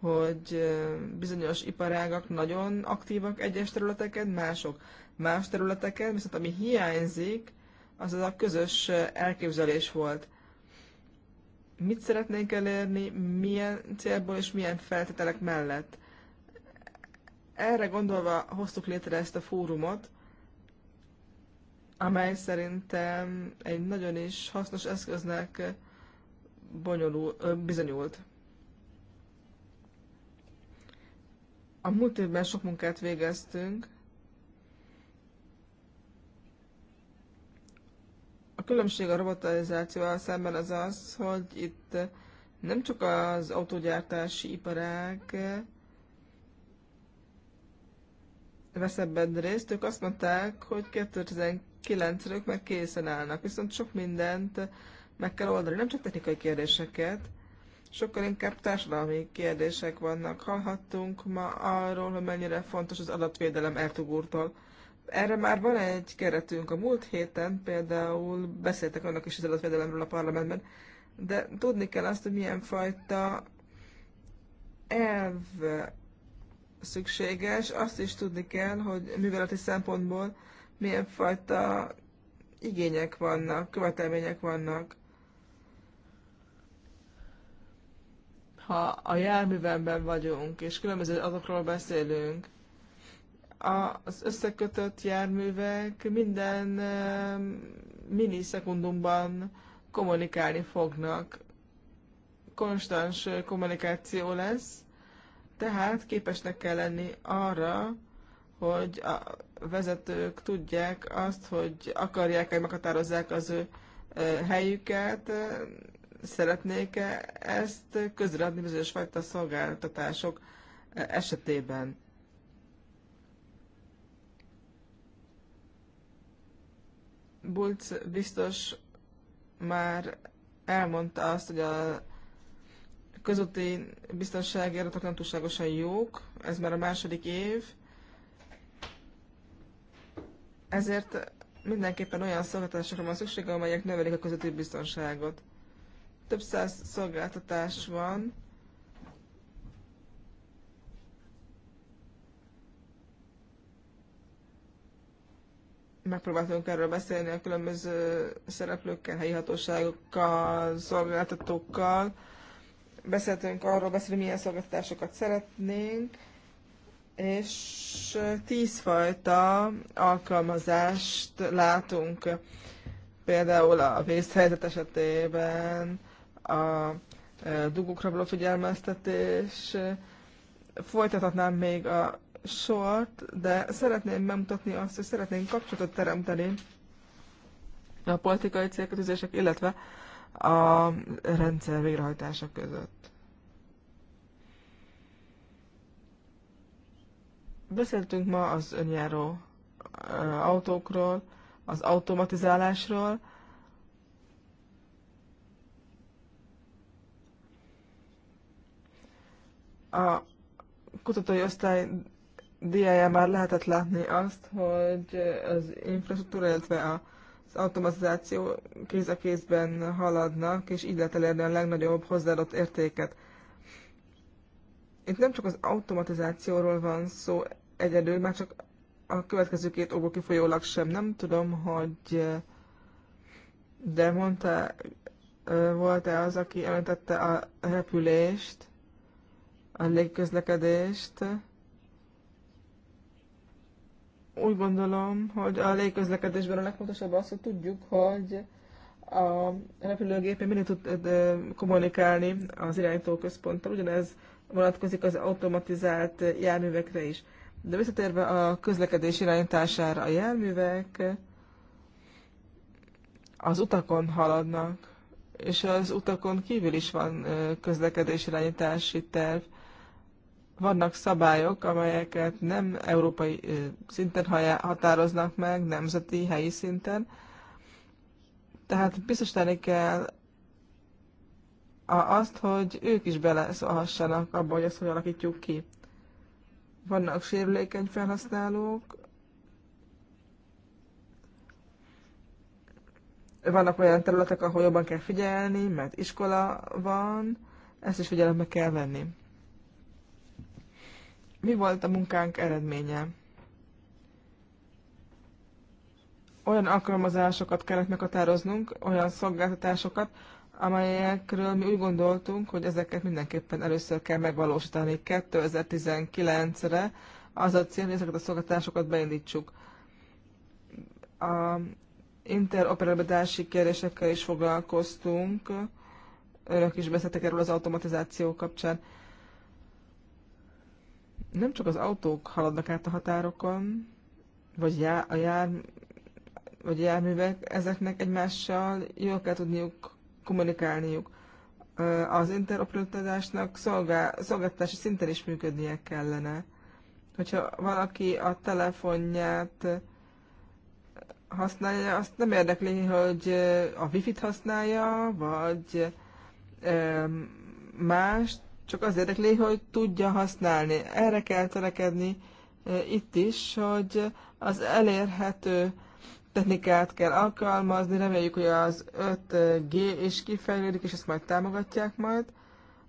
hogy bizonyos iparágak nagyon aktívak egyes területeken, mások más területeken, viszont ami hiányzik, az az a közös elképzelés volt. Mit szeretnénk elérni, milyen célból és milyen feltételek mellett. Erre gondolva hoztuk létre ezt a fórumot, amely szerintem egy nagyon is hasznos eszköznek bonyolul, bizonyult. A múlt évben sok munkát végeztünk. A különbség a robotizációval szemben az az, hogy itt nem csak az autógyártási iparág, vesz ebben részt, ők azt mondták, hogy 2019-re ők már készen állnak, viszont sok mindent meg kell oldani, nem csak technikai kérdéseket, sokkal inkább társadalmi kérdések vannak. Hallhattunk ma arról, hogy mennyire fontos az adatvédelem Ertugurtól. Erre már van egy keretünk. A múlt héten például beszéltek annak is az adatvédelemről a parlamentben, de tudni kell azt, hogy milyen fajta elv szükséges. Azt is tudni kell, hogy műveleti szempontból milyen fajta igények vannak, követelmények vannak. Ha a járművemben vagyunk, és különböző azokról beszélünk, az összekötött járművek minden um, miniszekundumban kommunikálni fognak. Konstans kommunikáció lesz, tehát képesnek kell lenni arra, hogy a vezetők tudják azt, hogy akarják-e, meghatározzák az ő helyüket, szeretnék-e ezt közreadni bizonyos fajta szolgáltatások esetében. Bulc biztos már elmondta azt, hogy a közötti biztonsági adatok nem túlságosan jók, ez már a második év, ezért mindenképpen olyan szolgáltatásokra van szüksége, amelyek növelik a közötti biztonságot. Több száz szolgáltatás van, megpróbáltunk erről beszélni a különböző szereplőkkel, helyi hatóságokkal, szolgáltatókkal, beszéltünk arról, beszélünk, milyen szolgáltatásokat szeretnénk, és tízfajta alkalmazást látunk. Például a vészhelyzet esetében, a dugókra való figyelmeztetés. Folytathatnám még a sort, de szeretném bemutatni azt, hogy szeretnénk kapcsolatot teremteni a politikai célkötőzések, illetve a rendszer végrehajtása között. Beszéltünk ma az önjáró autókról, az automatizálásról, a kutatói osztály diáján már lehetett látni azt, hogy az infrastruktúra, illetve a az automatizáció kéz a kézben haladnak, és így lehet elérni a legnagyobb hozzáadott értéket. Itt nem csak az automatizációról van szó egyedül, már csak a következő két óból kifolyólag sem. Nem tudom, hogy de mondta, volt-e az, aki említette a repülést, a légközlekedést, úgy gondolom, hogy a légközlekedésben a legfontosabb az, hogy tudjuk, hogy a repülőgépen mindig tud kommunikálni az központtal, ugyanez vonatkozik az automatizált járművekre is. De visszatérve a közlekedés irányítására, a járművek az utakon haladnak, és az utakon kívül is van közlekedés irányítási terv. Vannak szabályok, amelyeket nem európai szinten határoznak meg, nemzeti, helyi szinten. Tehát biztosítani kell azt, hogy ők is beleszólhassanak abba, hogy ezt hogy alakítjuk ki. Vannak sérülékeny felhasználók, vannak olyan területek, ahol jobban kell figyelni, mert iskola van, ezt is figyelembe kell venni. Mi volt a munkánk eredménye? Olyan alkalmazásokat kellett meghatároznunk, olyan szolgáltatásokat, amelyekről mi úgy gondoltunk, hogy ezeket mindenképpen először kell megvalósítani 2019-re, az a cél, hogy ezeket a szolgáltatásokat beindítsuk. A interoperabilitási kérdésekkel is foglalkoztunk, önök is beszéltek erről az automatizáció kapcsán nem csak az autók haladnak át a határokon, vagy já, a jár, vagy a járművek, ezeknek egymással jól kell tudniuk kommunikálniuk. Az interoperatívásnak szolgál, szolgáltatási szinten is működnie kellene. Hogyha valaki a telefonját használja, azt nem érdekli, hogy a wifi-t használja, vagy mást, csak az érdekli, hogy tudja használni. Erre kell törekedni itt is, hogy az elérhető technikát kell alkalmazni, reméljük, hogy az 5G is kifejlődik, és ezt majd támogatják majd.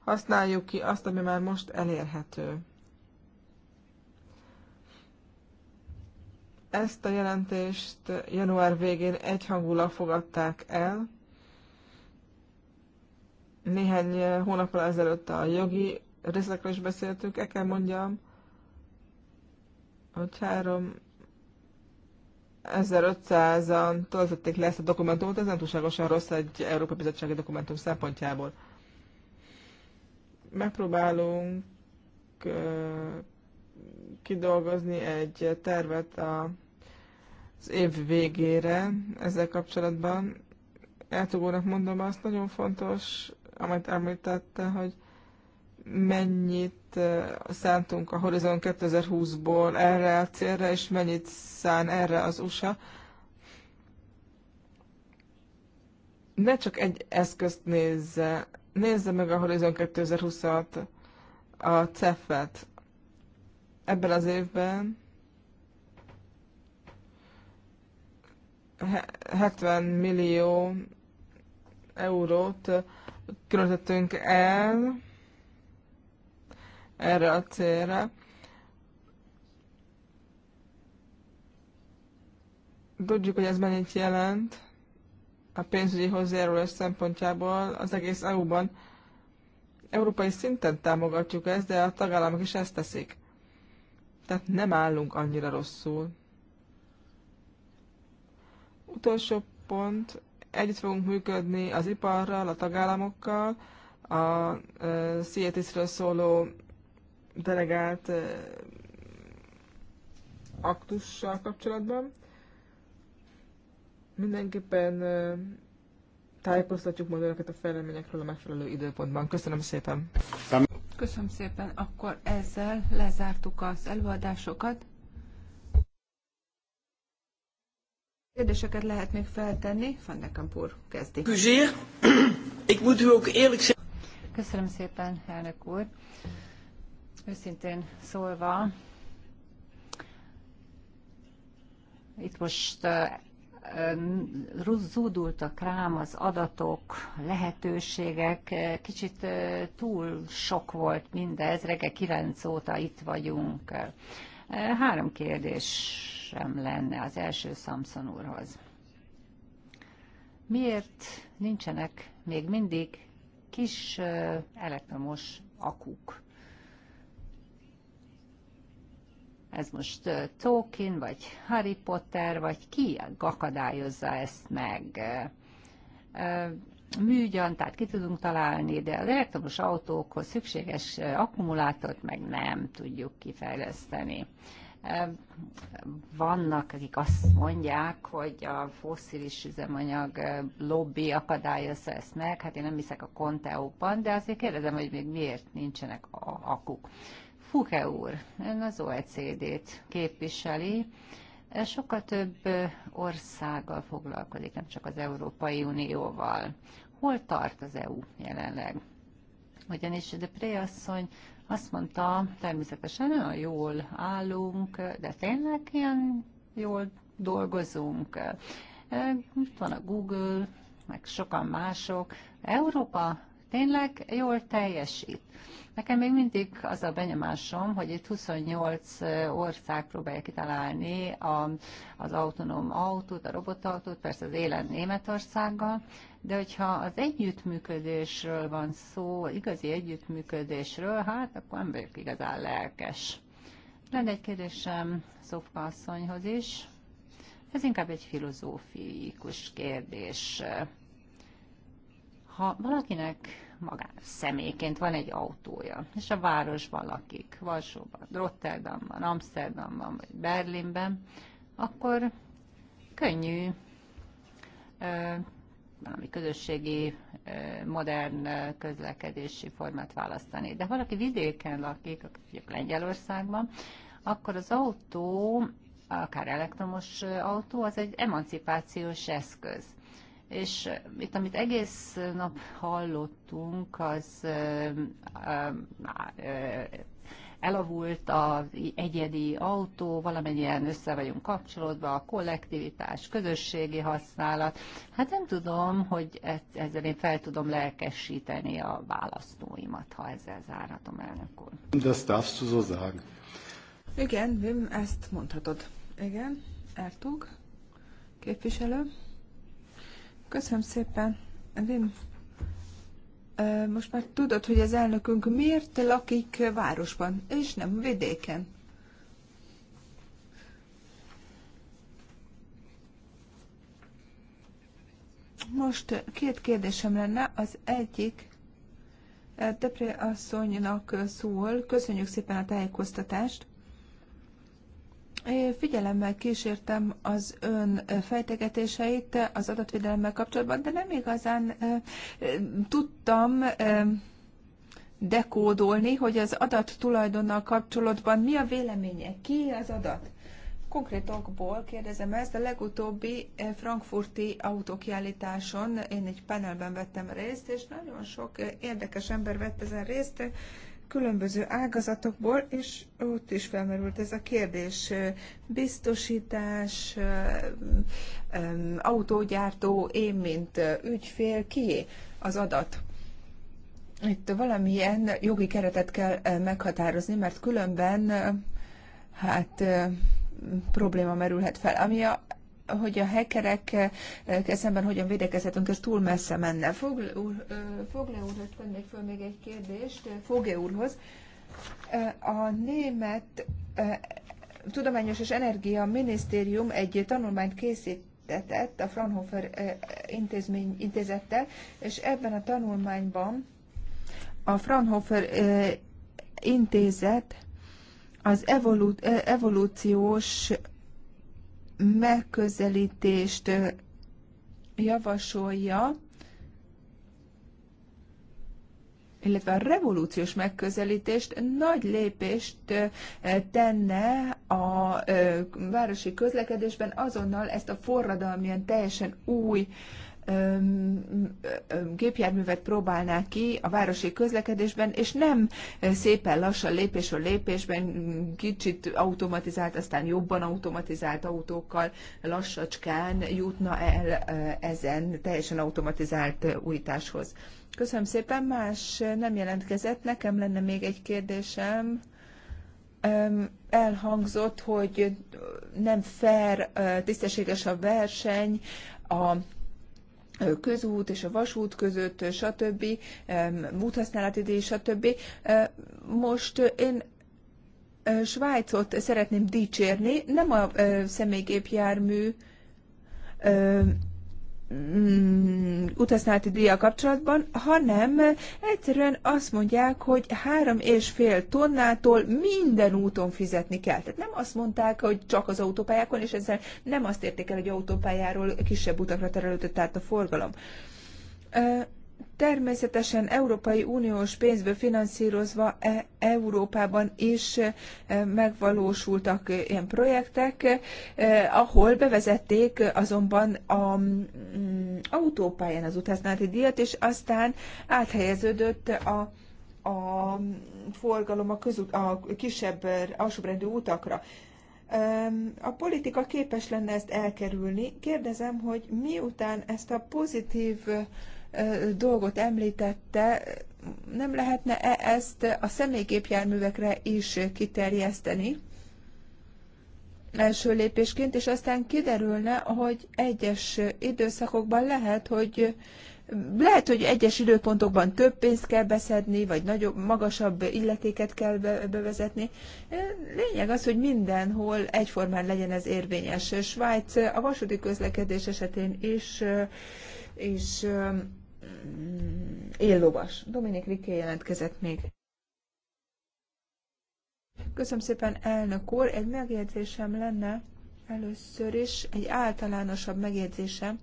Használjuk ki azt, ami már most elérhető. Ezt a jelentést január végén egyhangulag fogadták el. Néhány eh, hónappal ezelőtt a jogi részekről is beszéltünk, el kell mondjam, hogy 3500 an töltötték le ezt a dokumentumot, ez nem túlságosan rossz egy Európai Bizottsági dokumentum szempontjából. Megpróbálunk eh, kidolgozni egy tervet a, az év végére ezzel kapcsolatban. Eltugónak mondom azt, nagyon fontos amit említette, hogy mennyit eh, szántunk a Horizon 2020-ból erre a célra, és mennyit szán erre az USA. Ne csak egy eszközt nézze, nézze meg a Horizon 2020-at, a CEF-et. Ebben az évben 70 millió eurót különítettünk el erre a célra. Tudjuk, hogy ez mennyit jelent a pénzügyi hozzájárulás szempontjából az egész EU-ban. Európai szinten támogatjuk ezt, de a tagállamok is ezt teszik. Tehát nem állunk annyira rosszul. Utolsó pont, Együtt fogunk működni az iparral, a tagállamokkal, a cetis szóló delegált aktussal kapcsolatban. Mindenképpen tájékoztatjuk majd önöket a fejleményekről a megfelelő időpontban. Köszönöm szépen! Köszönöm szépen! Akkor ezzel lezártuk az előadásokat. Kérdéseket lehet még feltenni. Van Nekamp úr, kezdi. Köszönöm szépen, elnök úr. Őszintén szólva, itt most zúdultak rám az adatok, lehetőségek, kicsit túl sok volt mindez, reggel 9 óta itt vagyunk. Három kérdésem lenne az első Samson úrhoz. Miért nincsenek még mindig kis elektromos akuk? Ez most Tolkien, vagy Harry Potter, vagy ki akadályozza ezt meg? tehát ki tudunk találni, de az elektromos autókhoz szükséges akkumulátort meg nem tudjuk kifejleszteni. Vannak, akik azt mondják, hogy a fosszilis üzemanyag lobby akadályozza ezt meg, hát én nem hiszek a Conteóban, de azért kérdezem, hogy még miért nincsenek a akuk. Fuke úr, ön az OECD-t képviseli, sokkal több országgal foglalkozik, nem csak az Európai Unióval hol tart az EU jelenleg. Ugyanis de Pré asszony azt mondta, természetesen nagyon jól állunk, de tényleg ilyen jól dolgozunk. Itt e, van a Google, meg sokan mások. Európa tényleg jól teljesít. Nekem még mindig az a benyomásom, hogy itt 28 ország próbálja kitalálni a, az autonóm autót, a robotautót, persze az élen Németországgal, de hogyha az együttműködésről van szó, igazi együttműködésről, hát akkor nem vagyok igazán lelkes. Lenne egy kérdésem Szofka asszonyhoz is. Ez inkább egy filozófikus kérdés. Ha valakinek magán személyként van egy autója, és a városban lakik, Varsóban, Rotterdamban, Amsterdamban vagy Berlinben, akkor könnyű valami közösségi, modern közlekedési formát választani. De ha valaki vidéken lakik, mondjuk Lengyelországban, akkor az autó, akár elektromos autó, az egy emancipációs eszköz. És itt, amit egész nap hallottunk, az elavult az egyedi autó, valamennyien össze vagyunk kapcsolódva, a kollektivitás, közösségi használat. Hát nem tudom, hogy e- ezzel én fel tudom lelkesíteni a választóimat, ha ezzel zárhatom, elnök úr. De ezt darfst du so sagen. Igen, Wim, ezt mondhatod. Igen, Ertug, képviselő. Köszönöm szépen. Wim, most már tudod, hogy az elnökünk miért lakik városban, és nem vidéken. Most két kérdésem lenne. Az egyik Depré asszonynak szól. Köszönjük szépen a tájékoztatást figyelemmel kísértem az ön fejtegetéseit az adatvédelemmel kapcsolatban, de nem igazán tudtam dekódolni, hogy az adat tulajdonnal kapcsolatban mi a véleménye, ki az adat. Konkrét okból kérdezem ezt, a legutóbbi frankfurti autókiállításon én egy panelben vettem részt, és nagyon sok érdekes ember vett ezen részt, különböző ágazatokból, és ott is felmerült ez a kérdés. Biztosítás, autógyártó, én mint ügyfél, kié az adat? Itt valamilyen jogi keretet kell meghatározni, mert különben hát probléma merülhet fel. Ami a hogy a hekerek eh, eh, szemben hogyan védekezhetünk, ez túl messze menne. Fogle, úr, úrhoz tennék föl még egy kérdést, eh, Fogle úrhoz. A német Tudományos és Energia Minisztérium egy tanulmányt készít a Fraunhofer intézmény, intézette és ebben a tanulmányban a Fraunhofer intézet az evolú, evolúciós megközelítést javasolja, illetve a revolúciós megközelítést nagy lépést tenne a városi közlekedésben, azonnal ezt a forradalmilyen teljesen új gépjárművet próbálnák ki a városi közlekedésben, és nem szépen lassan lépésről lépésben, kicsit automatizált, aztán jobban automatizált autókkal lassacskán jutna el ezen teljesen automatizált újításhoz. Köszönöm szépen, más nem jelentkezett, nekem lenne még egy kérdésem elhangzott, hogy nem fair, tisztességes a verseny a közút és a vasút között, stb., úthasználati díj, stb. Most én Svájcot szeretném dicsérni, nem a személygépjármű utaznáti mm, díja kapcsolatban, hanem egyszerűen azt mondják, hogy három és fél tonnától minden úton fizetni kell. Tehát nem azt mondták, hogy csak az autópályákon, és ezzel nem azt érték el, hogy autópályáról kisebb utakra terelődött át a forgalom természetesen Európai Uniós pénzből finanszírozva e Európában is e, megvalósultak e, ilyen projektek, e, ahol bevezették azonban az mm, autópályán az utaznáti díjat, és aztán áthelyeződött a a forgalom a, közut, a kisebb alsóbrendű utakra. A politika képes lenne ezt elkerülni. Kérdezem, hogy miután ezt a pozitív dolgot említette, nem lehetne -e ezt a személygépjárművekre is kiterjeszteni első lépésként, és aztán kiderülne, hogy egyes időszakokban lehet, hogy lehet, hogy egyes időpontokban több pénzt kell beszedni, vagy nagyobb, magasabb illetéket kell bevezetni. Lényeg az, hogy mindenhol egyformán legyen ez érvényes. Svájc a vasúti közlekedés esetén is, is Mm, éllovas. Dominik Riké jelentkezett még. Köszönöm szépen, elnök úr. Egy megjegyzésem lenne először is, egy általánosabb megjegyzésem,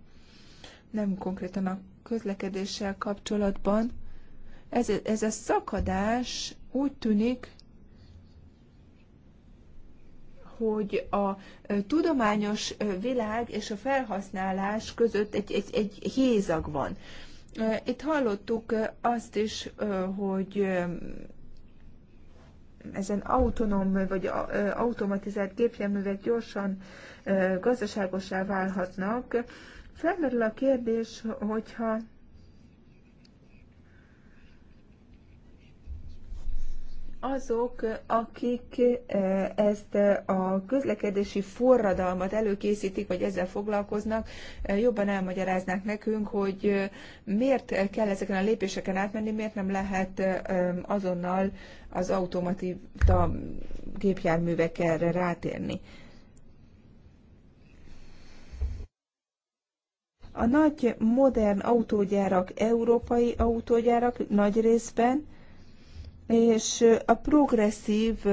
nem konkrétan a közlekedéssel kapcsolatban. Ez, ez a szakadás úgy tűnik, hogy a tudományos világ és a felhasználás között egy, egy, egy hézag van. Itt hallottuk azt is, hogy ezen autonóm vagy automatizált gépjárművek gyorsan gazdaságosá válhatnak. Felmerül a kérdés, hogyha azok, akik e, ezt a közlekedési forradalmat előkészítik, vagy ezzel foglalkoznak, e, jobban elmagyaráznák nekünk, hogy e, miért kell ezeken a lépéseken átmenni, miért nem lehet azonnal az automata gépjárművekre rátérni. A nagy modern autógyárak, európai autógyárak nagy részben, és a progresszív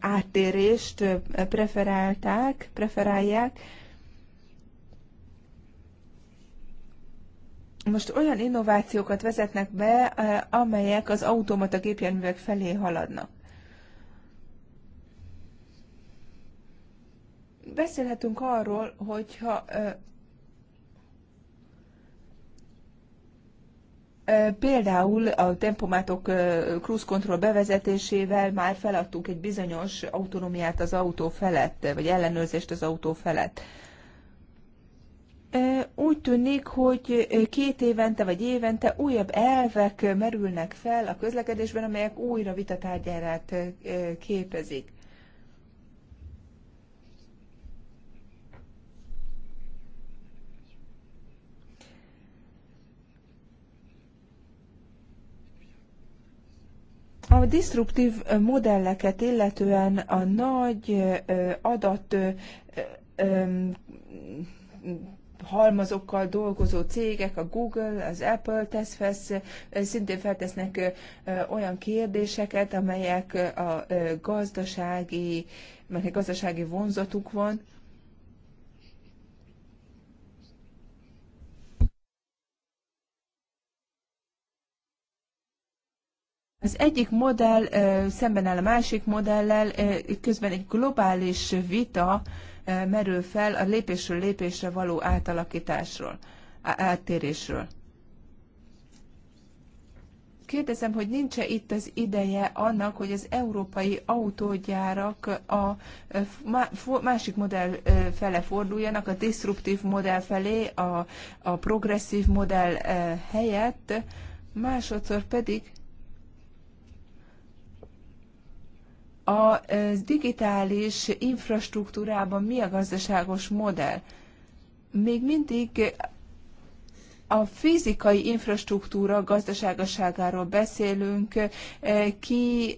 áttérést preferálták, preferálják. Most olyan innovációkat vezetnek be, amelyek az automata gépjárművek felé haladnak. Beszélhetünk arról, hogyha Például a tempomátok cruise control bevezetésével már feladtunk egy bizonyos autonómiát az autó felett, vagy ellenőrzést az autó felett. Úgy tűnik, hogy két évente vagy évente újabb elvek merülnek fel a közlekedésben, amelyek újra vitatárgyárát képezik. A disruptív modelleket illetően a nagy adat halmazokkal dolgozó cégek, a Google, az Apple tesz fesz, szintén feltesznek olyan kérdéseket, amelyek a gazdasági, mert a gazdasági vonzatuk van, Az egyik modell szemben áll a másik modellel, közben egy globális vita merül fel a lépésről lépésre való átalakításról, áttérésről. Kérdezem, hogy nincs-e itt az ideje annak, hogy az európai autógyárak a másik modell fele forduljanak, a disruptív modell felé, a, a progresszív modell helyett, másodszor pedig a digitális infrastruktúrában mi a gazdaságos modell? Még mindig a fizikai infrastruktúra gazdaságosságáról beszélünk, ki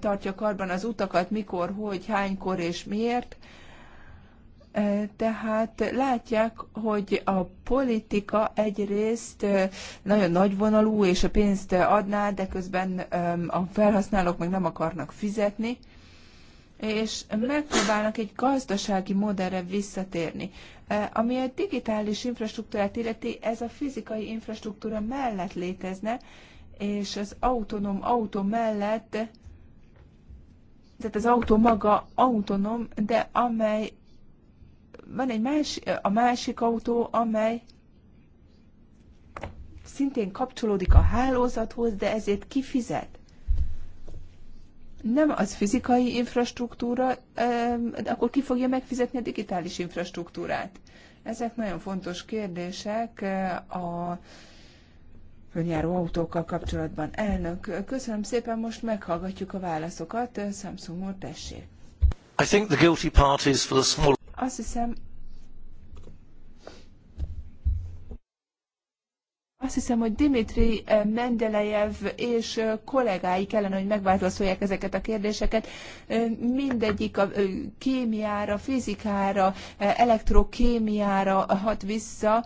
tartja karban az utakat, mikor, hogy, hánykor és miért. Tehát látják, hogy a politika egyrészt nagyon nagyvonalú, és a pénzt adná, de közben a felhasználók meg nem akarnak fizetni, és megpróbálnak egy gazdasági modellre visszatérni. Ami a digitális infrastruktúrát illeti, ez a fizikai infrastruktúra mellett létezne, és az autonóm autó mellett, tehát az autó maga autonóm, de amely van egy más, a másik autó, amely szintén kapcsolódik a hálózathoz, de ezért kifizet. Nem az fizikai infrastruktúra, de akkor ki fogja megfizetni a digitális infrastruktúrát? Ezek nagyon fontos kérdések eh, a önjáró autókkal kapcsolatban. Elnök, köszönöm szépen, most meghallgatjuk a válaszokat. Samsung úr, tessék. I think the guilty parties for the small... Azt hiszem, Azt hiszem, hogy Dimitri eh, Mendelejev és eh, kollégái kellene, hogy megválaszolják ezeket a kérdéseket. Eh, mindegyik a kémiára, fizikára, elektrokémiára hat vissza.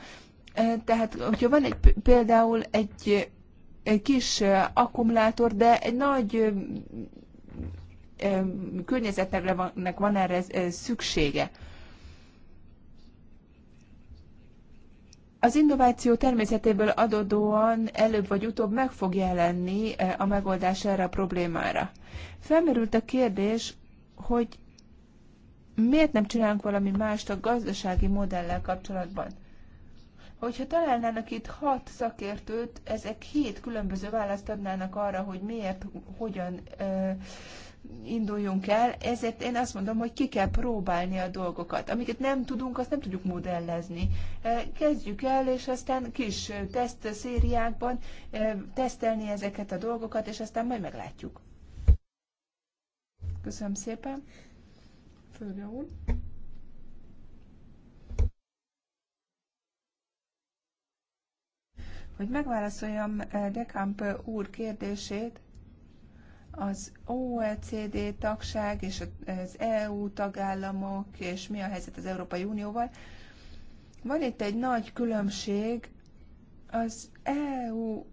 Tehát, hogyha van egy, például egy, egy kis akkumulátor, de egy nagy környezetnek van erre szüksége. Az innováció természetéből adódóan előbb vagy utóbb meg fog jelenni a megoldás erre a problémára. Felmerült a kérdés, hogy miért nem csinálunk valami mást a gazdasági modellel kapcsolatban? Hogyha találnának itt hat szakértőt, ezek hét különböző választ adnának arra, hogy miért, hogyan ö, induljunk el, ezért én azt mondom, hogy ki kell próbálni a dolgokat. Amiket nem tudunk, azt nem tudjuk modellezni. E, kezdjük el, és aztán kis e, teszt szériákban e, tesztelni ezeket a dolgokat, és aztán majd meglátjuk. Köszönöm szépen. Fölge úr. Hogy megválaszoljam Dekamp úr kérdését, az OECD tagság és az EU tagállamok, és mi a helyzet az Európai Unióval. Van itt egy nagy különbség az EU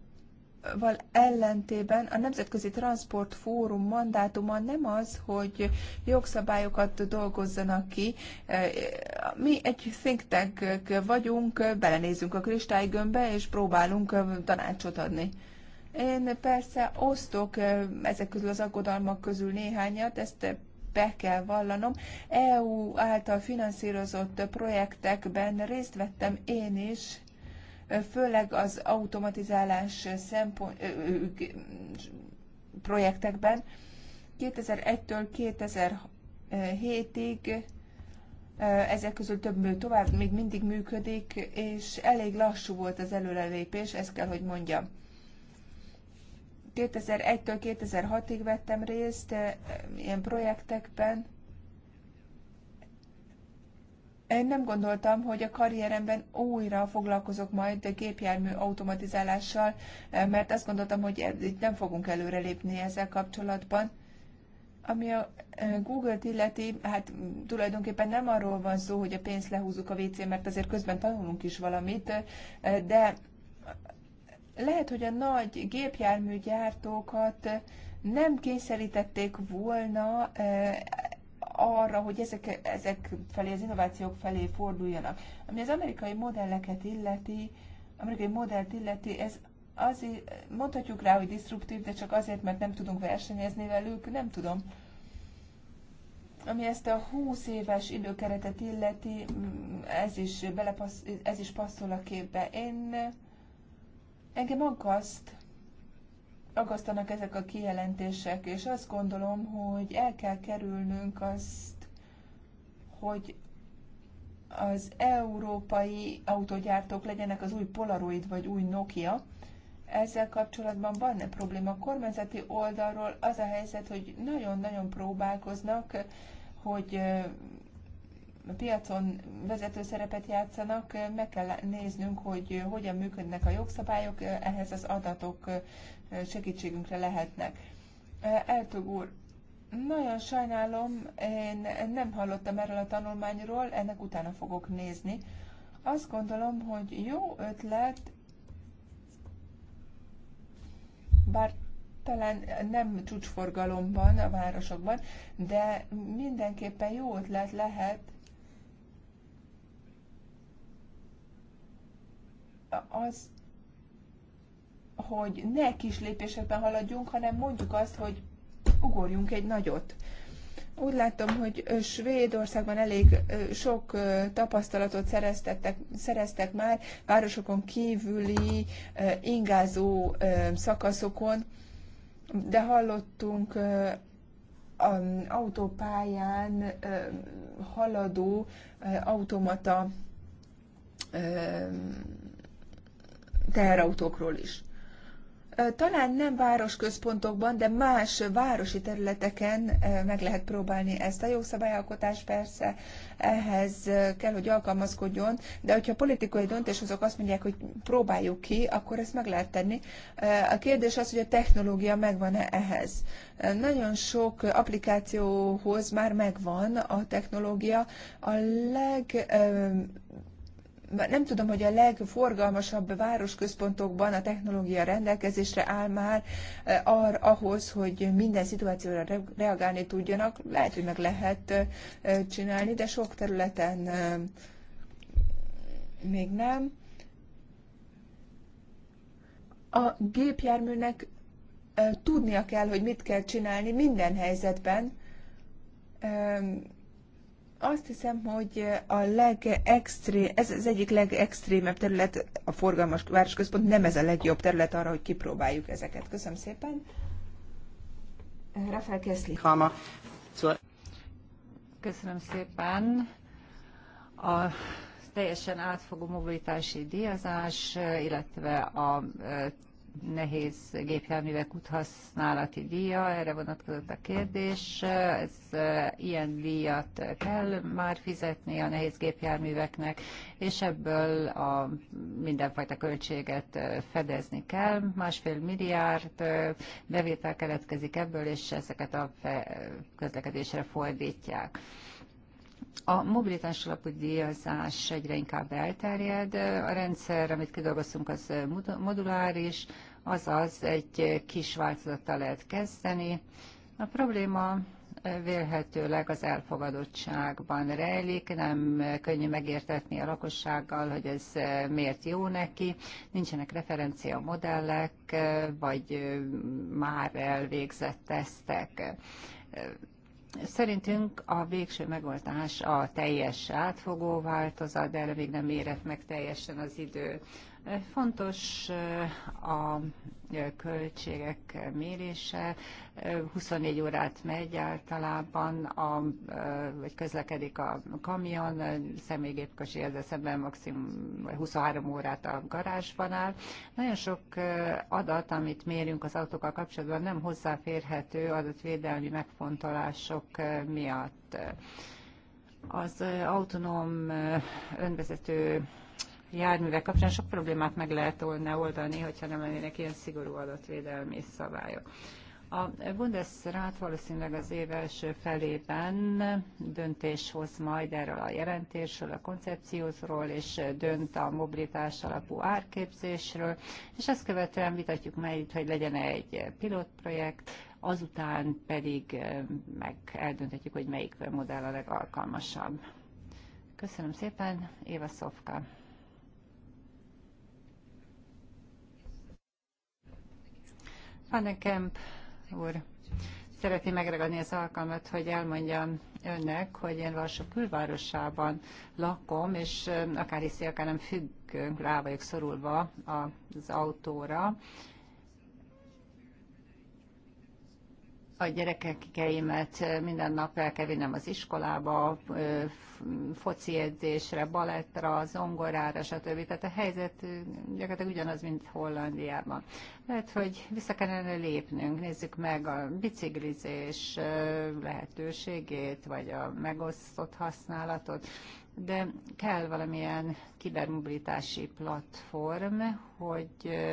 val ellentében a Nemzetközi Transport Fórum mandátuma nem az, hogy jogszabályokat dolgozzanak ki. Mi egy think tank vagyunk, belenézünk a kristálygömbbe, és próbálunk tanácsot adni. Én persze osztok ezek közül az aggodalmak közül néhányat, ezt be kell vallanom. EU által finanszírozott projektekben részt vettem én is, főleg az automatizálás szempont, projektekben. 2001-től 2007-ig ezek közül több tovább még mindig működik, és elég lassú volt az előrelépés, ezt kell, hogy mondjam. 2001-től 2006-ig vettem részt eh, ilyen projektekben. Én nem gondoltam, hogy a karrieremben újra foglalkozok majd gépjármű automatizálással, eh, mert azt gondoltam, hogy itt nem fogunk előrelépni ezzel kapcsolatban. Ami a eh, Google-t illeti, hát tulajdonképpen nem arról van szó, hogy a pénzt lehúzzuk a WC, mert azért közben tanulunk is valamit, de lehet, hogy a nagy gépjárműgyártókat nem kényszerítették volna eh, arra, hogy ezek, ezek felé, az innovációk felé forduljanak. Ami az amerikai modelleket illeti, amerikai modellt illeti, ez azért, mondhatjuk rá, hogy disruptív, de csak azért, mert nem tudunk versenyezni velük, nem tudom. Ami ezt a 20 éves időkeretet illeti, mm, ez is, belepassz, ez is passzol a képbe. Én Engem aggaszt, aggasztanak ezek a kijelentések, és azt gondolom, hogy el kell kerülnünk azt, hogy az európai autogyártók legyenek az új Polaroid vagy új Nokia. Ezzel kapcsolatban van-e probléma? A kormányzati oldalról az a helyzet, hogy nagyon-nagyon próbálkoznak, hogy piacon vezető szerepet játszanak, meg kell néznünk, hogy hogyan működnek a jogszabályok, ehhez az adatok eh, segítségünkre lehetnek. Eh, Eltug úr, nagyon sajnálom, én nem hallottam erről a tanulmányról, ennek utána fogok nézni. Azt gondolom, hogy jó ötlet, bár talán nem csúcsforgalomban a városokban, de mindenképpen jó ötlet lehet az, hogy ne kis lépésekben haladjunk, hanem mondjuk azt, hogy ugorjunk egy nagyot. Úgy látom, hogy Svédországban elég sok tapasztalatot szereztettek, szereztek már városokon kívüli ingázó szakaszokon, de hallottunk autópályán haladó automata teherautókról is. Talán nem városközpontokban, de más városi területeken meg lehet próbálni ezt. A jogszabályalkotás persze ehhez kell, hogy alkalmazkodjon, de hogyha politikai döntéshozók azt mondják, hogy próbáljuk ki, akkor ezt meg lehet tenni. A kérdés az, hogy a technológia megvan-e ehhez. Nagyon sok applikációhoz már megvan a technológia. A leg nem tudom, hogy a legforgalmasabb városközpontokban a technológia rendelkezésre áll már eh, ar, ahhoz, hogy minden szituációra reagálni tudjanak. Lehet, hogy meg lehet eh, csinálni, de sok területen eh, még nem. A gépjárműnek tudnia kell, hogy mit kell csinálni minden helyzetben, azt hiszem, hogy a legextrém, ez az egyik legextrémebb terület, a forgalmas városközpont nem ez a legjobb terület arra, hogy kipróbáljuk ezeket. Köszönöm szépen. Rafael Keszli. Köszönöm szépen. A teljesen átfogó mobilitási díjazás, illetve a nehéz gépjárművek úthasználati díja, erre vonatkozott a kérdés. Ez ilyen díjat kell már fizetni a nehéz gépjárműveknek, és ebből a mindenfajta költséget fedezni kell. Másfél milliárd bevétel keletkezik ebből, és ezeket a közlekedésre fordítják. A mobilitás alapú díjazás egyre inkább elterjed. A rendszer, amit kidolgoztunk, az moduláris, azaz egy kis változattal lehet kezdeni. A probléma eh, vélhetőleg az elfogadottságban rejlik, nem könnyű megértetni a lakossággal, hogy ez eh, miért jó neki, nincsenek referencia modellek, eh, vagy már elvégzett tesztek Szerintünk a végső megoldás a teljes átfogó változat, de erre még nem érett meg teljesen az idő. Fontos eh, a eh, költségek mérése, 24 eh, órát megy általában, a, vagy közlekedik a kamion, személygépkocsi ez szemben maximum 23 órát a garázsban áll. Nagyon sok adat, amit mérünk az autókkal kapcsolatban, nem hozzáférhető adatvédelmi megfontolások miatt. Az autonóm önvezető járművek kapcsán sok problémát meg lehet volna oldani, hogyha nem lennének ilyen szigorú adatvédelmi szabályok. A Bundesrat valószínűleg az év első felében döntés hoz majd erről a jelentésről, a koncepciózról, és dönt a mobilitás alapú árképzésről, és ezt követően vitatjuk meg, hogy legyen -e egy pilotprojekt, azután pedig eh, meg eldönthetjük, hogy melyik modell a legalkalmasabb. Köszönöm szépen, Éva Szofka. Van nekem, úr, szeretném megragadni az alkalmat, hogy elmondjam önnek, hogy én Varsó külvárosában lakom, és akár hiszi, akár nem függünk, rá vagyok szorulva az autóra, a gyerekeimet minden nap el kell vinnem az iskolába, foci edzésre, balettra, zongorára, stb. Tehát a helyzet gyakorlatilag ugyanaz, mint Hollandiában. Lehet, hogy vissza kellene lépnünk, nézzük meg a biciklizés lehetőségét, vagy a megosztott használatot de kell valamilyen kibermobilitási platform, hogy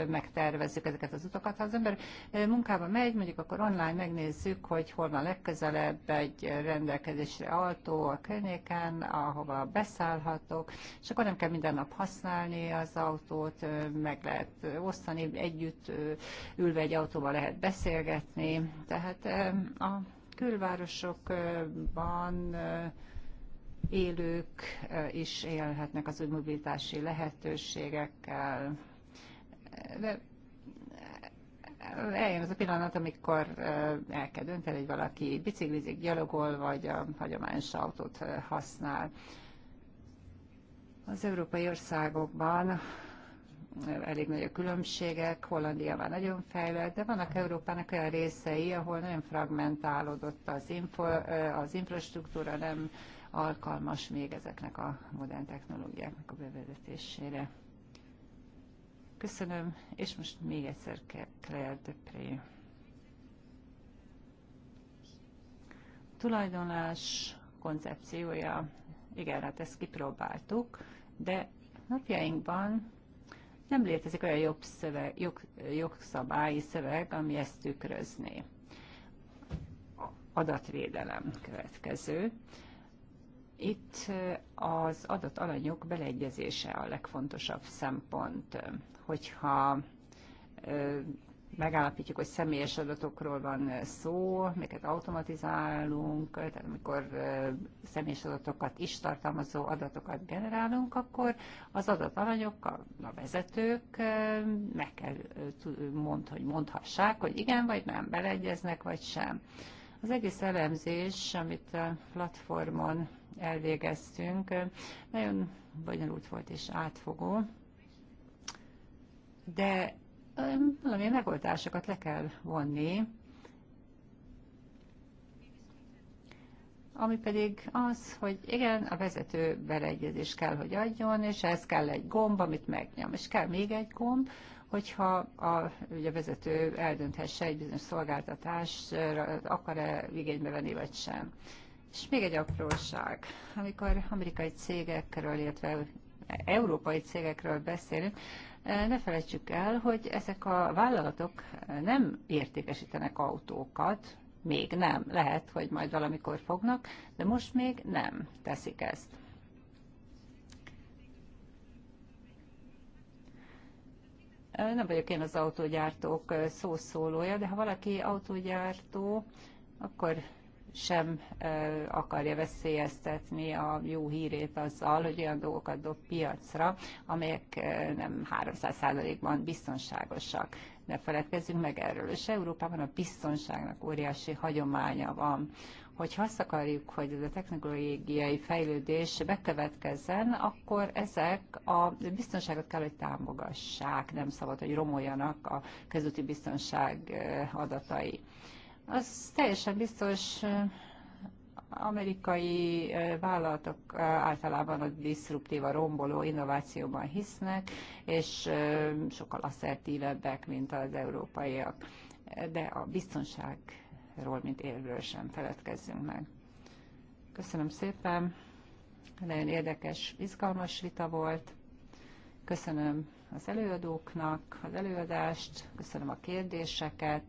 megtervezzük ezeket az utakat. Ha az ember munkába megy, mondjuk akkor online megnézzük, hogy hol van legközelebb egy rendelkezésre altó a környéken, ahova beszállhatok, és akkor nem kell minden nap használni az autót, meg lehet osztani, együtt ülve egy autóval lehet beszélgetni. Tehát a külvárosokban élők is élhetnek az új mobilitási lehetőségekkel. De eljön az a pillanat, amikor el kell dönteni, hogy valaki biciklizik, gyalogol, vagy a hagyományos autót használ. Az európai országokban elég nagy a különbségek, Hollandia már nagyon fejlett, de vannak Európának olyan részei, ahol nagyon fragmentálódott az, info, az infrastruktúra, nem alkalmas még ezeknek a modern technológiáknak a bevezetésére. Köszönöm, és most még egyszer Claire Depré. Tulajdonlás koncepciója, igen, hát ezt kipróbáltuk, de napjainkban nem létezik olyan jobb szöveg, jog, jogszabályi szöveg, ami ezt tükrözné. Adatvédelem következő. Itt az adott alanyok beleegyezése a legfontosabb szempont, hogyha megállapítjuk, hogy személyes adatokról van szó, melyeket automatizálunk, tehát amikor személyes adatokat is tartalmazó adatokat generálunk, akkor az adatalanyok, alanyok, a vezetők meg kell mond, hogy mondhassák, hogy igen vagy nem, beleegyeznek vagy sem. Az egész elemzés, amit a platformon elvégeztünk. Nagyon bonyolult volt és átfogó, de valami megoldásokat le kell vonni, ami pedig az, hogy igen, a vezető beleegyezést kell, hogy adjon, és ez kell egy gomb, amit megnyom, és kell még egy gomb, hogyha a, ugye a vezető eldönthesse egy bizonyos szolgáltatást, akar-e igénybe venni, vagy sem. És még egy apróság. Amikor amerikai cégekről, illetve európai cégekről beszélünk, eh, ne felejtsük el, hogy ezek a vállalatok eh, nem értékesítenek autókat, még nem. Lehet, hogy majd valamikor fognak, de most még nem teszik ezt. Eh, nem vagyok én az autógyártók szószólója, de ha valaki autógyártó, akkor sem akarja veszélyeztetni a jó hírét azzal, hogy olyan dolgokat dob piacra, amelyek nem 300%-ban biztonságosak. Ne feledkezzünk meg erről. És Európában a biztonságnak óriási hagyománya van hogy ha azt akarjuk, hogy ez a technológiai fejlődés bekövetkezzen, akkor ezek a biztonságot kell, hogy támogassák, nem szabad, hogy romoljanak a közúti biztonság adatai. Az teljesen biztos amerikai vállalatok általában a a romboló innovációban hisznek, és sokkal asszertívebbek, mint az európaiak. De a biztonságról, mint érvről sem feledkezzünk meg. Köszönöm szépen, nagyon érdekes, izgalmas vita volt. Köszönöm az előadóknak az előadást, köszönöm a kérdéseket,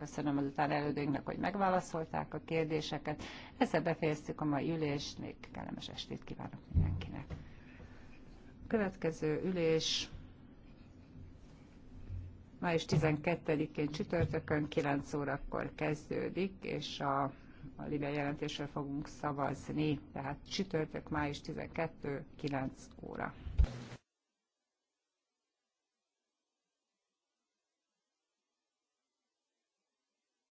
Köszönöm az után elődőinknek, hogy megválaszolták a kérdéseket. Ezzel befejeztük a mai ülést, még kellemes estét kívánok mindenkinek. Következő ülés május 12-én csütörtökön 9 órakor kezdődik, és a, a Libia jelentésről fogunk szavazni, tehát csütörtök május 12, 9 óra.